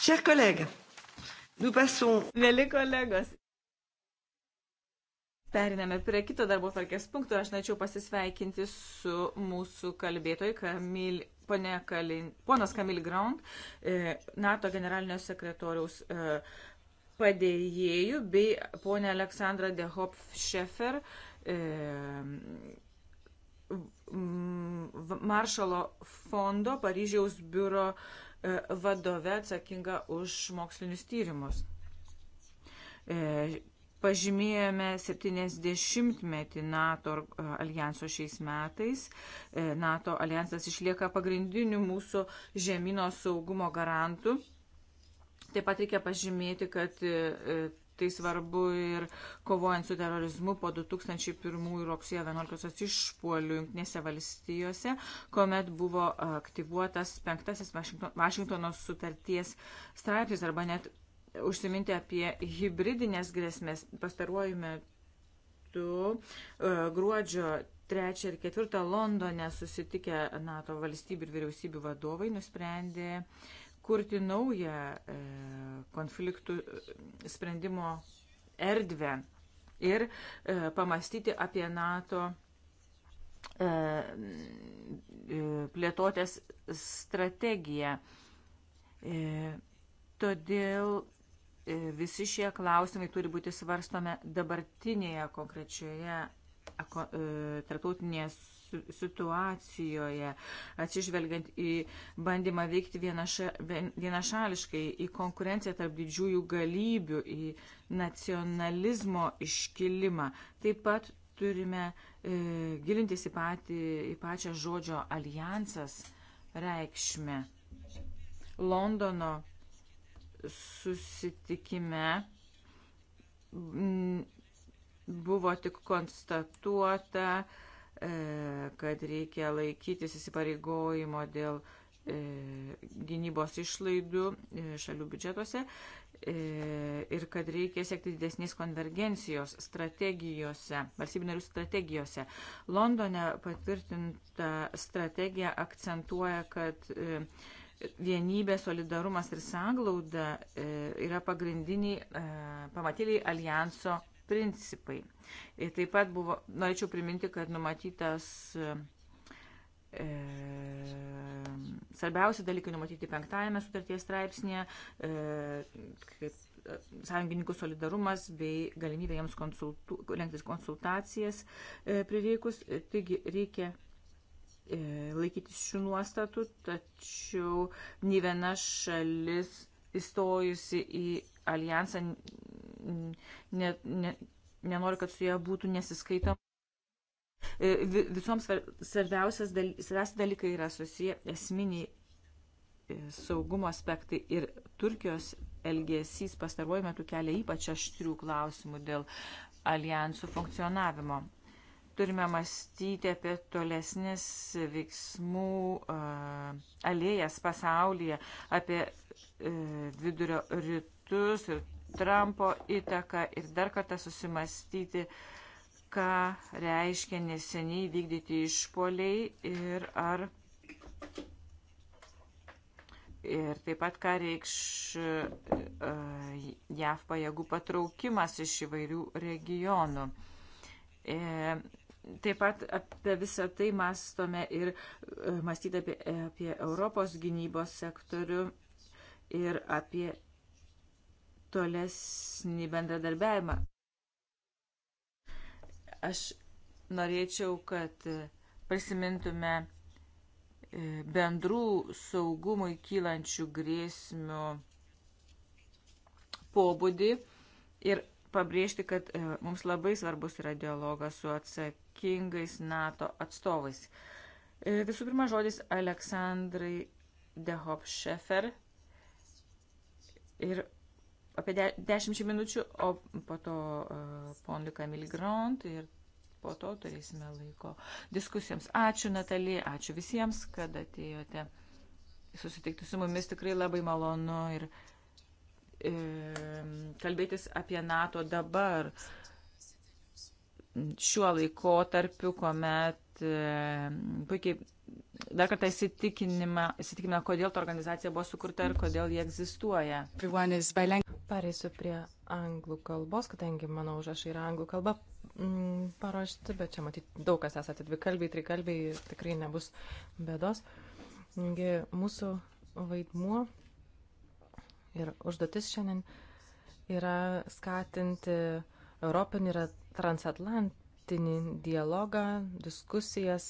Chers collègues, nous passons. Mėly kolegos, Periname prie kito darbo tvarkės punkto. Aš norėčiau pasisveikinti su mūsų kalbėtoju Kamil, Kalin, ponas Kamil Ground, e, NATO generalinio sekretoriaus e, padėjėjų bei ponė Aleksandra Dehop Šefer, e, Maršalo fondo Paryžiaus biuro vadove atsakinga už mokslinius tyrimus pažymėjome 70-metį NATO e, alijanso šiais metais. E, NATO alijansas išlieka pagrindiniu mūsų žemino saugumo garantu. Taip pat reikia pažymėti, kad e, tai svarbu ir kovojant su terorizmu po 2001 rugsėjo 11 išpuolių Junktinėse valstijose, kuomet buvo aktyvuotas penktasis Vašingtono sutarties straipsnis arba net užsiminti apie hybridinės grėsmės. Pastaruoju metu e, gruodžio 3 ir 4 Londone susitikę NATO valstybių ir vyriausybių vadovai nusprendė kurti naują e, konfliktų e, sprendimo erdvę ir pamastyti apie NATO plėtotės strategiją. Todėl E, visi šie klausimai turi būti svarstome dabartinėje konkrečioje e, tarptautinėje situacijoje, atsižvelgiant į bandymą veikti vienaša, vienašališkai, į konkurenciją tarp didžiųjų galybių, į nacionalizmo iškilimą. Taip pat turime e, gilintis į, patį, į pačią žodžio alijansas reikšmę. Londono susitikime buvo tik konstatuota, e, kad reikia laikytis įsipareigojimo dėl e, gynybos išlaidų e, šalių biudžetuose ir kad reikia siekti didesnės konvergencijos strategijose, valstybių narių strategijose. Londone patvirtinta strategija akcentuoja, kad vienybė, solidarumas ir sanglauda e, yra pagrindiniai e, pamatėliai alijanso principai. Ir taip pat buvo, norėčiau priminti, kad numatytas e, e svarbiausi dalykai numatyti penktajame sutarties straipsnėje, e, kaip sąjungininkų solidarumas bei galimybė jiems konsultu, rengtis konsultacijas e, prireikus. Taigi reikia E, laikytis šių nuostatų, tačiau nei viena šalis įstojusi į alijansą ne, ne, nenori, kad su ja būtų nesiskaitama. E, visoms svarbiausias dalykas, dalykai yra susiję esminiai e, saugumo aspektai ir Turkijos elgesys pastaruoju metu kelia ypač aštrių klausimų dėl alijansų funkcionavimo turime mąstyti apie tolesnis veiksmų uh, alėjas pasaulyje, apie uh, vidurio rytus ir Trumpo įtaką ir dar kartą susimastyti, ką reiškia neseniai vykdyti išpoliai ir ar. Ir taip pat, ką reikš uh, JAV pajėgų patraukimas iš įvairių regionų. Uh, Taip pat apie visą tai mąstome ir e, mąstyti apie, apie Europos gynybos sektorių ir apie tolesnį bendradarbiavimą. Aš norėčiau, kad e, prisimintume e, bendrų saugumui kylančių grėsmių pobūdį ir pabrėžti, kad e, mums labai svarbus yra dialogas su atsakingais NATO atstovais. E, visų pirma, žodis Aleksandrai Dehopšefer ir apie de, dešimčių minučių, o po to uh, ponui Kamil Grant ir po to turėsime laiko diskusijoms. Ačiū Natalija, ačiū visiems, kad atėjote susitikti su mumis, tikrai labai malonu ir uh, E, kalbėtis apie NATO dabar, šiuo laikotarpiu, kuomet e, puikiai dar kartą įsitikinime, kodėl ta organizacija buvo sukurta ir kodėl jie egzistuoja. Pareisiu prie anglų kalbos, kadangi mano užrašai yra anglų kalba mm, paruošti, bet čia matyti daug kas esate dvikalbiai, trikalbiai, tikrai nebus bėdos. Mūsų vaidmuo Ir užduotis šiandien yra skatinti Europinį ir transatlantinį dialogą, diskusijas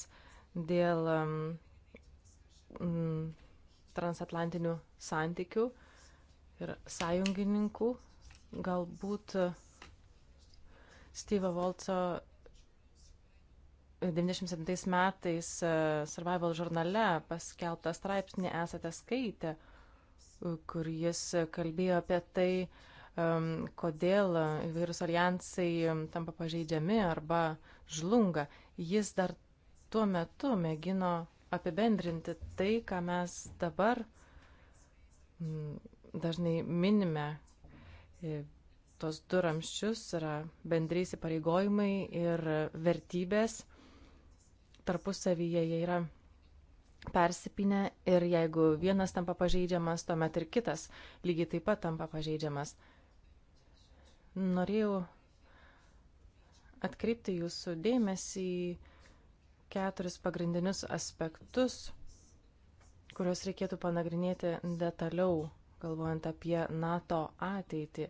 dėl um, transatlantinių santykių ir sąjungininkų. Galbūt Steve Volco 97 metais e, Survival žurnale paskelbtą straipsnį esate skaitę. Uh, kur jis kalbėjo apie tai, um, kodėl įvairūs alijansai um, tampa pažeidžiami arba žlunga. Jis dar tuo metu mėgino apibendrinti tai, ką mes dabar mm, dažnai minime. E, tos duramščius yra bendrys įpareigojimai ir vertybės tarpusavyje jie yra persipinę ir jeigu vienas tampa pažeidžiamas, tuomet ir kitas lygiai taip pat tampa pažeidžiamas. Norėjau atkreipti jūsų dėmesį į keturis pagrindinius aspektus, kuriuos reikėtų panagrinėti detaliau, galvojant apie NATO ateitį.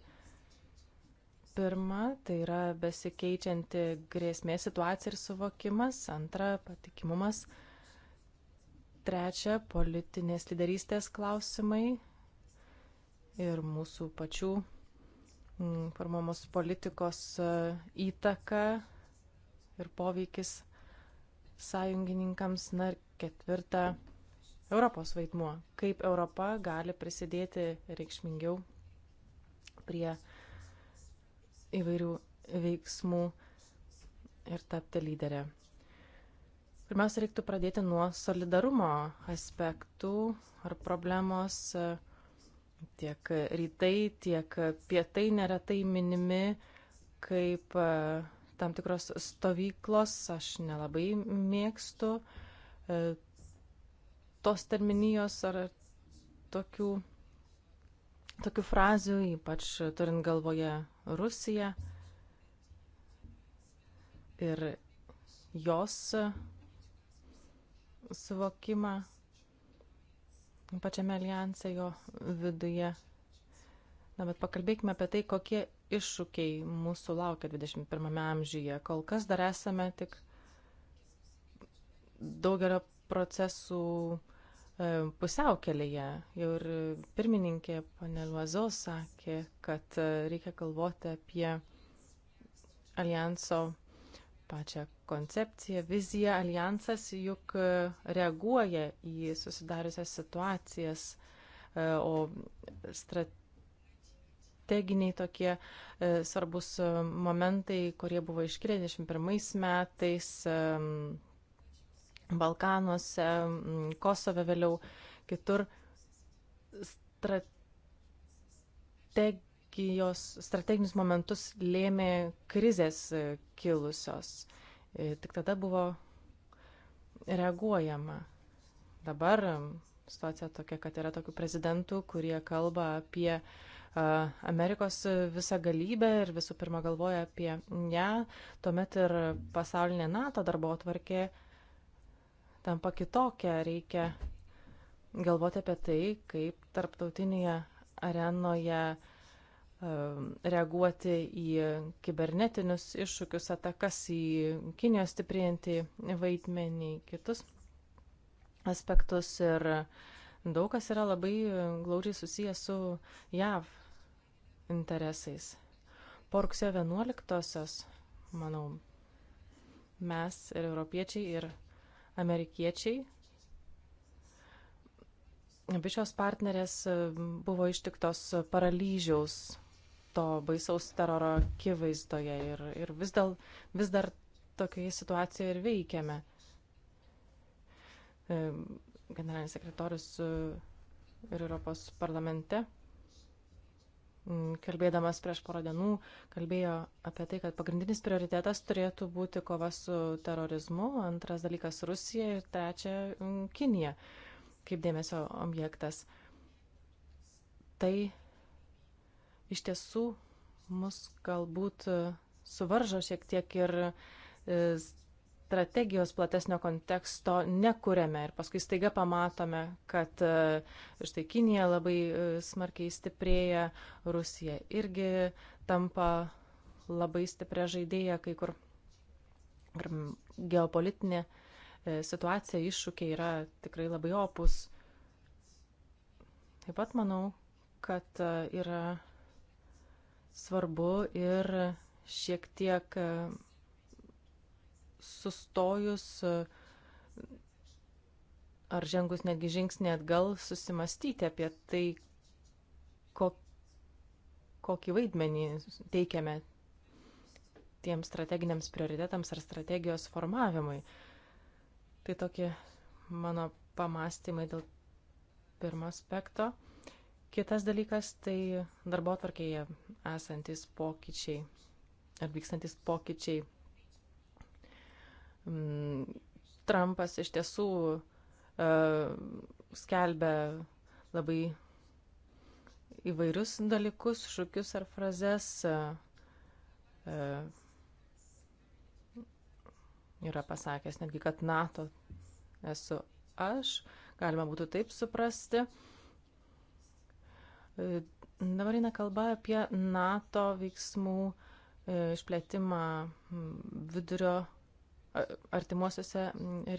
Pirma, tai yra besikeičianti grėsmės situacija ir suvokimas. Antra, patikimumas Trečia, politinės lyderystės klausimai ir mūsų pačių mm, formamos politikos e, įtaka ir poveikis sąjungininkams. Na ir ketvirta, Europos vaidmuo. Kaip Europa gali prisidėti reikšmingiau prie įvairių veiksmų ir tapti lyderę Pirmiausia, reiktų pradėti nuo solidarumo aspektų ar problemos. Tiek rytai, tiek pietai neretai minimi kaip e, tam tikros stovyklos. Aš nelabai mėgstu e, tos terminijos ar tokių, tokių frazių, ypač turint galvoje Rusiją ir jos suvokimą pačiame alijanse jo viduje. Na, bet pakalbėkime apie tai, kokie iššūkiai mūsų laukia 21 amžiuje. Kol kas dar esame tik daugelio procesų e, pusiaukelėje. Jau ir pirmininkė ponė Luazo sakė, kad e, reikia galvoti apie alijanso pačią koncepciją, viziją. Alijansas juk e, reaguoja į susidariusias situacijas, e, o strateginiai tokie e, svarbus momentai, kurie buvo iškilę 21 metais Balkanuose, Kosove vėliau, kitur strateginiai strategijos, strateginius momentus lėmė krizės kilusios. E, tik tada buvo reaguojama. Dabar situacija tokia, kad yra tokių prezidentų, kurie kalba apie Amerikos visą galybę ir visų pirma galvoja apie ją, tuomet ir pasaulinė NATO darbo atvarkė tampa kitokia, reikia galvoti apie tai, kaip tarptautinėje arenoje uh, E, reaguoti į kibernetinius iššūkius, atakas į Kinijos stiprėjantį vaidmenį, kitus aspektus ir daug kas yra labai glaudžiai susijęs su JAV interesais. Po rugsėjo 11-osios, manau, mes ir europiečiai, ir amerikiečiai abi šios partnerės buvo ištiktos paralyžiaus to baisaus teroro akivaizdoje ir, ir vis, dėl, vis dar tokioje situacijoje ir veikiame. E, Generalinis sekretorius e, ir Europos parlamente, kalbėdamas prieš porą dienų, kalbėjo apie tai, kad pagrindinis prioritetas turėtų būti kova su terorizmu, antras dalykas Rusija ir trečia Kinija kaip dėmesio objektas. Tai iš tiesų mus galbūt e, suvaržo šiek tiek ir e, strategijos platesnio konteksto nekuriame ir paskui staiga pamatome, kad e, štai Kinija labai smarkiai stiprėja, Rusija irgi tampa labai stiprią žaidėją, kai kur geopolitinė situacija iššūkiai yra tikrai labai opus. Taip pat manau, kad yra svarbu ir šiek tiek e, sustojus e, ar žengus netgi žingsnį atgal susimastyti apie tai, kokį vaidmenį teikiame tiems strateginiams prioritetams ar strategijos formavimui. Tai tokie mano pamastymai dėl pirmo aspekto. Kitas dalykas tai darbo tvarkėje esantis pokyčiai ar vykstantis pokyčiai. Mm, Trumpas iš tiesų uh, skelbia labai įvairius dalykus, šūkius ar frazes. Uh, yra pasakęs netgi, kad NATO esu aš, galima būtų taip suprasti. Uh, Dabar eina kalba apie NATO veiksmų e, išplėtimą vidurio artimuosiuose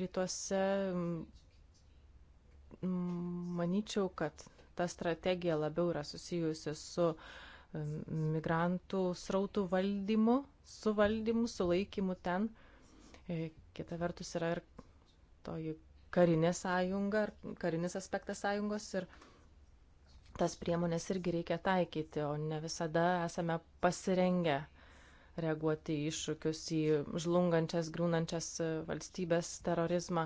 rytuose. Manyčiau, kad ta strategija labiau yra susijusi su e, migrantų srautų valdymu, suvaldymu, sulaikymu ten. E, kita vertus yra ir toji karinė sąjunga, karinis aspektas sąjungos ir tas priemonės irgi reikia taikyti, o ne visada esame pasirengę reaguoti į iššūkius, į žlungančias, grūnančias valstybės terorizmą,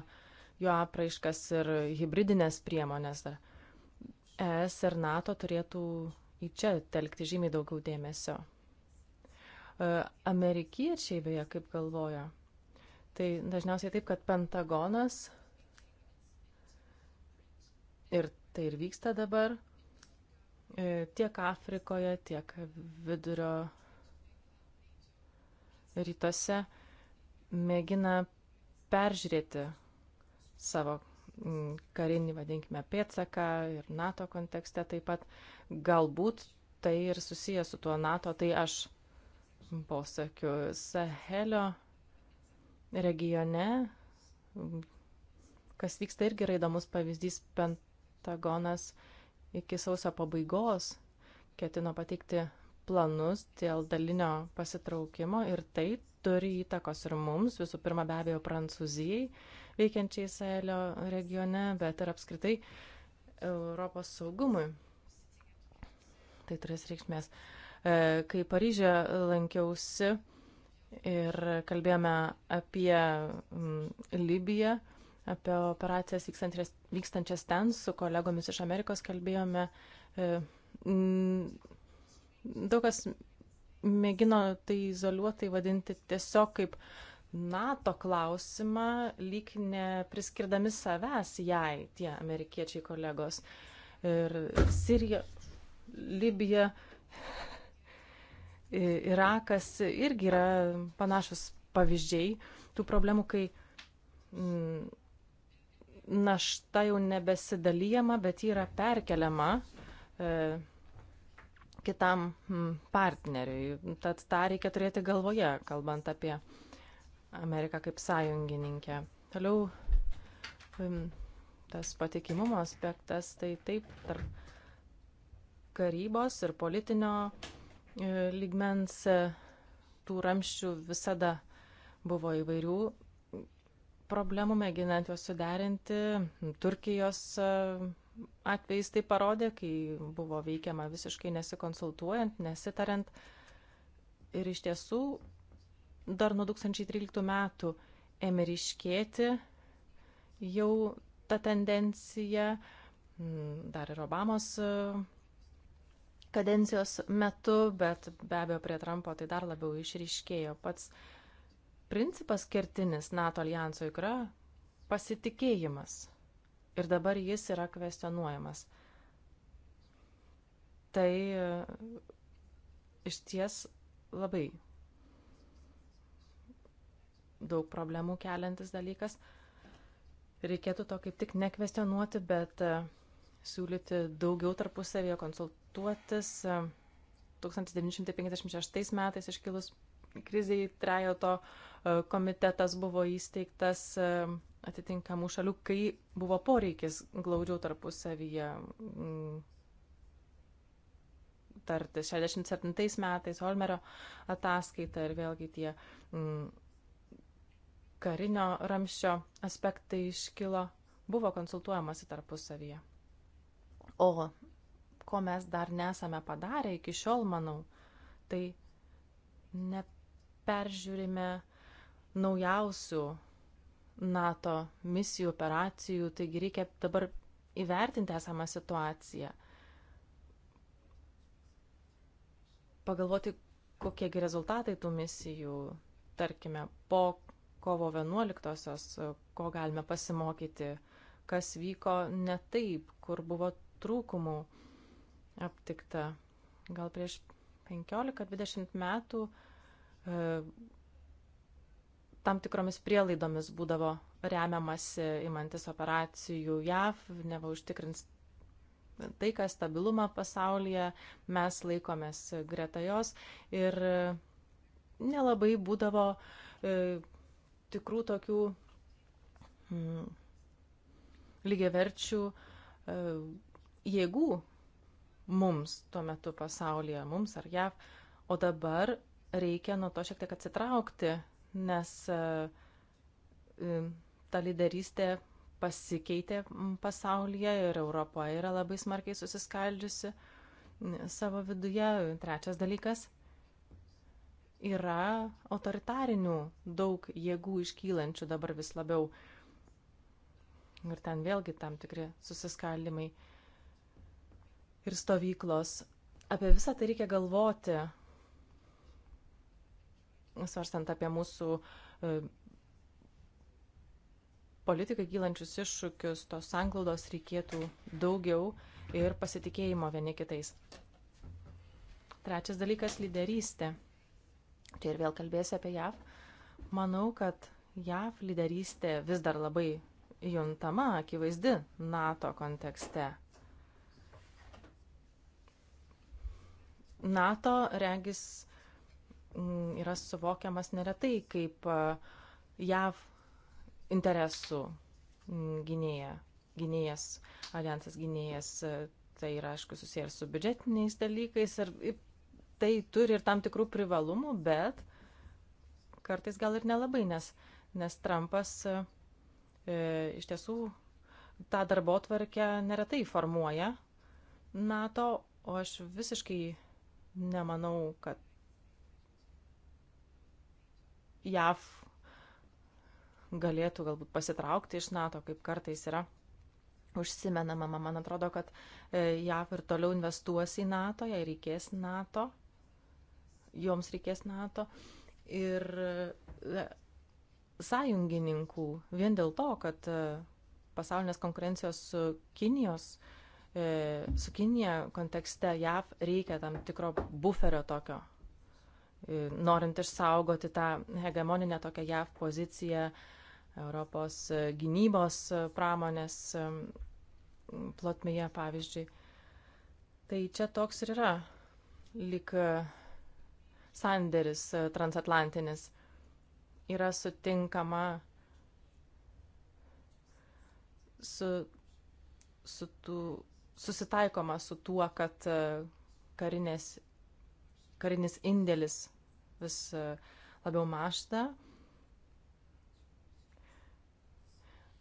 jo apraiškas ir hybridinės priemonės. ES ir NATO turėtų į čia telkti žymiai daugiau dėmesio. E, amerikiečiai beje kaip galvoja. Tai dažniausiai taip, kad Pentagonas ir tai ir vyksta dabar – E, tiek Afrikoje, tiek vidurio rytuose mėgina peržiūrėti savo karinį, vadinkime, pėtsaką ir NATO kontekste taip pat. Galbūt tai ir susijęs su tuo NATO, tai aš posakiu Sahelio regione, kas vyksta irgi yra įdomus pavyzdys, Pentagonas uh, iki sausio pabaigos ketino pateikti planus dėl dalinio pasitraukimo ir tai turi įtakos ir mums, visų pirma be abejo Prancūzijai veikiančiai Sahelio regione, bet ir apskritai Europos saugumui. Tai turės reikšmės. E, kai Paryžė lankiausi ir kalbėjome apie mm, Libiją, apie operacijas vykstančias ten su kolegomis iš Amerikos kalbėjome. E, daug kas mėgino tai izoliuotai vadinti tiesiog kaip NATO klausimą, lyg nepriskirdami savęs jai tie amerikiečiai kolegos. Ir Sirija, Libija, Irakas irgi yra panašus pavyzdžiai tų problemų, kai našta jau nebesidalyjama, bet ji yra perkeliama e, kitam partneriui. Tad tą reikia turėti galvoje, kalbant apie Ameriką kaip sąjungininkę. Toliau tas patikimumo aspektas, tai taip, tarp karybos ir politinio e, lygmens e, tų ramščių visada buvo įvairių problemų, mėginant juos suderinti. Turkijos e, atvejais tai parodė, kai buvo veikiama visiškai nesikonsultuojant, nesitariant. Ir iš tiesų dar nuo 2013 metų ėmė ryškėti jau ta tendencija, mm, dar ir Obamos e, kadencijos metu, bet be abejo prie Trumpo tai dar labiau išryškėjo pats uh, principas kertinis NATO alijanso yra pasitikėjimas. Ir dabar jis yra kvestionuojamas. Tai e, iš ties labai daug problemų keliantis dalykas. Reikėtų to kaip tik nekvestionuoti, bet e, siūlyti daugiau tarpusavėje konsultuotis. 1956 e, metais iškilus kriziai trejoto e, komitetas buvo įsteigtas e, atitinkamų šalių, kai buvo poreikis glaudžiau tarpusavyje mm, tartis. 67 metais Holmerio ataskaita ir vėlgi tie mm, karinio ramščio aspektai iškilo, buvo konsultuojamasi tarpusavyje. O ko mes dar nesame padarę iki šiol, manau, tai net peržiūrime naujausių NATO misijų, operacijų, taigi reikia dabar įvertinti esamą situaciją. Pagalvoti, kokiegi rezultatai tų misijų, tarkime, po kovo 11-osios, ko galime pasimokyti, kas vyko ne taip, kur buvo trūkumų aptikta. Gal prieš 15-20 metų uh, E, tam tikromis prielaidomis būdavo remiamasi imantis operacijų JAV, neva užtikrins taiką, stabilumą pasaulyje, mes laikomės greta jos ir nelabai būdavo e, tikrų tokių mm, lygiaverčių e, jėgų mums tuo metu pasaulyje, mums ar JAV, o dabar reikia nuo to šiek tiek atsitraukti, nes e, e, ta lyderystė pasikeitė pasaulyje ir Europoje yra labai smarkiai susiskaldžiusi savo viduje. Trečias dalykas yra autoritarinių daug jėgų iškylančių dabar vis labiau. Ir ten vėlgi tam tikri susiskaldimai ir stovyklos. Apie visą tai reikia galvoti, svarstant apie mūsų e, politikai kylančius iššūkius, tos sanglaudos reikėtų daugiau ir pasitikėjimo vieni kitais. Trečias dalykas - lyderystė. Čia ir vėl kalbėsiu apie JAV. Manau, kad JAV lyderystė vis dar labai juntama, akivaizdi NATO kontekste. NATO regis Mm, yra suvokiamas neretai kaip e, JAV interesų mm, gynėja, gynėjas, alijansas gynėjas. E, tai yra, aišku, susiję ir su biudžetiniais dalykais ir tai turi ir tam tikrų privalumų, bet kartais gal ir nelabai, nes, nes Trumpas e, e iš tiesų tą darbo tvarkę neretai formuoja NATO, o aš visiškai nemanau, kad JAV galėtų galbūt pasitraukti iš NATO, kaip kartais yra užsimenama. Man atrodo, kad e, JAV ir toliau investuos į NATO, jai reikės NATO, joms reikės NATO. Ir e, sąjungininkų vien dėl to, kad e, pasaulinės konkurencijos su Kinijos, su Kinija kontekste JAV reikia tam tikro buferio tokio norint išsaugoti tą hegemoninę tokią JAV poziciją Europos gynybos pramonės plotmėje, pavyzdžiui. Tai čia toks ir yra lik e, sanderis e, transatlantinis. Yra sutinkama su, su tų, susitaikoma su tuo, kad e, karinės karinis indėlis vis e, labiau mašta.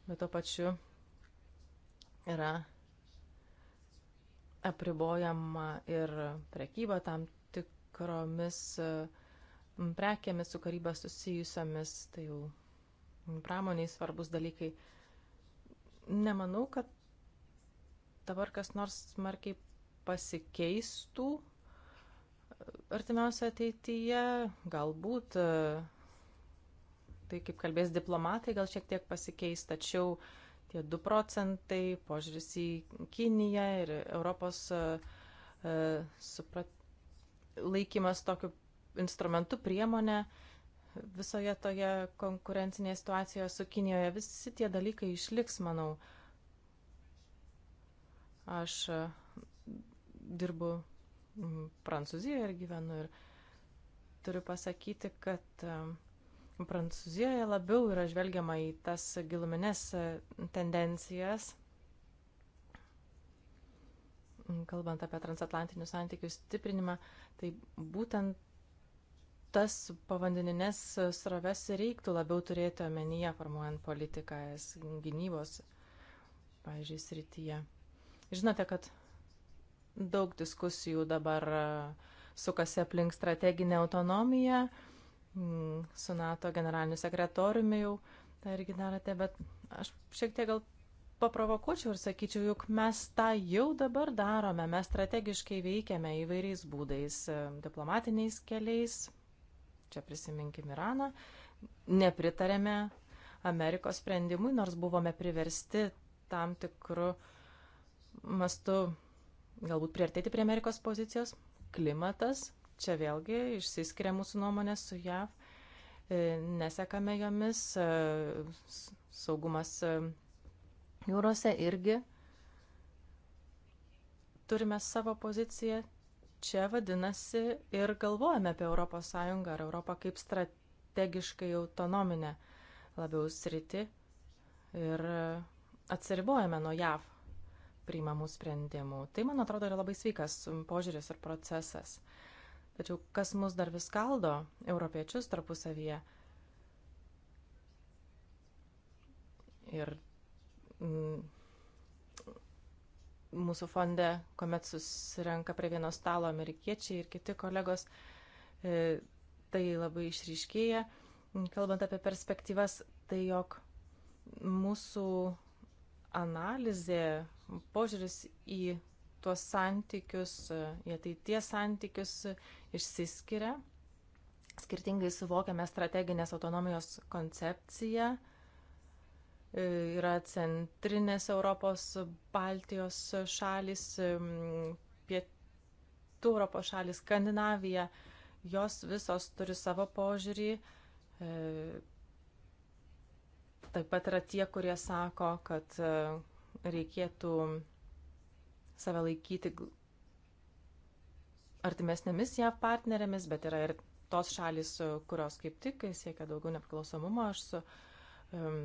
Bet to pačiu yra apribojama ir prekyba tam tikromis e, prekėmis su karyba susijusiamis, tai jau pramoniai svarbus dalykai. Nemanau, kad dabar kas nors smarkiai pasikeistų artimiausia ateityje, galbūt e, tai kaip kalbės diplomatai gal šiek tiek pasikeis, tačiau tie 2 procentai, požiūris į Kiniją ir Europos uh, e, e, suprat, laikymas tokiu instrumentu priemonė visoje toje konkurencinėje situacijoje su Kinijoje, visi tie dalykai išliks, manau. Aš dirbu Mhm. Prancūzijoje ir gyvenu ir turiu pasakyti, kad Prancūzijoje labiau yra žvelgiama į tas giluminės e, tendencijas, mhm, kalbant apie transatlantinių santykių stiprinimą, tai būtent tas povandeninės sraves reiktų labiau turėti omenyje, formuojant politiką gynybos, pavyzdžiui, srityje. Žinote, kad Daug diskusijų dabar e, sukasi aplink strateginę autonomiją. Mm, su NATO generaliniu sekretoriumi jau tą irgi darote, bet aš šiek tiek gal paprovokuočiau ir sakyčiau, juk mes tą jau dabar darome, mes strategiškai veikiame įvairiais būdais, e, diplomatiniais keliais, čia prisiminkim Iraną, nepritarėme Amerikos sprendimui, nors buvome priversti tam tikrų mastų galbūt priartėti prie Amerikos pozicijos. Klimatas, čia vėlgi išsiskiria mūsų nuomonė su JAV, e, nesekame jomis, e, saugumas e, jūrose irgi turime savo poziciją. Čia vadinasi ir galvojame apie ES ar Europą kaip strategiškai autonominę labiau sritį ir atsiribojame nuo JAV priimamų sprendimų. Tai, man atrodo, yra labai sveikas požiūris ir procesas. Tačiau kas mus dar vis kaldo, europiečius tarpusavyje, ir mm, mūsų fonde, kuomet susirenka prie vieno stalo amerikiečiai ir kiti kolegos, e, tai labai išryškėja. Kalbant apie perspektyvas, tai jog mūsų analizė, požiūris į tuos santykius, į ateities santykius išsiskiria. Skirtingai suvokiame strateginės autonomijos koncepciją. Yra centrinės Europos, Baltijos šalis, pietų Europos šalis, Skandinavija. Jos visos turi savo požiūrį, Taip pat yra tie, kurie sako, kad e, reikėtų save laikyti artimesnėmis JAV partnerėmis, bet yra ir tos šalis, e, kurios kaip tik siekia daugiau nepriklausomumo. Aš su um,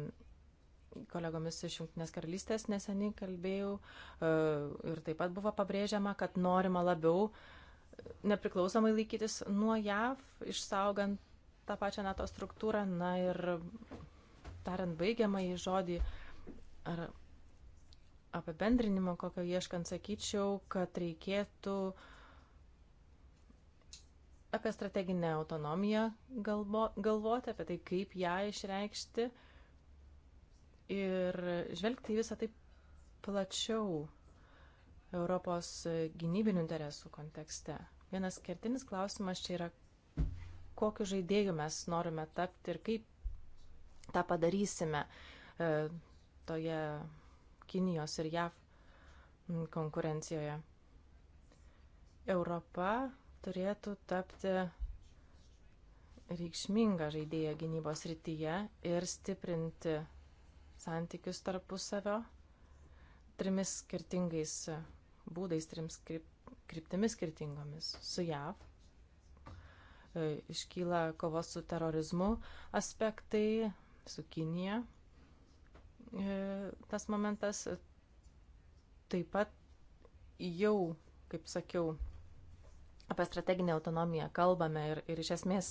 kolegomis iš Junktinės karalystės neseniai kalbėjau uh, ir taip pat buvo pabrėžiama, kad norima labiau nepriklausomai laikytis nuo JAV, išsaugant tą pačią NATO struktūrą. Na ir tariant baigiamąjį žodį ar apibendrinimo kokio ieškant, sakyčiau, kad reikėtų apie strateginę autonomiją galvo, galvoti, apie tai, kaip ją išreikšti ir žvelgti į visą tai plačiau Europos gynybinių interesų kontekste. Vienas kertinis klausimas čia yra, kokiu žaidėju mes norime tapti ir kaip tą padarysime e, toje Kinijos ir JAV konkurencijoje. Europa turėtų tapti reikšminga žaidėja gynybos rytyje ir stiprinti santykius tarpusavio trimis skirtingais būdais, trims kryptimis skirtingomis su JAV. E, iškyla kovos su terorizmu aspektai, su Kinija. E, tas momentas taip pat jau, kaip sakiau, apie strateginę autonomiją kalbame ir, ir iš esmės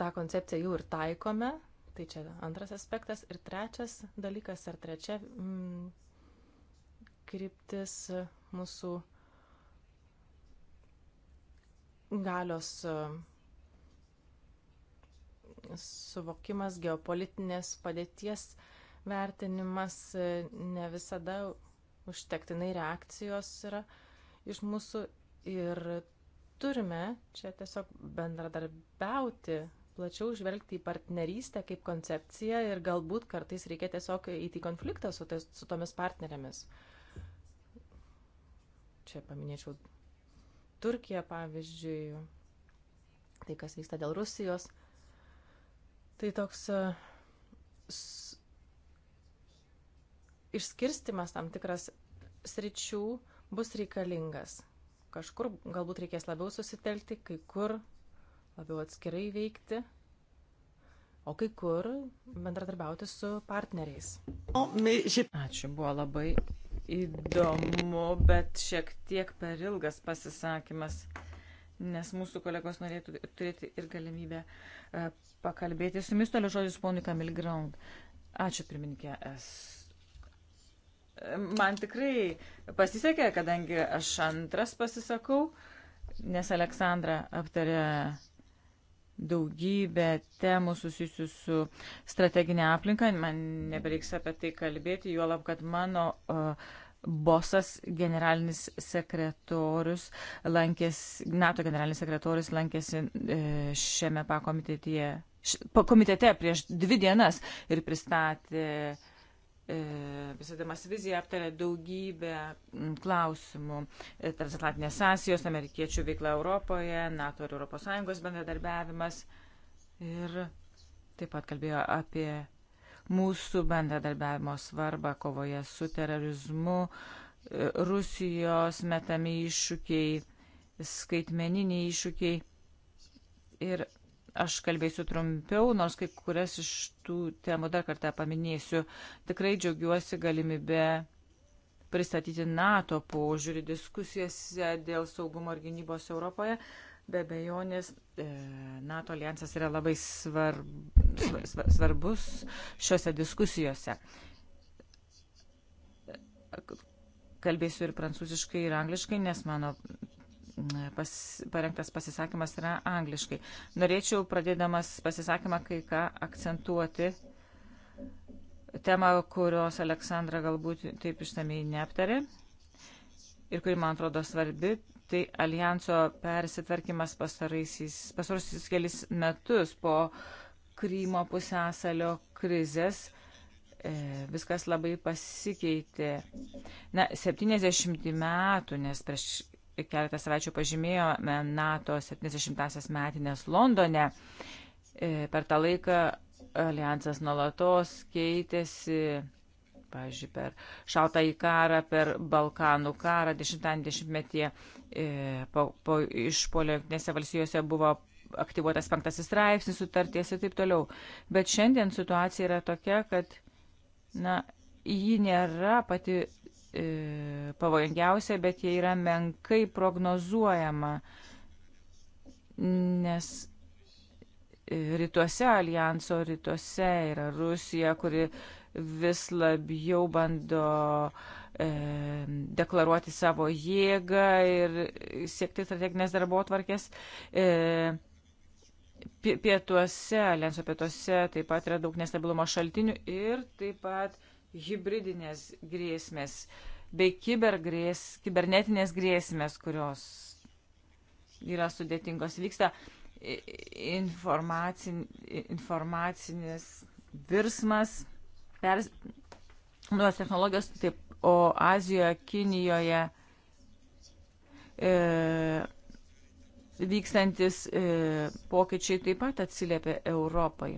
tą koncepciją jau ir taikome. Tai čia antras aspektas. Ir trečias dalykas, ar trečia mm, kryptis mūsų galios. Mm, suvokimas, geopolitinės padėties vertinimas e, ne visada užtektinai reakcijos yra iš mūsų ir turime čia tiesiog bendradarbiauti, plačiau žvelgti į partnerystę kaip koncepciją ir galbūt kartais reikia tiesiog įti konfliktą su, tais, su tomis partnerėmis. Čia paminėčiau Turkiją, pavyzdžiui, tai kas vyksta dėl Rusijos. Tai toks e, išskirstimas tam tikras sričių bus reikalingas. Kažkur galbūt reikės labiau susitelkti, kai kur labiau atskirai veikti, o kai kur bendradarbiauti su partneriais. Ačiū, buvo labai įdomu, bet šiek tiek per ilgas pasisakymas nes mūsų kolegos norėtų turėti ir galimybę e, pakalbėti. Su jumis toliau žodis ponui Kamil Ground. Ačiū pirmininkė. Man tikrai pasisekė, kadangi aš antras pasisakau, nes Aleksandra aptarė daugybę temų susijusių su strateginė aplinka. Man nebereiks apie tai kalbėti, juolab, kad mano uh, bosas generalinis sekretorius lankėsi, NATO generalinis sekretorius lankėsi e, šiame pakomitetyje, pakomitete prieš dvi dienas ir pristatė visadamas e, viziją aptarė daugybę klausimų. E, transatlantinės sąsijos, amerikiečių veikla Europoje, NATO ir ES bendradarbiavimas. Ir taip pat kalbėjo apie mūsų bendradarbiavimo svarbą kovoje su terorizmu, e, Rusijos metami iššūkiai, skaitmeniniai iššūkiai. Ir aš kalbėsiu trumpiau, nors kai kurias iš tų temų dar kartą paminėsiu. Tikrai džiaugiuosi galimybę pristatyti NATO požiūrį diskusijose dėl saugumo ir gynybos Europoje. Be bejonės, e, NATO alijansas yra labai svarb, svarbus šiuose diskusijose. Kalbėsiu ir prancūziškai, ir angliškai, nes mano e, pas, parengtas pasisakymas yra angliškai. Norėčiau, pradėdamas pasisakymą, kai ką akcentuoti temą, kurios Aleksandra galbūt taip ištamiai neaptarė ir kuri man atrodo svarbi, tai alijanso persitvarkymas pasarusis kelis metus po Krymo pusęsalio krizės. E, viskas labai pasikeitė. Na, 70 metų, nes prieš keletą savaičių pažymėjome NATO 70-asias metinės Londone. E, per tą laiką alijansas nuolatos keitėsi, pažiūrėjau, per šaltą į karą, per Balkanų karą 10-metyje. -10 E, po, po išpolio Junktinėse valstijose buvo aktyvuotas penktasis straipsnis sutarties ir taip toliau. Bet šiandien situacija yra tokia, kad na, ji nėra pati e, pavojingiausia, bet jie yra menkai prognozuojama, nes e, rytuose alijanso rytuose yra Rusija, kuri vis labiau bando uh, E, deklaruoti savo jėgą ir siekti strateginės darbo atvarkės. E, pietuose, Lenso pietuose taip pat yra daug nestabilumo šaltinių ir taip pat hybridinės grėsmės bei kibergrės, kibernetinės grėsmės, kurios yra sudėtingos. Vyksta informacin, informacinis virsmas, pers, nuos technologijos taip o Azijoje, Kinijoje e, vykstantis e, pokyčiai taip pat atsiliepia Europai.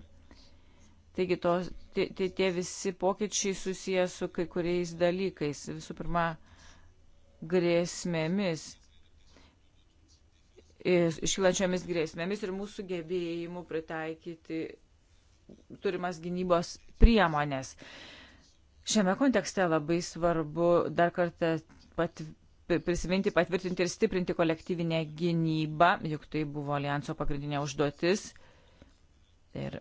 Taigi to, tie, tie, tie visi pokyčiai susiję su kai kuriais dalykais. Visų pirma, grėsmėmis, e, iškilančiomis grėsmėmis ir mūsų gebėjimu pritaikyti turimas gynybos priemonės. E, Šiame kontekste labai svarbu dar kartą pat, prisiminti, patvirtinti ir stiprinti kolektyvinę gynybą, juk tai buvo alijanso pagrindinė užduotis. Ir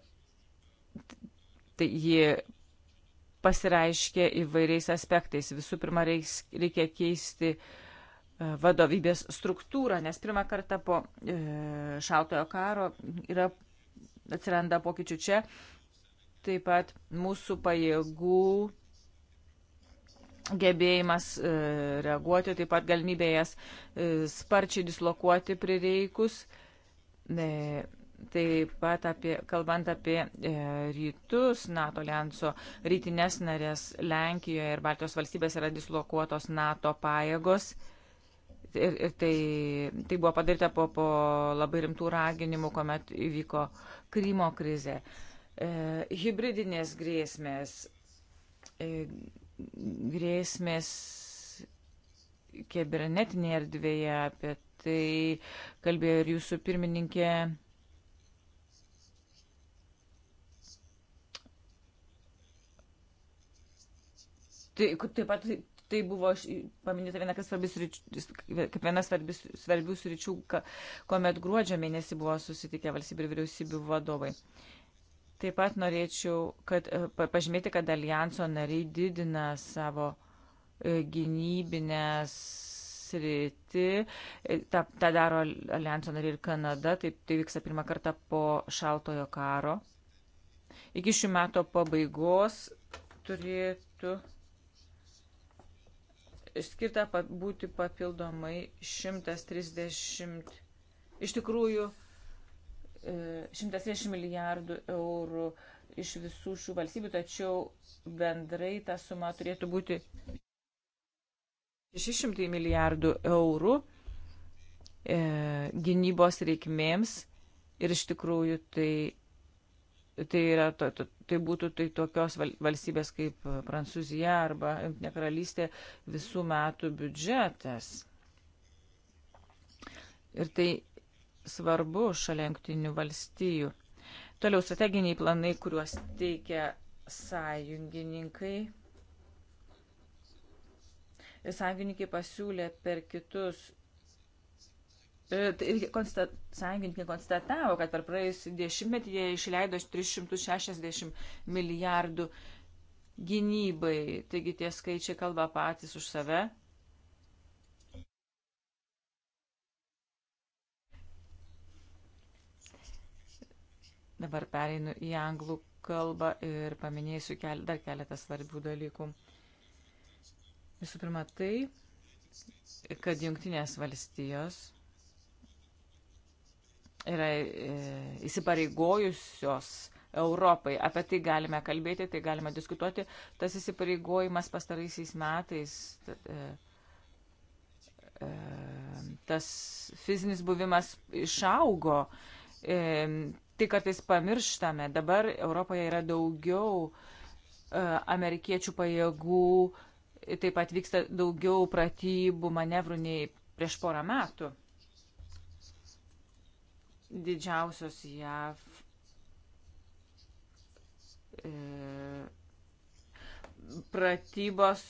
tai ji pasireiškia įvairiais aspektais. Visų pirma, reikia keisti e, vadovybės struktūrą, nes pirmą kartą po e, šaltojo karo yra, atsiranda pokyčių čia. Taip pat mūsų pajėgų gebėjimas e, reaguoti, taip pat galimybė jas e, sparčiai dislokuoti prireikus. E, taip pat apie, kalbant apie rytus, NATO alianso rytinės narės Lenkijoje ir Baltijos valstybės yra dislokuotos NATO pajėgos. Ir, ir tai, tai buvo padaryta po, po labai rimtų raginimų, kuomet įvyko Krymo krizė. E, hybridinės grėsmės. E, grėsmės kibernetinėje erdvėje, apie tai kalbėjo ir jūsų pirmininkė. Tai, taip pat tai buvo paminėta viena, ryčių, kaip viena svarbis, svarbių sričių, kuomet gruodžio mėnesį buvo susitikę valstybių ir vyriausybių vadovai. Uh, Taip pat norėčiau kad, e, pažymėti, kad alijanso nariai didina savo e, gynybinę sritį. Ta, e, ta daro alijanso nariai ir Kanada, taip tai vyksta pirmą kartą po šaltojo karo. Iki šių metų pabaigos turėtų skirta būti papildomai 130. Iš tikrųjų, 130 e, milijardų eurų iš visų šių valstybių, tačiau bendrai ta suma turėtų būti 600 milijardų eurų e, gynybos reikmėms ir iš tikrųjų tai, tai, yra, to, to, tai būtų tai tokios valstybės kaip Prancūzija arba Junktinė karalystė visų metų biudžetas. Ir tai svarbu šalia jungtinių valstijų. Toliau strateginiai planai, kuriuos teikia sąjungininkai. Sąjungininkai pasiūlė per kitus. E, tai Konstat, sąjungininkai konstatavo, kad per praėjusį dešimtmetį jie išleido 360 milijardų gynybai. Taigi tie skaičiai kalba patys už save. Dabar pereinu į anglų kalbą ir paminėsiu kel, dar keletą svarbių dalykų. Visų pirma, tai, kad jungtinės valstijos yra e, įsipareigojusios Europai. Apie tai galime kalbėti, tai galime diskutuoti. Tas įsipareigojimas pastaraisiais metais, e, e, tas fizinis buvimas išaugo tai kartais pamirštame. Dabar Europoje yra daugiau e, amerikiečių pajėgų, taip pat vyksta daugiau pratybų, manevrų nei prieš porą metų. Didžiausios JAV e, pratybos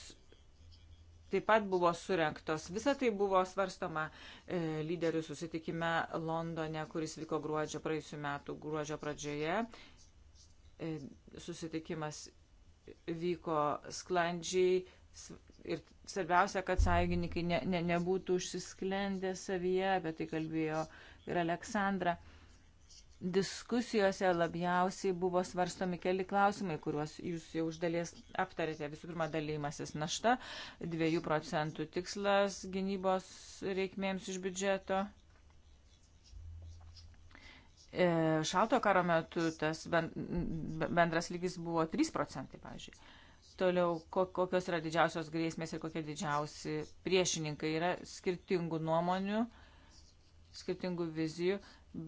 taip pat buvo surinktos. Visa tai buvo svarstoma e, lyderių susitikime Londone, kuris vyko gruodžio praėjusiu metu, gruodžio pradžioje. E, susitikimas vyko sklandžiai ir svarbiausia, kad sąjungininkai ne, ne, nebūtų užsisklendę savyje, apie tai kalbėjo ir Aleksandra. E, Diskusijose labiausiai buvo svarstomi keli klausimai, kuriuos jūs jau uždalies aptarėte. Visų pirma, dalymasis našta, 2 procentų tikslas gynybos reikmėms iš biudžeto. E, šalto karo metu tas bendras lygis buvo 3 procentai, pavyzdžiui toliau, kokios yra didžiausios grėsmės ir kokie didžiausi priešininkai. Yra skirtingų nuomonių, skirtingų vizijų,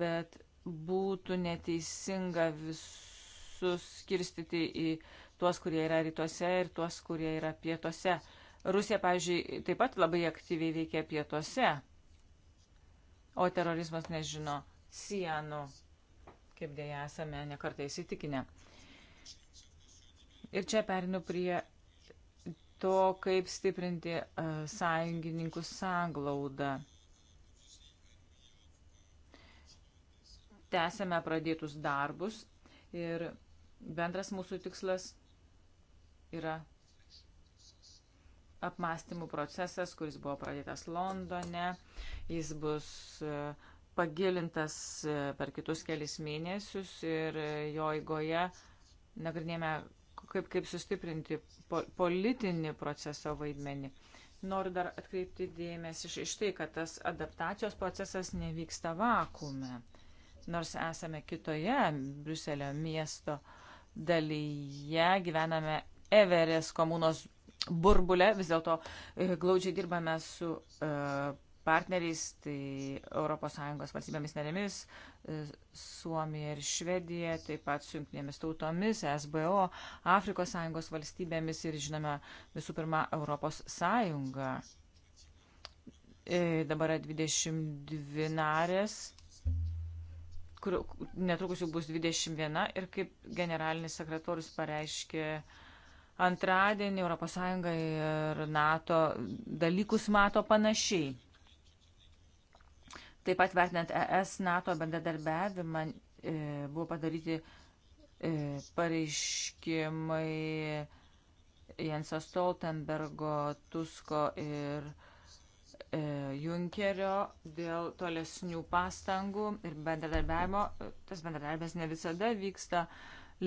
bet būtų neteisinga visus skirstyti į tuos, kurie yra rytuose ir tuos, kurie yra pietuose. Rusija, pavyzdžiui, taip pat labai aktyviai veikia pietuose, o terorizmas nežino sienų, kaip dėja esame nekartai įsitikinę. Ir čia perinu prie to, kaip stiprinti uh, sąjungininkų sąglaudą. tęsėme pradėtus darbus ir bendras mūsų tikslas yra apmąstymų procesas, kuris buvo pradėtas Londone. Jis bus e, pagilintas e, per kitus kelis mėnesius ir e, jo eigoje nagrinėjame, kaip, kaip sustiprinti po, politinį proceso vaidmenį. Noriu dar atkreipti dėmesį iš tai, kad tas adaptacijos procesas nevyksta vakume nors esame kitoje Briuselio miesto dalyje, gyvename Everės komunos burbulę, vis dėlto e, glaudžiai dirbame su e, partneriais, tai ES valstybėmis narėmis, e, Suomija ir Švedija, taip pat su jungtinėmis tautomis, SBO, Afrikos sąjungos valstybėmis ir, žinoma, visų pirma, ES. Dabar yra 22 narės kur netrukus jau bus 21 ir kaip generalinis sekretorius pareiškė antradienį ES ir NATO dalykus mato panašiai. Taip pat vertinant ES NATO bendradarbiavimą e, buvo padaryti e, pareiškimai Jenso Stoltenbergo, Tusko ir e, E, Junkerio dėl tolesnių pastangų ir bendradarbiavimo. Tas bendradarbiavimas ne visada vyksta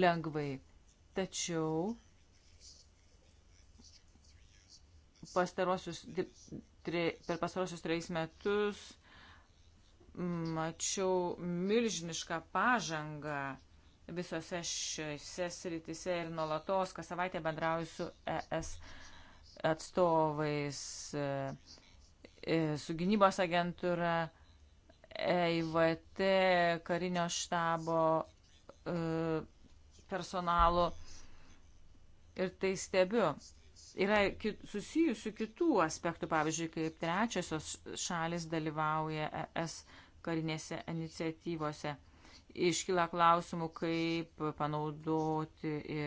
lengvai. Tačiau pastarosius, tre, per pastarosius trejus metus mačiau milžinišką pažangą visose šiose sritise ir nuolatos, kas savaitę bendrauju su ES atstovais. E, E, su gynybos agentūra, EIVT, karinio štabo e, personalu ir tai stebiu. Yra kit, susijusių kitų aspektų, pavyzdžiui, kaip trečiosios šalis dalyvauja ES karinėse iniciatyvose. Iškyla klausimų, kaip panaudoti e,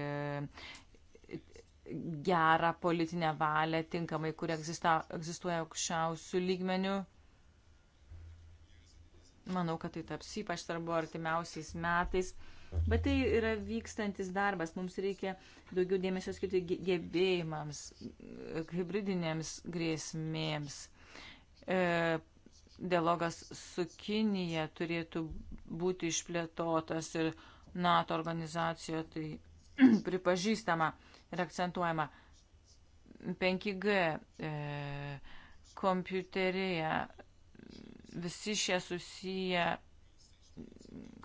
gerą politinę valią tinkamai, kuri egzista, egzistuoja aukščiausių lygmenių. Manau, kad tai taps ypač svarbu artimiausiais metais. Bet tai yra vykstantis darbas. Mums reikia daugiau dėmesio skirti gebėjimams, hybridinėms grėsmėms. E, dialogas su Kinija turėtų būti išplėtotas ir NATO organizacijoje tai *clears throat* pripažįstama. E, ir akcentuojama. 5G e, kompiuterėje visi šie susiję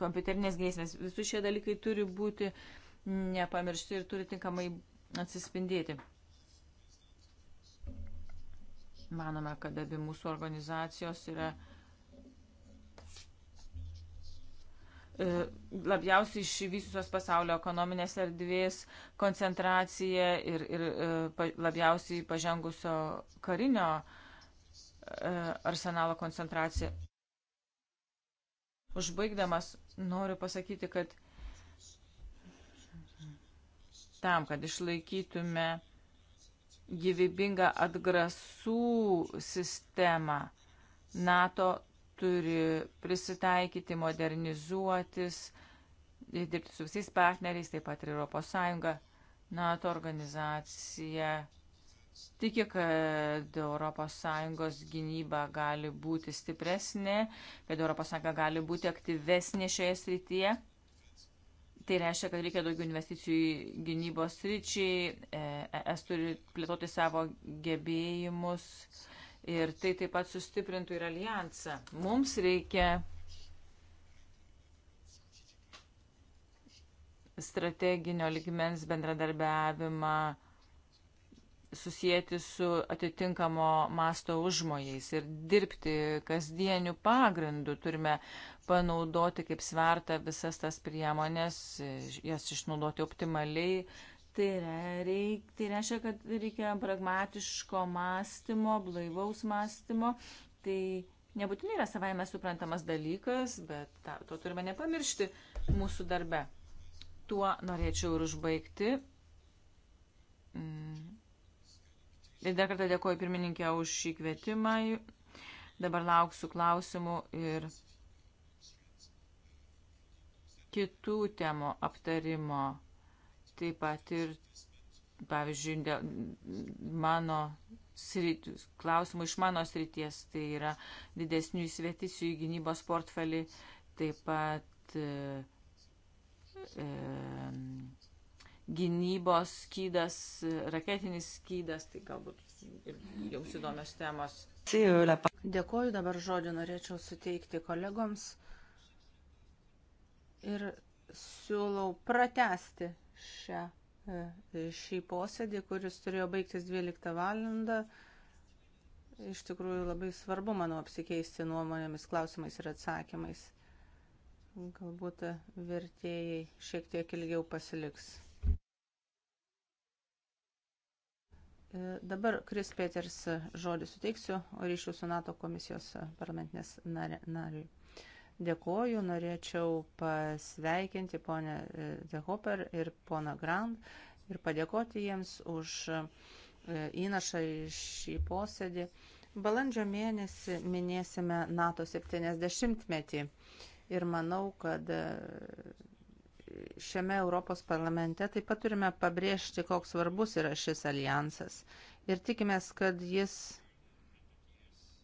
kompiuterinės grėsmės, visi šie dalykai turi būti nepamiršti ir turi tinkamai atsispindėti. Manome, kad abi mūsų organizacijos yra e, E, labiausiai išvysiusios pasaulio ekonominės erdvės koncentracija ir, ir e, labiausiai pažengusio karinio e, arsenalo koncentracija. Užbaigdamas noriu pasakyti, kad tam, kad išlaikytume gyvybingą atgrasų sistemą, NATO turi prisitaikyti, modernizuotis, dirbti su visais partneriais, taip pat ir ES, NATO organizacija. Tiki, kad ES gynyba gali būti stipresnė, kad ES gali būti aktyvesnė šioje srityje. Tai reiškia, kad reikia daugiau investicijų į gynybos ryčiai, es e turi plėtoti savo gebėjimus, ir tai taip pat sustiprintų ir alijansą. Mums reikia strateginio ligmens bendradarbiavimą susijęti su atitinkamo masto užmojais ir dirbti kasdienių pagrindų. Turime panaudoti kaip svertą visas tas priemonės, jas išnaudoti optimaliai, Tai, reik, tai reiškia, kad reikia pragmatiško mąstymo, blaivaus mąstymo. Tai nebūtinai yra savaime suprantamas dalykas, bet ta, to turime nepamiršti mūsų darbe. Tuo norėčiau ir užbaigti. Mm. Ir dar kartą dėkoju pirmininkė už šį kvietimą. Dabar lauksiu klausimų ir kitų temų aptarimo taip pat ir, pavyzdžiui, mano sritis, klausimų iš mano srities, tai yra didesnių įsvetisių į gynybos portfelį, taip pat e, e, gynybos skydas, raketinis skydas, tai galbūt jums įdomios temos. Dėkoju, dabar žodį norėčiau suteikti kolegoms ir siūlau pratesti šią, e, šį posėdį, kuris turėjo baigtis 12 valandą. Iš tikrųjų labai svarbu, manau, apsikeisti nuomonėmis, klausimais ir atsakymais. Galbūt vertėjai šiek tiek ilgiau pasiliks. E, dabar Kris Peters žodį suteiksiu ryšių su NATO komisijos parlamentinės nariui. Dėkoju, norėčiau pasveikinti ponę Dehoper e, ir poną Grand ir padėkoti jiems už e, įnašą į šį posėdį. Balandžio mėnesį minėsime NATO 70-metį ir manau, kad e, šiame Europos parlamente taip pat turime pabrėžti, koks svarbus yra šis alijansas. Ir tikimės, kad jis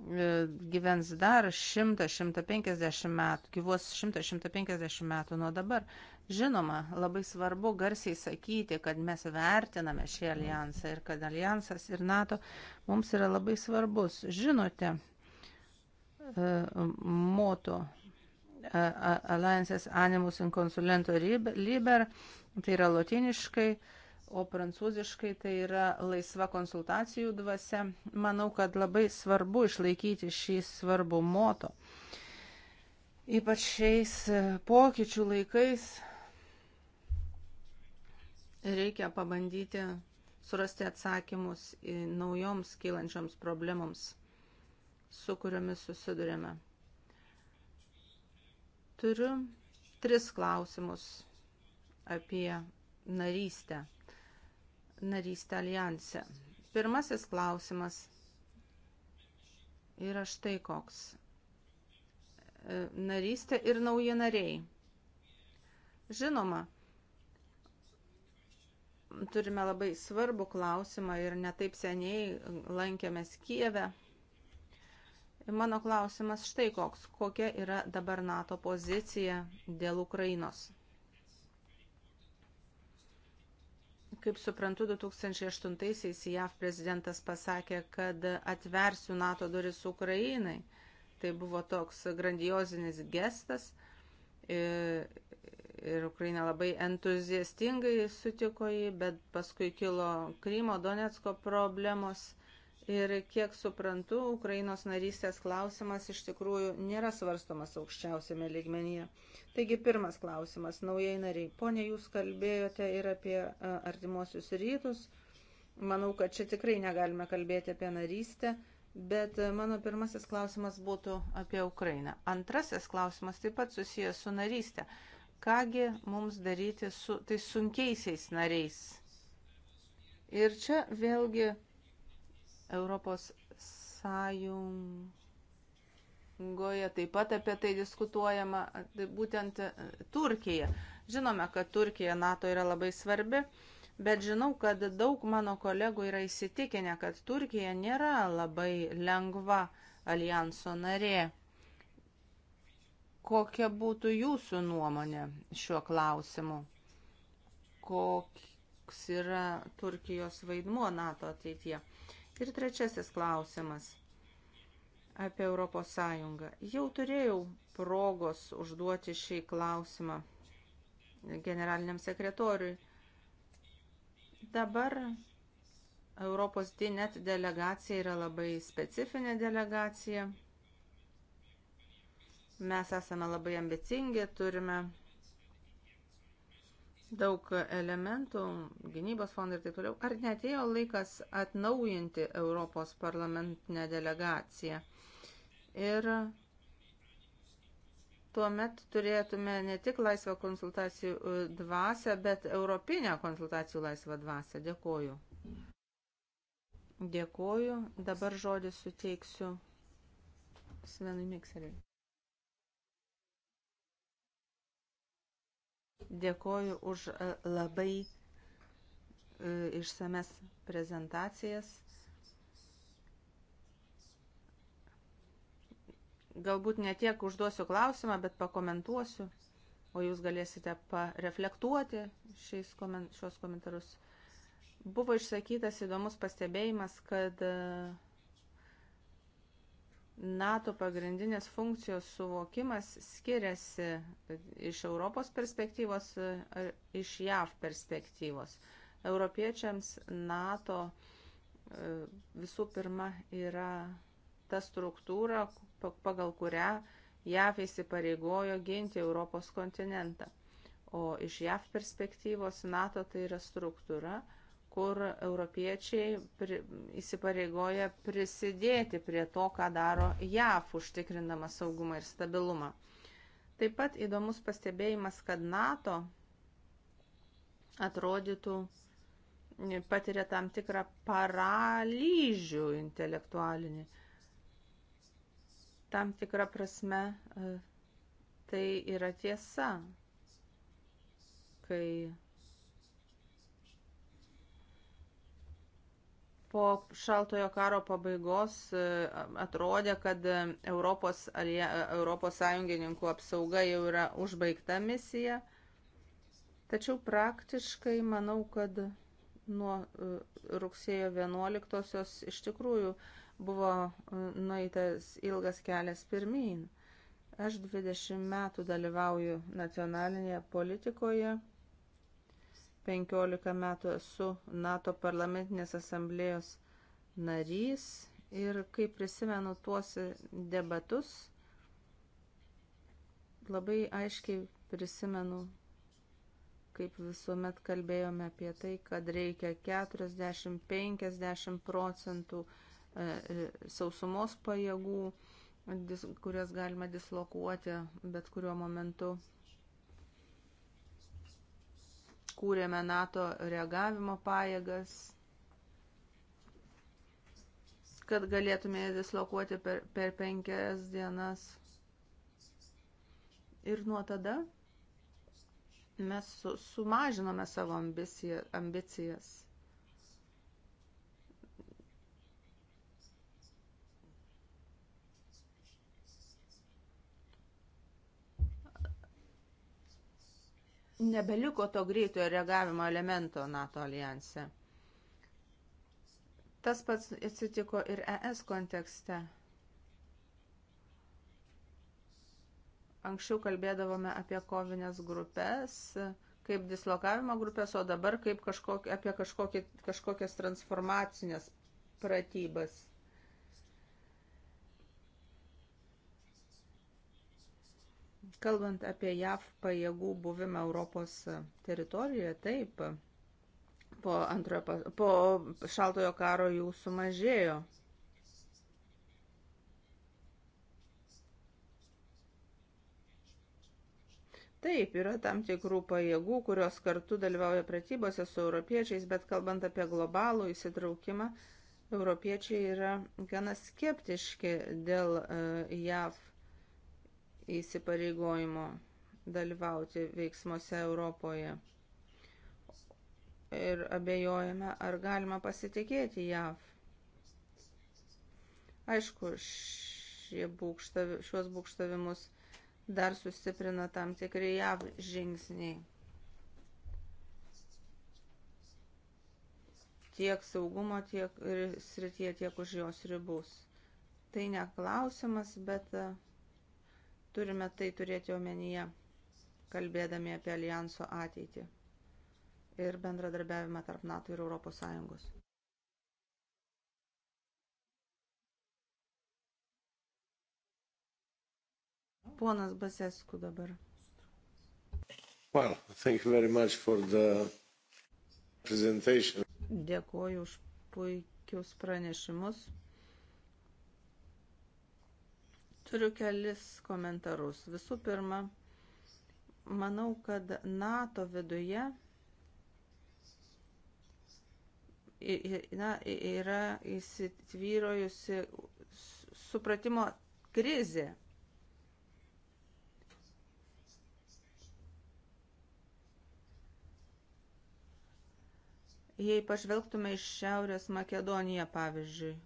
E, gyvens dar 100-150 metų, gyvos 100-150 metų nuo dabar. Žinoma, labai svarbu garsiai sakyti, kad mes vertiname šį alijansą ir kad alijansas ir NATO mums yra labai svarbus. Žinote, e, moto e, Alliances Animus Inconsulento Liber, tai yra lotiniškai o prancūziškai tai yra laisva konsultacijų dvasia. Manau, kad labai svarbu išlaikyti šį svarbų moto. Ypač šiais pokyčių laikais reikia pabandyti surasti atsakymus į naujoms kylančioms problemoms, su kuriomis susidurėme. Turiu tris klausimus apie narystę narystę alijanse. Pirmasis klausimas yra štai koks. E, narystė ir nauji nariai. Žinoma, turime labai svarbų klausimą ir netaip seniai lankėmės Kijeve. Mano klausimas štai koks, kokia yra dabar NATO pozicija dėl Ukrainos. Kaip suprantu, 2008-aisiais JAV prezidentas pasakė, kad atversiu NATO duris Ukrainai. Tai buvo toks grandiozinis gestas ir, ir Ukraina labai entuziastingai sutiko jį, bet paskui kilo Krymo, Donetsko problemos Ir kiek suprantu, Ukrainos narystės klausimas iš tikrųjų nėra svarstomas aukščiausiame lygmenyje. Taigi pirmas klausimas, naujai nariai. Pone, jūs kalbėjote ir apie artimuosius rytus. Manau, kad čia tikrai negalime kalbėti apie narystę, bet mano pirmasis klausimas būtų apie Ukrainą. Antrasis klausimas taip pat susijęs su narystė. Kągi mums daryti su tais sunkiaisiais nariais? Ir čia vėlgi Europos Sąjungoje taip pat apie tai diskutuojama, tai būtent e, Turkija. Žinome, kad Turkija NATO yra labai svarbi, bet žinau, kad daug mano kolegų yra įsitikinę, kad Turkija nėra labai lengva alijanso narė. Kokia būtų jūsų nuomonė šiuo klausimu? Koks yra Turkijos vaidmuo NATO ateityje? Ir trečiasis klausimas apie Europos Sąjungą. Jau turėjau progos užduoti šį klausimą generaliniam sekretoriui. Dabar Europos DINET delegacija yra labai specifinė delegacija. Mes esame labai ambicingi, turime daug elementų, gynybos fondai ir taip toliau. Ar netėjo laikas atnaujinti Europos parlamentinę delegaciją? Ir tuomet turėtume ne tik laisvą konsultacijų e, dvasę, bet europinę konsultacijų laisvą dvasę. Dėkoju. Dėkoju. Dabar žodį suteiksiu Svenui Mikseriui. Dėkoju už e, labai e, išsames prezentacijas. Galbūt ne tiek užduosiu klausimą, bet pakomentuosiu, o jūs galėsite pareflektuoti šiais, šios komentarus. Buvo išsakytas įdomus pastebėjimas, kad uh, NATO pagrindinės funkcijos suvokimas skiriasi iš Europos perspektyvos ar iš JAV perspektyvos. Europiečiams NATO e, visų pirma yra ta struktūra, pagal kurią JAV įsipareigojo ginti Europos kontinentą. O iš JAV perspektyvos NATO tai yra struktūra, kur europiečiai pri, įsipareigoja prisidėti prie to, ką daro JAF, užtikrindama saugumą ir stabilumą. Taip pat įdomus pastebėjimas, kad NATO atrodytų patiria tam tikrą paralyžių intelektualinį. Tam tikrą prasme e, tai yra tiesa, kai po šaltojo karo pabaigos e, atrodė, kad e, Europos, e, Europos sąjungininkų apsauga jau yra užbaigta misija. Tačiau praktiškai manau, kad nuo rugsėjo 11-osios iš tikrųjų buvo nueitas ilgas kelias pirmyn. Aš 20 metų dalyvauju nacionalinėje politikoje 15 metų esu NATO parlamentinės asamblėjos narys ir kai prisimenu tuos debatus, labai aiškiai prisimenu, kaip visuomet kalbėjome apie tai, kad reikia 40-50 procentų e, e, sausumos pajėgų, kurias galima dislokuoti bet kuriuo momentu užkūrėme NATO reagavimo pajėgas, kad galėtume dislokuoti per, per penkias dienas. Ir nuo tada mes su, sumažinome savo ambiciją, ambicijas. nebeliko to greitojo reagavimo elemento NATO alijanse. Tas pats atsitiko ir ES kontekste. Anksčiau kalbėdavome apie kovinės grupės, kaip dislokavimo grupės, o dabar kaip kažkok, apie kažkokį, kažkokias transformacinės pratybas. Kalbant apie JAV pajėgų buvimą Europos teritorijoje, taip, po, antrojo, po šaltojo karo jų sumažėjo. Taip, yra tam tikrų pajėgų, kurios kartu dalyvauja pratybose su europiečiais, bet kalbant apie globalų įsitraukimą, europiečiai yra gana skeptiški dėl e, JAV įsipareigojimo dalyvauti veiksmuose Europoje. Ir abejojame, ar galima pasitikėti JAV. Aišku, būkštav, šiuos būkštavimus dar sustiprina tam tikri JAV žingsniai. Tiek saugumo, tiek srityje, tiek už jos ribus. Tai ne klausimas, bet uh, Turime tai turėti omenyje, kalbėdami apie alijanso ateitį ir bendradarbiavimą tarp NATO ir ES. Ponas Basesku dabar. Well, thank you very much for the presentation. Dėkoju už puikius pranešimus. Turiu kelis komentarus. Visų pirma, manau, kad NATO viduje na, yra įsitvyrojusi supratimo krizė. Jei pažvelgtume iš Šiaurės Makedoniją, pavyzdžiui,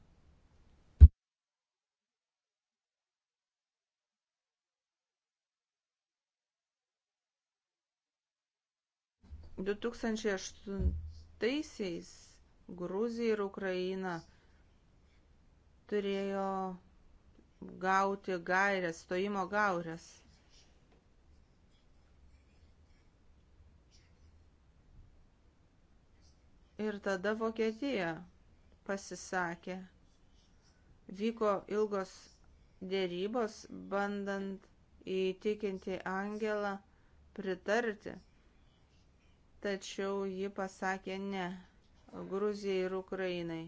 2008-aisiais Gruzija ir Ukraina turėjo gauti gairias, stojimo gairias. Ir tada Vokietija pasisakė. Vyko ilgos dėrybos, bandant įtikinti Angelą pritarti tačiau ji pasakė ne Gruzijai ir Ukrainai.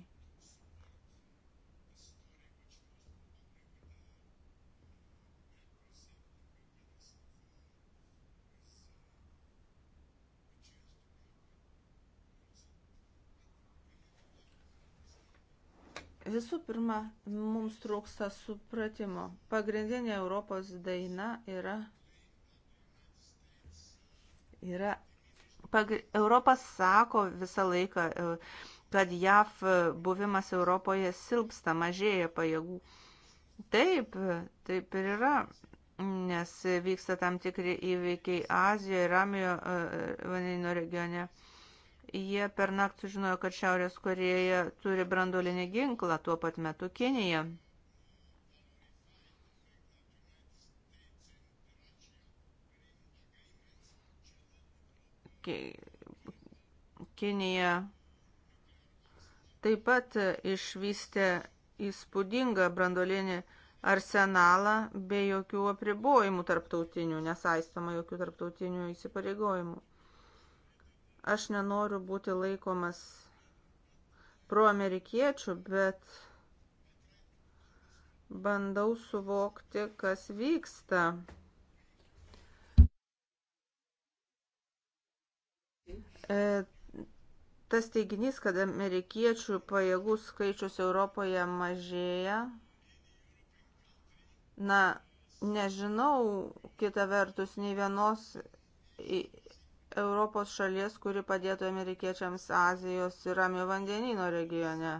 Visų pirma, mums trūksta supratimo. Pagrindinė Europos daina yra, yra Europa sako visą laiką, e, kad JAV buvimas Europoje silpsta, mažėja pajėgų. Taip, taip ir yra, nes vyksta tam tikri įveikiai Azijoje ir Ramijo e, vandenino regione. Jie per naktį žinojo, kad Šiaurės Koreja turi brandolinį ginklą, tuo pat metu Kinija Kinija taip pat išvystė įspūdingą brandolinį arsenalą be jokių apribojimų tarptautinių, nesaistoma jokių tarptautinių įsipareigojimų. Aš nenoriu būti laikomas proamerikiečių, bet bandau suvokti, kas vyksta E, tas teiginys, kad amerikiečių pajėgų skaičius Europoje mažėja, na, nežinau kita vertus nei vienos Europos šalies, kuri padėtų amerikiečiams Azijos ir Ramio vandenino regione.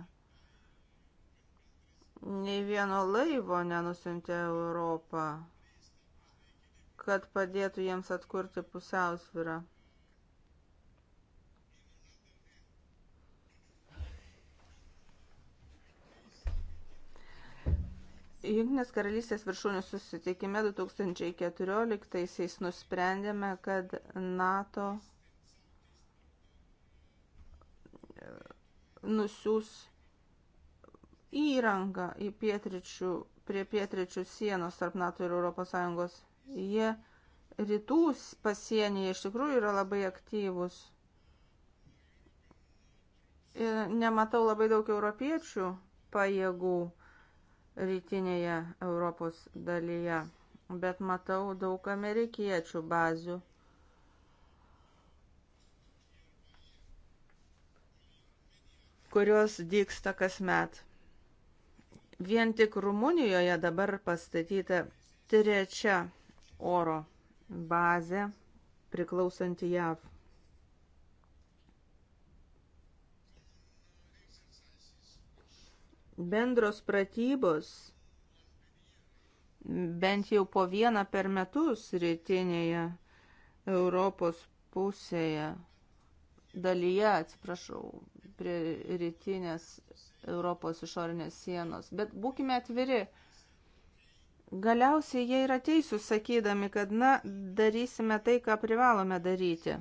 Nei vieno laivo nenusintė Europą, kad padėtų jiems atkurti pusiausvyrą. Junktinės karalystės viršūnių susitikime 2014-aisiais nusprendėme, kad NATO e, nusiūs įrangą į pietričių, prie pietričių sienos tarp NATO ir ES. Jie rytų pasienyje iš tikrųjų yra labai aktyvus. Ir e, nematau labai daug europiečių pajėgų rytinėje Europos dalyje, bet matau daug amerikiečių bazių. kurios dyksta kasmet. Vien tik Rumunijoje dabar pastatyta trečia oro bazė priklausanti JAV. bendros pratybos bent jau po vieną per metus rytinėje Europos pusėje, dalyje, atsiprašau, prie rytinės Europos išorinės sienos. Bet būkime atviri, galiausiai jie yra teisūs sakydami, kad, na, darysime tai, ką privalome daryti.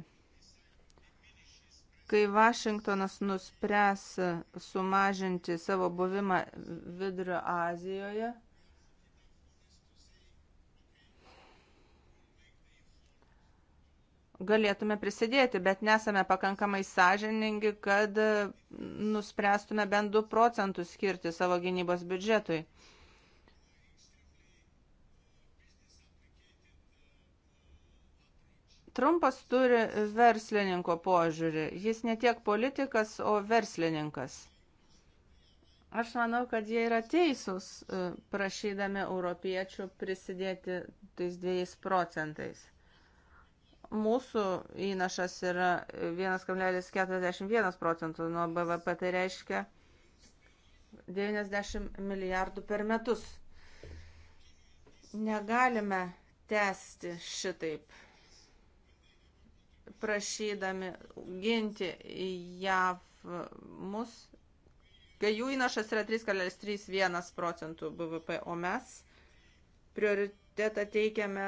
Kai Vašingtonas nuspręs sumažinti savo buvimą Vidurio Azijoje, galėtume prisidėti, bet nesame pakankamai sąžiningi, kad nuspręstume bent 2 procentus skirti savo gynybos biudžetui. Trumpas turi verslininko požiūrį. Jis ne tiek politikas, o verslininkas. Aš manau, kad jie yra teisūs e, prašydami europiečių prisidėti tais dviejais procentais. Mūsų įnašas yra 1,41 procentų nuo BVP, tai reiškia 90 milijardų per metus. Negalime tęsti šitaip prašydami ginti JAV mus, kai jų įnašas yra 3,31 procentų BVP, o mes prioritetą teikiame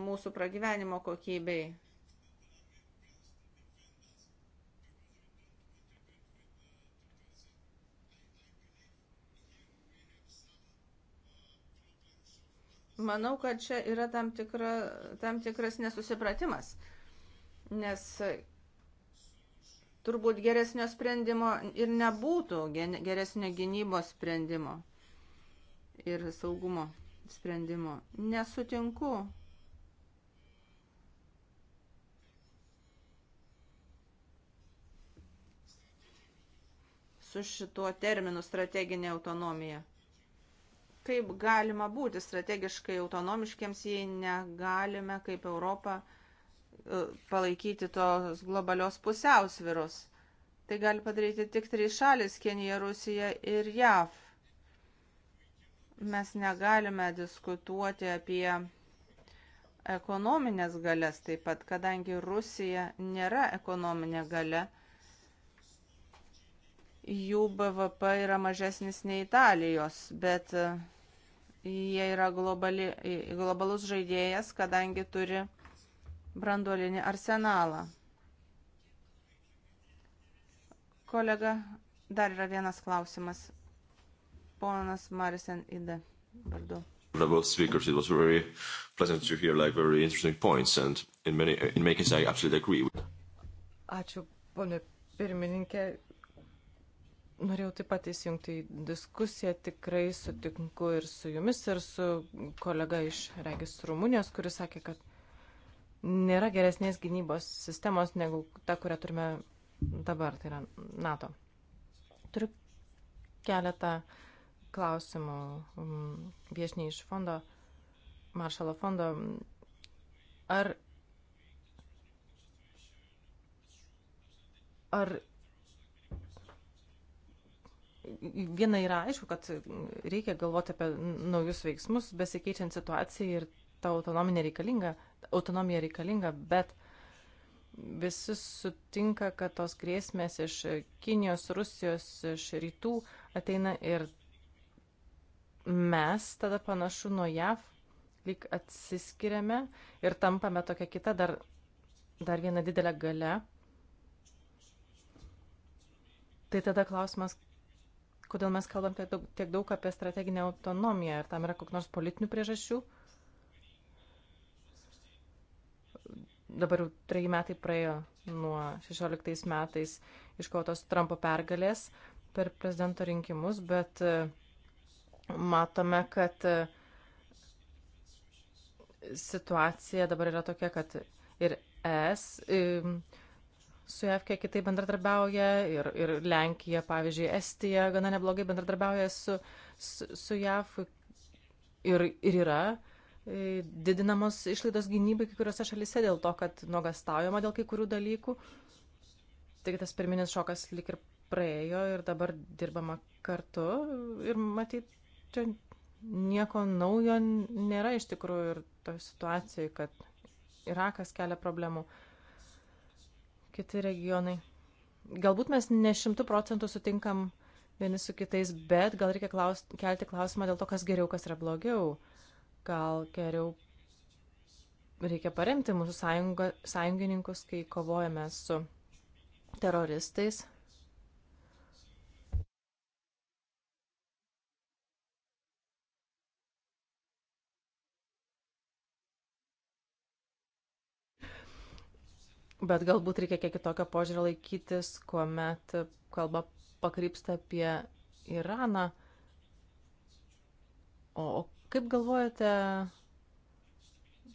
mūsų pragyvenimo kokybei Manau, kad čia yra tam, tikra, tam tikras nesusipratimas, nes turbūt geresnio sprendimo ir nebūtų geresnio gynybos sprendimo ir saugumo sprendimo. Nesutinku. su šituo terminu strateginė autonomija kaip galima būti strategiškai autonomiškiams, jei negalime kaip Europą e, palaikyti tos globalios pusiausviros. Tai gali padaryti tik trys šalis - Kenija, Rusija ir JAV. Mes negalime diskutuoti apie ekonominės galės taip pat, kadangi Rusija nėra ekonominė gale jų BVP yra mažesnis nei Italijos, bet e, Jie yra globali, globalus žaidėjas, kadangi turi branduolinį arsenalą. Kolega, dar yra vienas klausimas. Ponas Marisen Ida vardu level speakers, it was very pleasant to hear like very interesting points, and in many in many cases I absolutely agree. Ačiū, ponė pirmininkė. Norėjau taip pat įsijungti į diskusiją, tikrai sutinku ir su jumis, ir su kolega iš Regis Rumunijos, kuris sakė, kad nėra geresnės gynybos sistemos negu ta, kurią turime dabar, tai yra NATO. Turiu keletą klausimų viešniai iš fondo, Maršalo fondo. Ar, ar viena yra aišku, kad reikia galvoti apie naujus veiksmus, besikeičiant situacijai ir ta autonomija reikalinga, autonomija reikalinga bet visi sutinka, kad tos grėsmės iš Kinijos, Rusijos, iš rytų ateina ir mes tada panašu nuo JAV lyg atsiskiriame ir tampame tokia kita dar, dar viena didelė gale. Tai tada klausimas, Kodėl mes kalbam tiek daug, tiek daug apie strateginę autonomiją? Ar tam yra kokių nors politinių priežasčių? Dabar jau treji metai praėjo nuo 16 metais iškovotos Trumpo pergalės per prezidento rinkimus, bet e, matome, kad e, situacija dabar yra tokia, kad ir ES su JAV kiek kitaip bendradarbiauja ir, ir Lenkija, pavyzdžiui, Estija gana neblogai bendradarbiauja su, su, su JAV ir, ir yra e, didinamos išlaidos gynybai kai kuriuose šalise dėl to, kad nuogastaujama dėl kai kurių dalykų. Taigi tas pirminis šokas lik ir praėjo ir dabar dirbama kartu ir matyt, čia nieko naujo nėra iš tikrųjų ir toj situacijai, kad Irakas kelia problemų. Uh, kiti regionai. Galbūt mes ne šimtų procentų sutinkam vieni su kitais, bet gal reikia klaus, kelti klausimą dėl to, kas geriau, kas yra blogiau. Gal geriau reikia paremti mūsų sąjunga, sąjungininkus, kai kovojame su teroristais Bet galbūt reikia kiek kitokio požiūrio laikytis, kuomet kalba pakrypsta apie Iraną. O kaip galvojate,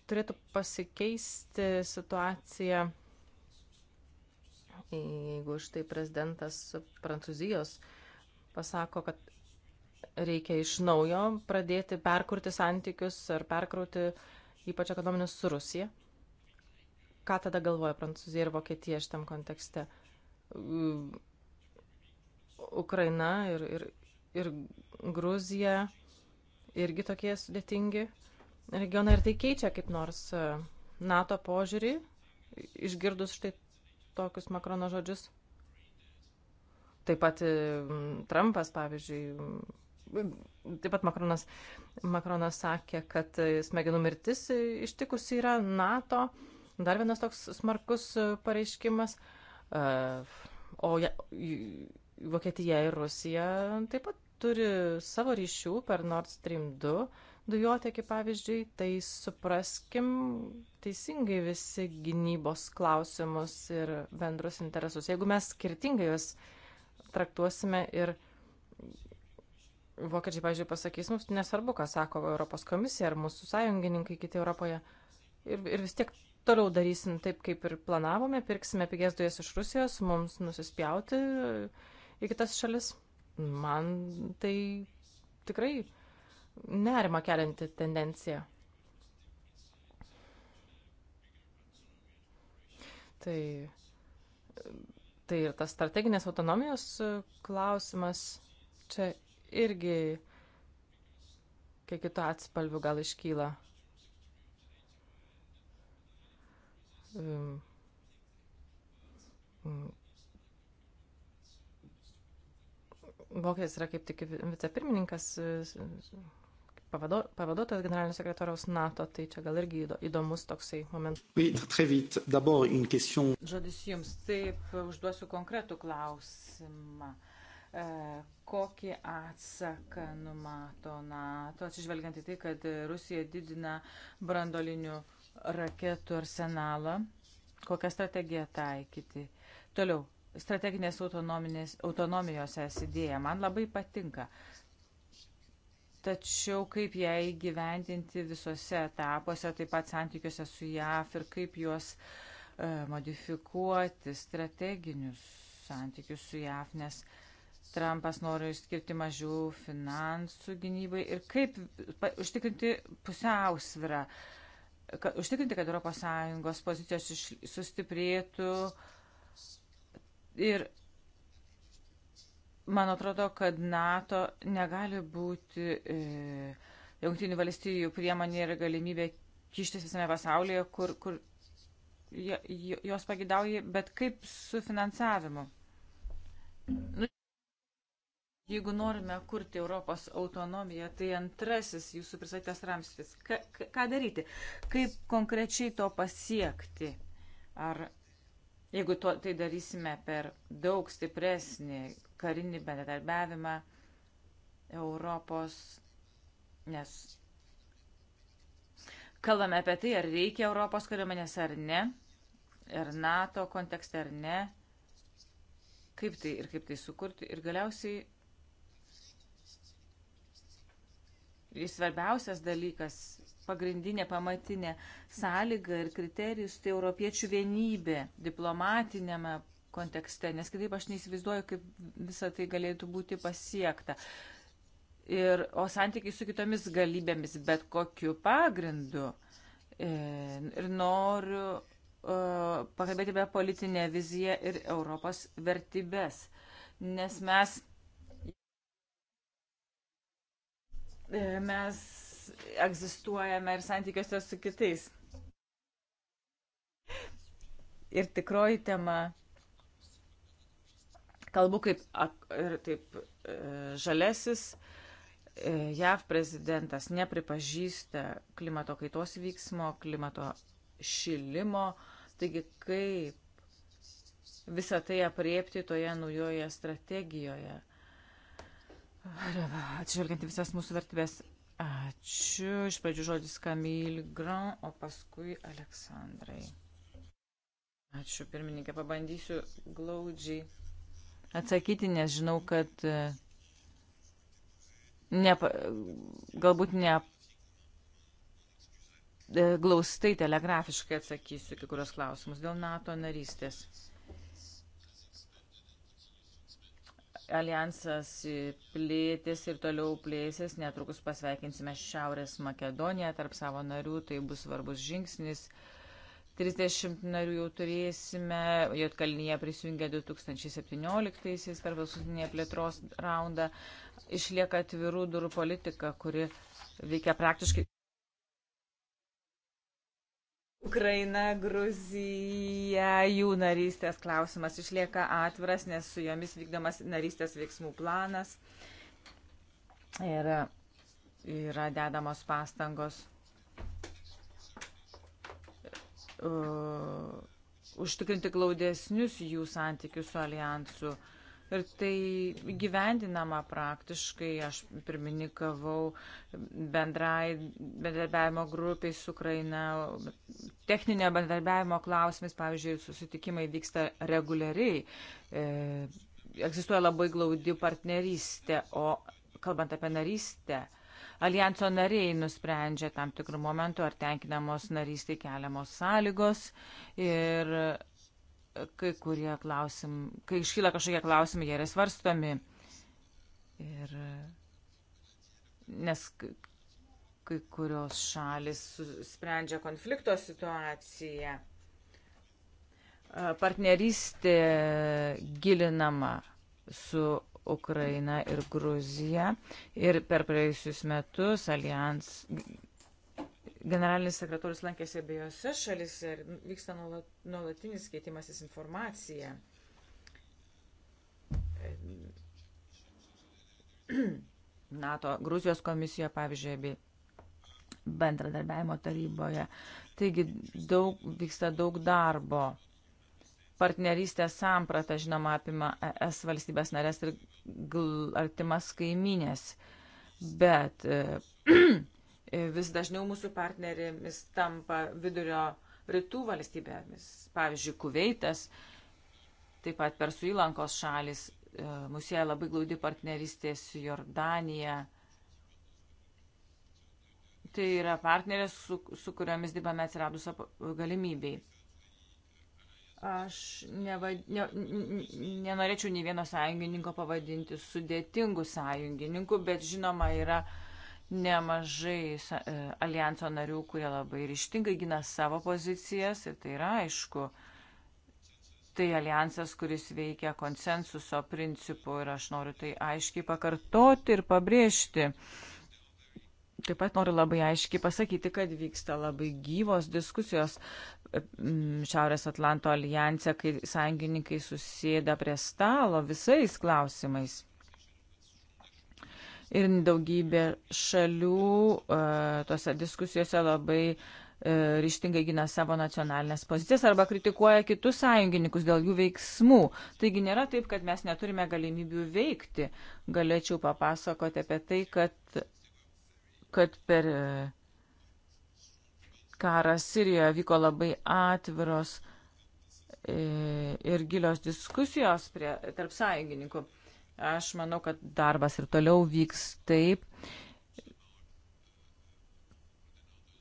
turėtų pasikeisti situacija, jeigu štai prezidentas Prancūzijos pasako, kad reikia iš naujo pradėti perkurti santykius ar perkrauti ypač ekonominius su Rusija? ką tada galvoja Prancūzija ir Vokietija šitam kontekste? Ukraina ir, ir, ir Gruzija irgi tokie sudėtingi regionai ir tai keičia kaip nors e, NATO požiūrį, išgirdus štai tokius Makrono žodžius. Taip pat e, Trumpas, pavyzdžiui, taip pat Makronas, Makronas sakė, kad e, smegenų mirtis ištikusi yra NATO. Uh, Dar vienas toks smarkus e, pareiškimas. E, o Vokietija ir Rusija taip pat turi savo ryšių per Nord Stream 2 dujotekį, pavyzdžiui, tai supraskim teisingai visi gynybos klausimus ir bendrus interesus. Jeigu mes skirtingai juos traktuosime ir vokiečiai, pavyzdžiui, pasakys mums, nesvarbu, ką sako Europos komisija ar mūsų sąjungininkai kiti Europoje, ir, ir vis tiek Toliau darysim taip, kaip ir planavome, pirksime pigės dujas iš Rusijos, mums nusispjauti į kitas šalis. Man tai tikrai nerima kelianti tendencija. Tai, tai ir tas strateginės autonomijos klausimas čia irgi kiek kitų atspalvių gal iškyla. Vokietis yra kaip tik vicepirmininkas, e, pavaduotojas generalinio sekretoriaus NATO, tai čia gal irgi įdomus toksai momentas. Oui, question... Žodis jums, taip užduosiu konkretų klausimą. E, kokį atsaką numato NATO, atsižvelgiant į tai, kad Rusija didina brandolinių uh, raketų arsenalą, kokią strategiją taikyti. Toliau, strateginės autonomijos es idėja man labai patinka. Tačiau kaip ją įgyvendinti visose etapuose, taip pat santykiuose su JAF ir kaip juos e, modifikuoti strateginius santykius su JAF, nes Trumpas nori išskirti mažiau finansų gynybai ir kaip užtikrinti pusiausvirą. E, kad, užtikrinti, kad ES pozicijos iš, sustiprėtų ir man atrodo, kad NATO negali būti e, jungtinių valstybių priemonė ir galimybė kištis visame pasaulyje, kur, kur jos pagidauja, bet kaip su finansavimu. Nu, Jeigu norime kurti Europos autonomiją, tai antrasis jūsų pristatytas ramstis. Ka, ka, ką daryti? Kaip konkrečiai to pasiekti? Ar jeigu to, tai darysime per daug stipresnį karinį bendradarbiavimą Europos, nes kalbame apie tai, ar reikia Europos kariuomenės ar ne, ar NATO kontekste ar ne, kaip tai ir kaip tai sukurti ir galiausiai svarbiausias dalykas, pagrindinė pamatinė sąlyga ir kriterijus tai europiečių vienybė diplomatinėme kontekste, nes kitaip aš neįsivaizduoju, kaip visa tai galėtų būti pasiekta. Ir, o santykiai su kitomis galybėmis, bet kokiu pagrindu. E, ir noriu e, pakalbėti apie politinę viziją ir Europos vertybės, nes mes E, mes egzistuojame ir santykiuose su kitais. Ir tikroji tema, kalbu kaip, taip, e, žalesis, e, JAV prezidentas nepripažįsta klimato kaitos vyksmo, klimato šilimo. Taigi kaip visą tai apriepti toje naujoje strategijoje? Atsižvelgiant į visas mūsų vertybės. Ačiū. Iš pradžių žodis Kamil Grand, o paskui Aleksandrai. Ačiū, pirmininkė. Pabandysiu glaudžiai atsakyti, nes žinau, kad e, ne, galbūt ne e, glaustai telegrafiškai atsakysiu kiekvienos klausimus dėl NATO narystės. alijansas plėtis ir toliau plėsis. Netrukus pasveikinsime Šiaurės Makedoniją tarp savo narių. Tai bus svarbus žingsnis. 30 narių jau turėsime, Jotkalnyje prisijungė 2017-aisiais per paskutinį plėtros raundą. Išlieka atvirų durų politika, kuri veikia praktiškai Ukraina, Gruzija, jų narystės klausimas išlieka atviras, nes su jomis vykdomas narystės veiksmų planas ir yra dedamos pastangos uh, užtikrinti glaudesnius jų santykius su alijansu uh, ir tai gyvendinama praktiškai. Aš pirmininkavau bendrai bendradarbiavimo grupiai su Ukraina, techninio bendradarbiavimo klausimais, pavyzdžiui, susitikimai vyksta reguliariai. E, egzistuoja labai glaudi partnerystė, o kalbant apie narystę, alijanso nariai nusprendžia tam tikrų momentų, ar tenkinamos narystai keliamos sąlygos ir kai kurie klausim, kai iškyla kažkokie klausimai, jie yra svarstomi. Ir nes kai kurios šalis sprendžia konflikto situaciją. Partnerystė gilinama su Ukraina ir Gruzija. Ir per praėjusius metus Allianz Generalinis sekretorius lankėsi abiejose šalise ir vyksta nuolatinis keitimasis informacija. *clears throat* NATO Gruzijos komisijoje, pavyzdžiui, bei bendradarbiavimo taryboje. Taigi daug, vyksta daug darbo. Partnerystės samprata, žinoma, apima ES valstybės narės ir artimas kaiminės. Bet *clears throat* Vis dažniau mūsų partnerėmis tampa vidurio rytų valstybėmis, pavyzdžiui, Kuveitas, taip pat Persų įlankos šalis, e, mūsų jie labai glaudi partnerystė su Jordanija. Tai yra partnerės, su, su kuriomis dirbame atsiradus galimybei. Aš neva, ne, nenorėčiau nei vieno sąjungininko pavadinti sudėtingų sąjungininkų, bet žinoma yra uh, nemažai e, alijanso narių, kurie labai ryštingai gina savo pozicijas ir tai yra aišku. Tai alijansas, kuris veikia konsensuso principu ir aš noriu tai aiškiai pakartoti ir pabrėžti. Taip pat noriu labai aiškiai pasakyti, kad vyksta labai gyvos diskusijos e, Šiaurės Atlanto alijanse, kai sąjungininkai susėda prie stalo visais klausimais. Ir daugybė šalių e, tose diskusijose labai e, ryštingai gina savo nacionalinės pozicijas arba kritikuoja kitus sąjungininkus dėl jų veiksmų. Taigi nėra taip, kad mes neturime galimybių veikti. Galėčiau papasakoti apie tai, kad, kad per e, karą Sirijoje vyko labai atviros ir gilios diskusijos prie, tarp sąjungininkų. Aš manau, kad darbas ir toliau vyks taip.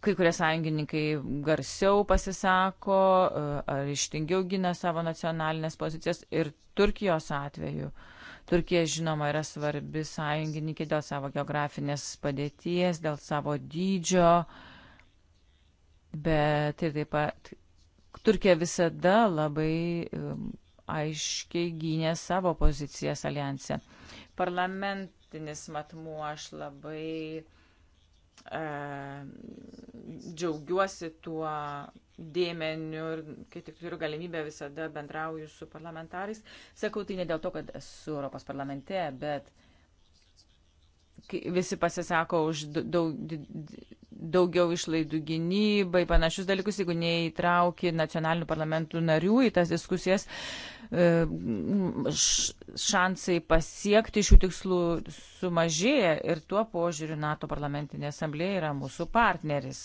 Kai kurie sąjungininkai garsiau pasisako e, ar ištingiau gina savo nacionalinės pozicijas ir Turkijos atveju. Turkija, žinoma, yra svarbi sąjungininkė dėl savo geografinės padėties, dėl savo dydžio, bet ir taip pat Turkija visada labai e, aiškiai gynė savo pozicijas alijanse. Parlamentinis matmuo aš labai e, džiaugiuosi tuo dėmeniu ir kai tik turiu galimybę visada bendrauju su parlamentarais. Sakau tai ne dėl to, kad esu Europos parlamente, bet visi pasisako už daug, daugiau išlaidų gynybai, panašius dalykus, jeigu neįtrauki nacionalinių parlamentų narių į tas diskusijas, e, šansai pasiekti šių tikslų sumažėja ir tuo požiūriu NATO parlamentinė asamblėja yra mūsų partneris.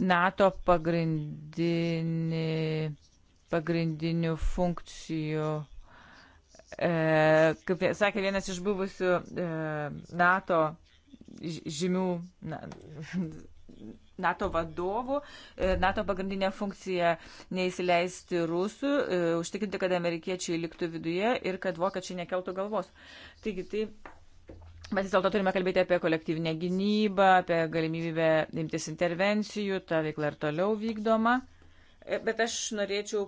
NATO pagrindinį, pagrindinių funkcijų E, kaip sakė vienas iš buvusių e, NATO žymių na, *laughs* NATO vadovų, e, NATO pagrindinė funkcija neįsileisti rusų, užtikrinti, kad amerikiečiai liktų viduje ir kad vokiečiai nekeltų galvos. Taigi, tai Mes vis dėlto turime kalbėti apie kolektyvinę gynybą, apie galimybę imtis intervencijų, ta veikla ir toliau vykdoma. Bet aš norėčiau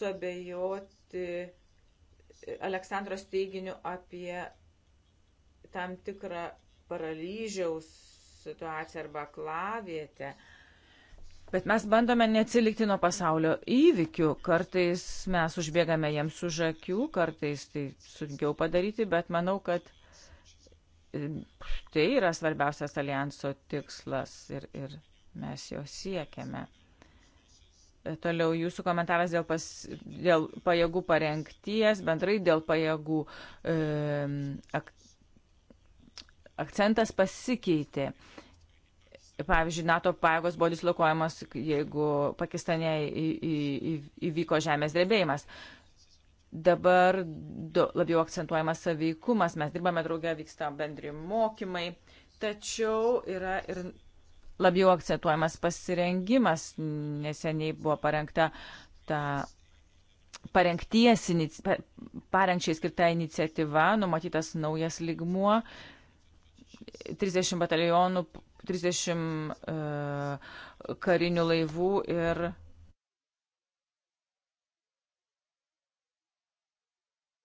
suabejoti Aleksandros teiginiu apie tam tikrą paralyžiaus situaciją arba klavietę. Bet mes bandome neatsilikti nuo pasaulio įvykių. Kartais mes užbėgame jiems už akių, kartais tai sunkiau padaryti, bet manau, kad tai yra svarbiausias alijanso tikslas ir, ir mes jo siekiame. Toliau jūsų komentaras dėl, pas, dėl pajėgų parengties, bendrai dėl pajėgų e, ak, akcentas pasikeitė. Pavyzdžiui, NATO pajėgos buvo dislokuojamas, jeigu Pakistane į, į, į, įvyko žemės drebėjimas. Dabar do, labiau akcentuojamas saveikumas, mes dirbame draugę, vyksta bendri mokymai, tačiau yra ir labiau akcentuojamas pasirengimas, neseniai buvo parengta ta parengties, parengčiai skirta iniciatyva, numatytas naujas ligmuo, 30 batalionų, 30 uh, e, karinių laivų ir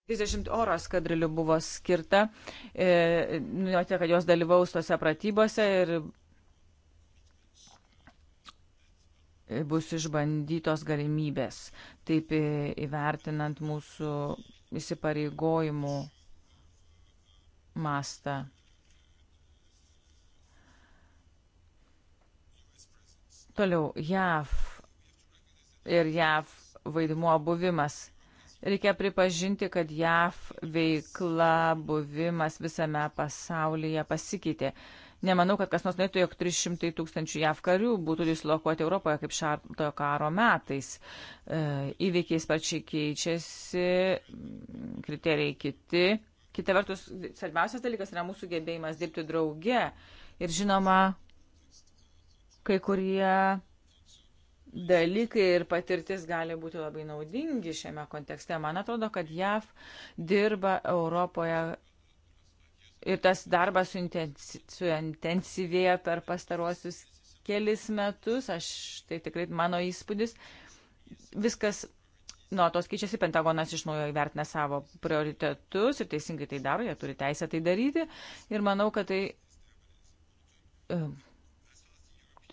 Trisdešimt oro skadrilių buvo skirta, e, nuotė, kad jos dalyvaus tose pratybose ir bus išbandytos galimybės, taip įvertinant mūsų įsipareigojimų mastą. Toliau JAV ir JAV vaidmuo buvimas. Reikia pripažinti, kad JAV veikla, buvimas visame pasaulyje pasikeitė. Nemanau, kad kas nors norėtų, jog 300 tūkstančių JAV karių būtų dislokuoti Europoje kaip šartojo karo metais. E, įvykiai sparčiai keičiasi, kriterijai kiti. Kita vertus, svarbiausias dalykas yra mūsų gebėjimas dirbti drauge. Ir žinoma, kai kurie dalykai ir patirtis gali būti labai naudingi šiame kontekste. Man atrodo, kad JAV dirba Europoje ir tas darbas suintensyvėjo per pastaruosius kelis metus, aš, tai tikrai mano įspūdis, viskas nuo tos keičiasi, Pentagonas iš naujo įvertina savo prioritetus ir teisingai tai daro, jie turi teisę tai daryti ir manau, kad tai e,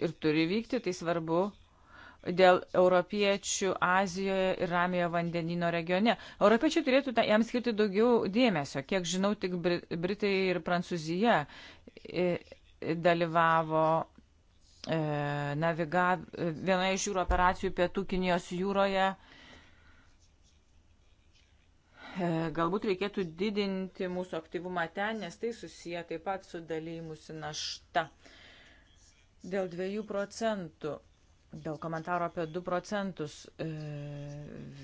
ir turi vykti, tai svarbu dėl europiečių Azijoje ir Ramiojo vandenino regione. Europiečiai turėtų ta, jam skirti daugiau dėmesio. Kiek žinau, tik Britai ir Prancūzija e, dalyvavo e, naviga, vienoje iš jūrų operacijų pietų Kinijos jūroje. E, galbūt reikėtų didinti mūsų aktyvumą ten, nes tai susiję taip pat su dalymusi našta. Dėl dviejų procentų Dėl komentaro apie 2 procentus e,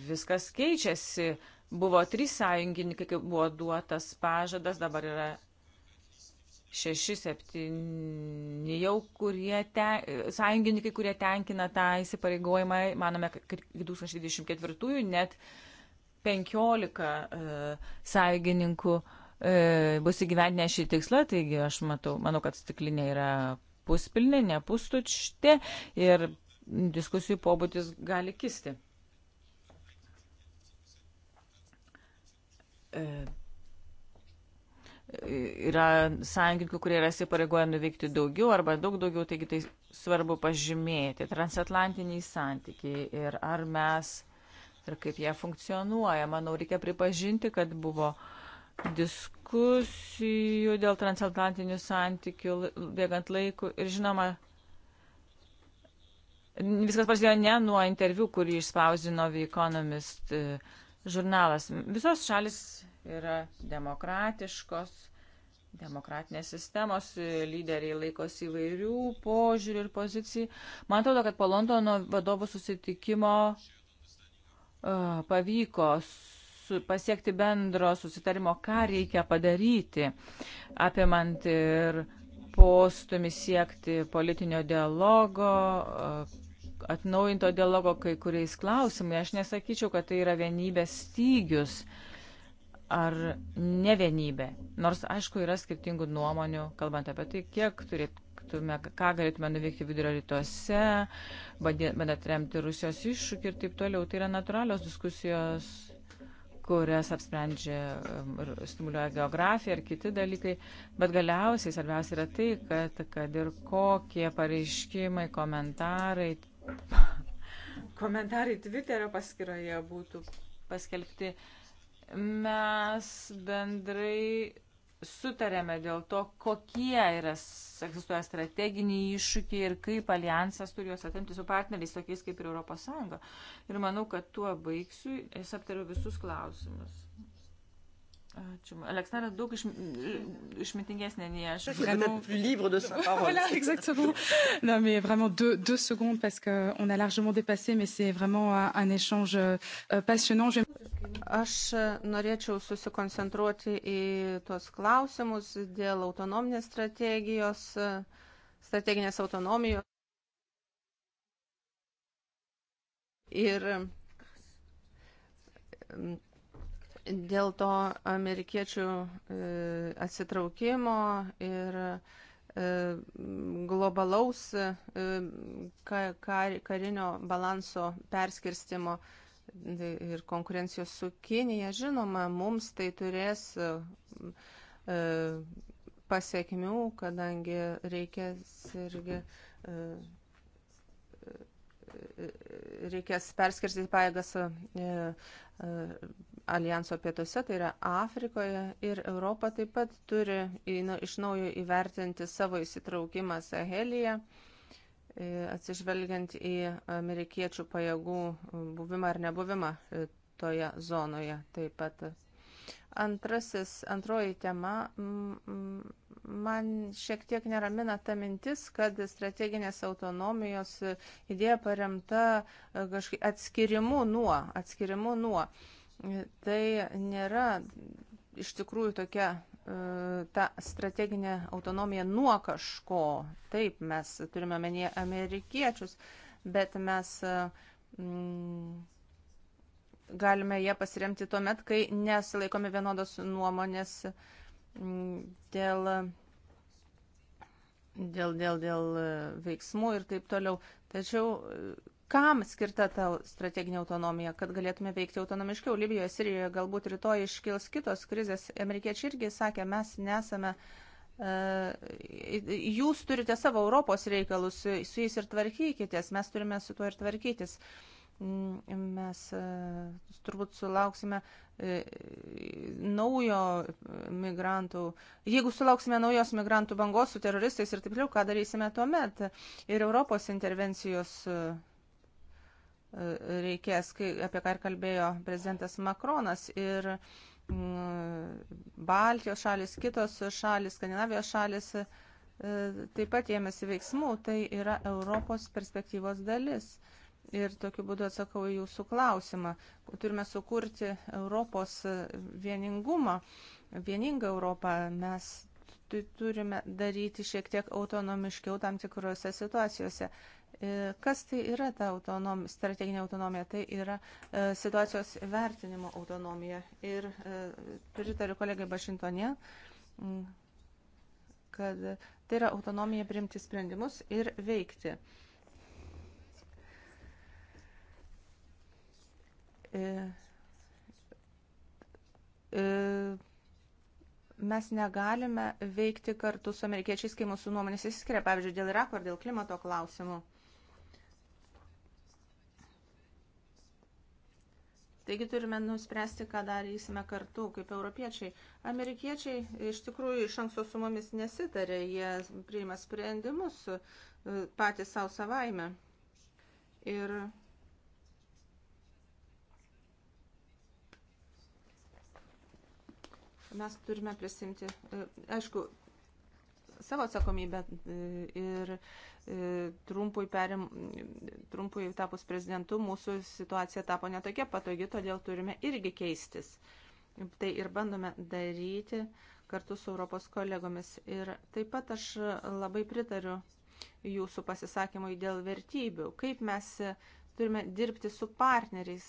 viskas keičiasi. Buvo 3 sąjungininkai, kai buvo duotas pažadas, dabar yra 6-7 jau kurie te, sąjungininkai, kurie tenkina tą įsipareigojimą. Manome, kad 2024 net 15 e, sąjungininkų e, bus įgyvendinę šį tikslą, taigi aš matau, manau, kad stiklinė yra puspilnė, nepustučtė ir diskusijų pobūdis gali kisti. E, yra sąjungininkų, kurie yra įsipareigoję nuveikti daugiau arba daug daugiau, taigi tai svarbu pažymėti. Transatlantiniai santykiai ir ar mes ir kaip jie funkcionuoja. Manau, reikia pripažinti, kad buvo diskusijų dėl transatlantinių santykių bėgant laikų ir žinoma, Viskas prasidėjo ne nuo interviu, kurį išspausdino The Economist e, žurnalas. Visos šalis yra demokratiškos, demokratinės sistemos, e, lyderiai laikosi įvairių požiūrių ir pozicijų. Man atrodo, kad po Londono vadovų susitikimo e, pavyko pasiekti bendro susitarimo, ką reikia padaryti, apimant ir postumi siekti politinio dialogo, atnaujinto dialogo kai kuriais klausimais. Aš nesakyčiau, kad tai yra vienybės stygius ar nevienybė. Nors, aišku, yra skirtingų nuomonių, kalbant apie tai, kiek turėtume, ką galėtume nuveikti vidurio rytuose, bandant atremti Rusijos iššūkį ir taip toliau. Tai yra natūralios diskusijos kurias apsprendžia um, ir stimuliuoja geografija ir kiti dalykai. Bet galiausiai svarbiausia yra tai, kad, kad ir kokie pareiškimai, komentarai, komentarai Twitterio paskyroje būtų paskelbti. Mes bendrai sutarėme dėl to, kokie yra, egzistuoja strateginiai iššūkiai ir kaip alijansas turi juos atimti su partneriais, tokiais kaip ir ES. Ir manau, kad tuo baigsiu, jis aptariu visus klausimus. Ačiū. Aleksandra daug iš, išmintingesnė nei aš. Vraiment... plus libre de sa parole. voilà, exactement. Non, mais vraiment deux, deux secondes parce qu'on a largement dépassé, mais c'est vraiment un, euh, un échange euh, passionnant. Je... Aš euh, norėčiau susikoncentruoti į tuos klausimus dėl autonominės strategijos, strateginės autonomijos. Ir dėl to amerikiečių e, atsitraukimo ir e, globalaus e, karinio balanso perskirstimo ir konkurencijos su Kinija, žinoma, mums tai turės pasiekmių, kadangi reikės irgi reikės perskirstyti paėgas alijanso pietuose, tai yra Afrikoje ir Europa taip pat turi nu, iš naujo įvertinti savo įsitraukimą Sahelyje, e, atsižvelgiant į amerikiečių pajėgų buvimą ar nebuvimą e, toje zonoje taip pat. Antrasis, antroji tema, man šiek tiek neramina ta mintis, kad strateginės autonomijos idėja paremta e, atskirimu nuo, atskirimu nuo. Uh, Tai nėra iš tikrųjų tokia e, ta strateginė autonomija nuo kažko. Taip, mes turime omenyje amerikiečius, bet mes mm, galime ją pasiremti tuo met, kai nesilaikome vienodos nuomonės dėl, dėl, dėl, dėl e, veiksmų ir taip toliau. Tačiau Kam skirta ta strateginė autonomija, kad galėtume veikti autonomiškiau? Libijoje, Sirijoje galbūt rytoj iškils kitos krizės. Amerikiečiai irgi sakė, mes nesame. Uh, jūs turite savo Europos reikalus, su jais ir tvarkykitės, mes turime su tuo ir tvarkytis. Mm, mes uh, turbūt sulauksime e, naujo migrantų, jeigu sulauksime naujos migrantų bangos su teroristais ir taip toliau, ką darysime tuomet? Ir Europos intervencijos reikės, kai, apie ką ir kalbėjo prezidentas Makronas. Ir mm, Baltijos šalis, kitos šalis, Skandinavijos šalis e, taip pat ėmėsi veiksmų. Tai yra Europos perspektyvos dalis. Ir tokiu būdu atsakau į jūsų klausimą. Turime sukurti Europos vieningumą, vieningą Europą. Mes turime daryti šiek tiek autonomiškiau tam tikrose situacijose. E, kas tai yra ta autonom, strateginė autonomija? Tai yra e, situacijos vertinimo autonomija. Ir e, pritariu kolegai Bašintonė, kad tai yra autonomija priimti sprendimus ir veikti. E, e, mes negalime veikti kartu su amerikiečiais, kai mūsų nuomonės įsiskiria, pavyzdžiui, dėl Irako ar dėl klimato klausimų. Taigi turime nuspręsti, ką darysime kartu, kaip europiečiai. Amerikiečiai iš tikrųjų iš anksto su mumis nesitarė, jie priima sprendimus e, patys savo savaime. Ir mes turime prisimti, e, aišku, savo atsakomybę e, ir e, trumpui, perim, trumpui tapus prezidentu mūsų situacija tapo netokia patogi, todėl turime irgi keistis. Tai ir bandome daryti kartu su Europos kolegomis. Ir taip pat aš labai pritariu jūsų pasisakymui dėl vertybių. Kaip mes turime dirbti su partneriais.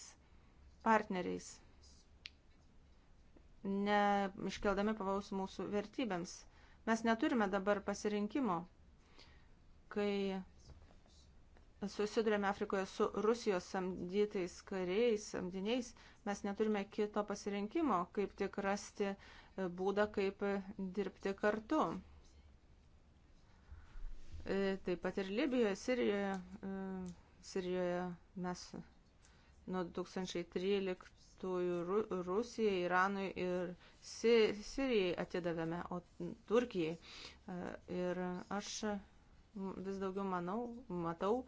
partneriais neiškeldami pavojus mūsų vertybėms. Mes neturime dabar pasirinkimo, kai susidurėme Afrikoje su Rusijos samdytais kariais, samdiniais, mes neturime kito pasirinkimo, kaip tik rasti būdą, kaip dirbti kartu. E, taip pat ir Libijoje, Sirijoje. E, Sirijoje mes nuo 2013 dujų Ru Rusijai, Iranui ir si Sirijai atidavėme, o Turkijai. E, ir aš vis daugiau manau, matau,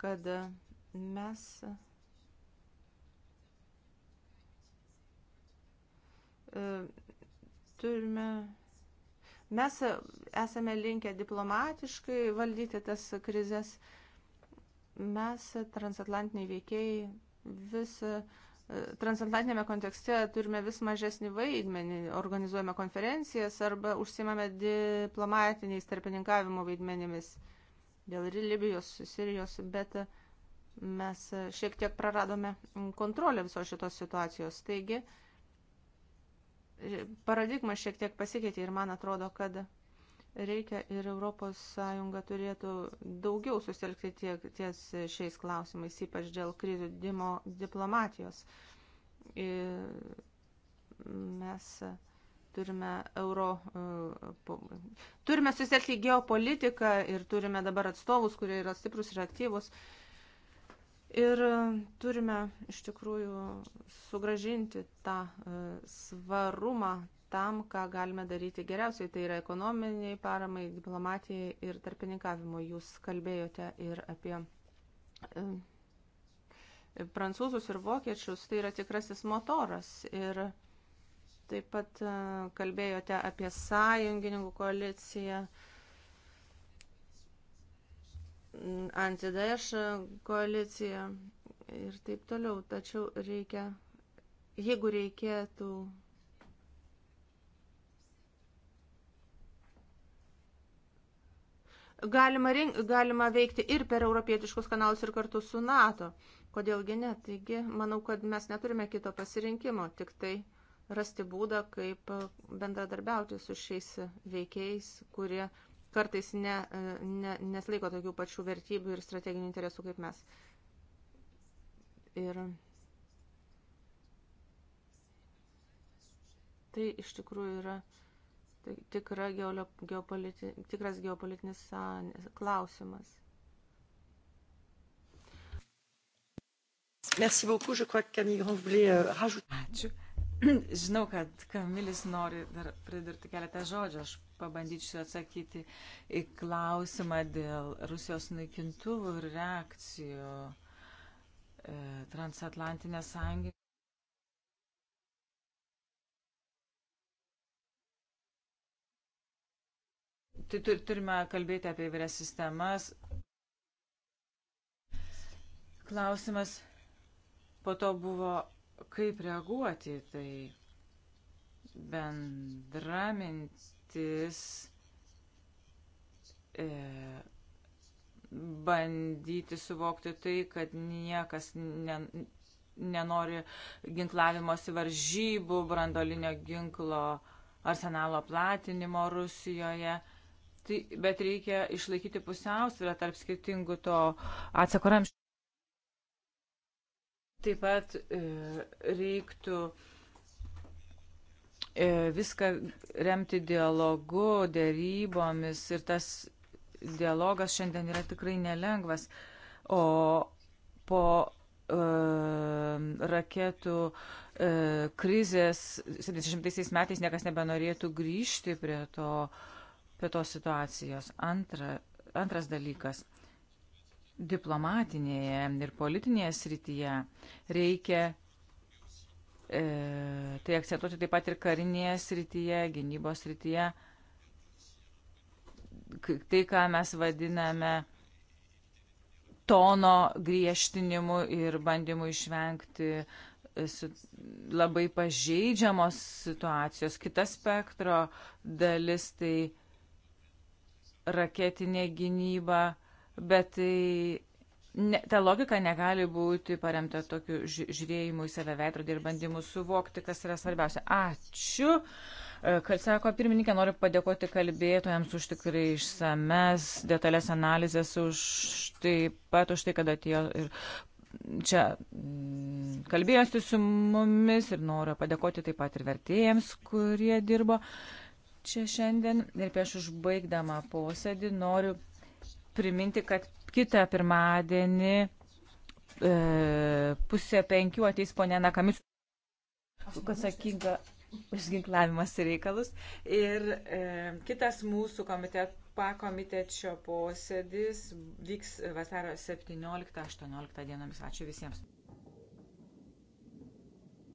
kad mes e, turime mes esame linkę diplomatiškai valdyti tas krizės. Mes, transatlantiniai veikėjai, vis transatlantinėme kontekste turime vis mažesnį vaidmenį, organizuojame konferencijas arba užsimame diplomatiniais tarpininkavimo vaidmenimis dėl Libijos, Sirijos, bet mes šiek tiek praradome kontrolę visos šitos situacijos. Taigi, paradigma šiek tiek pasikeitė ir man atrodo, kad reikia ir ES turėtų daugiau susitelkti tiek, ties šiais klausimais, ypač dėl krizių dimo diplomatijos. Ir mes turime euro, e, turime susitelkti geopolitiką ir turime dabar atstovus, kurie yra stiprus ir aktyvus. Ir e, turime iš tikrųjų sugražinti tą e, svarumą, tam, ką galime daryti geriausiai, tai yra ekonominiai paramai, diplomatijai ir tarpininkavimo. Jūs kalbėjote ir apie e, prancūzus ir vokiečius, tai yra tikrasis motoras. Ir taip pat e, kalbėjote apie sąjungininkų koaliciją, antideš koaliciją ir taip toliau. Tačiau reikia, jeigu reikėtų galima, rink, galima veikti ir per europietiškus kanalus ir kartu su NATO. Kodėlgi ne? Taigi, manau, kad mes neturime kito pasirinkimo, tik tai rasti būdą, kaip e, bendradarbiauti su šiais veikėjais, kurie kartais ne, e, ne, neslaiko tokių pačių vertybių ir strateginių interesų kaip mes. Ir tai iš tikrųjų yra Tai tikra geopoliti, tikras geopolitinis klausimas. Merci beaucoup. Je crois que Camille Grand voulait euh, rajouter. Ačiū. *clears throat* Žinau, kad Kamilis nori dar pridurti keletą žodžių. Aš pabandyčiau atsakyti į klausimą dėl Rusijos naikintuvų ir reakcijų e, transatlantinė sąjunga. Tai turime kalbėti apie įvairias sistemas. Klausimas po to buvo, kaip reaguoti. Tai bendra mintis e, bandyti suvokti tai, kad niekas ne, nenori ginklavimosi varžybų, brandolinio ginklo arsenalo platinimo Rusijoje tai, bet reikia išlaikyti pusiausvyrą tarp skirtingų to atsako ramščių. Taip pat e, reiktų e, viską remti dialogu, dėrybomis ir tas dialogas šiandien yra tikrai nelengvas. O po e, raketų e, krizės 70 metais niekas nebenorėtų grįžti prie to e, prie tos situacijos. Antra, antras dalykas. Diplomatinėje ir politinėje srityje reikia e, tai akcentuoti taip pat ir karinėje srityje, gynybos srityje. Tai, ką mes vadiname tono griežtinimu ir bandymu išvengti e, labai pažeidžiamos situacijos. Kita spektro dalis tai raketinė gynyba, bet tai ne, ta logika negali būti paremta tokiu žiūrėjimu į save veidrodį ir bandymu suvokti, kas yra svarbiausia. Ačiū, e, kad sako pirmininkė, noriu padėkoti kalbėtojams už tikrai išsames detalės analizės, už taip pat už tai, kad atėjo ir čia mm, kalbėjosi su mumis ir noriu padėkoti taip pat ir vertėjams, kurie dirbo čia šiandien ir prieš užbaigdama posėdį noriu priminti, kad kitą pirmadienį e, pusė penkių ateis ponė Nakamis, atsakinga už ginklavimas reikalus. Ir e, kitas mūsų komitet, pakomitečio posėdis vyks vasario 17-18 dienomis. Ačiū visiems.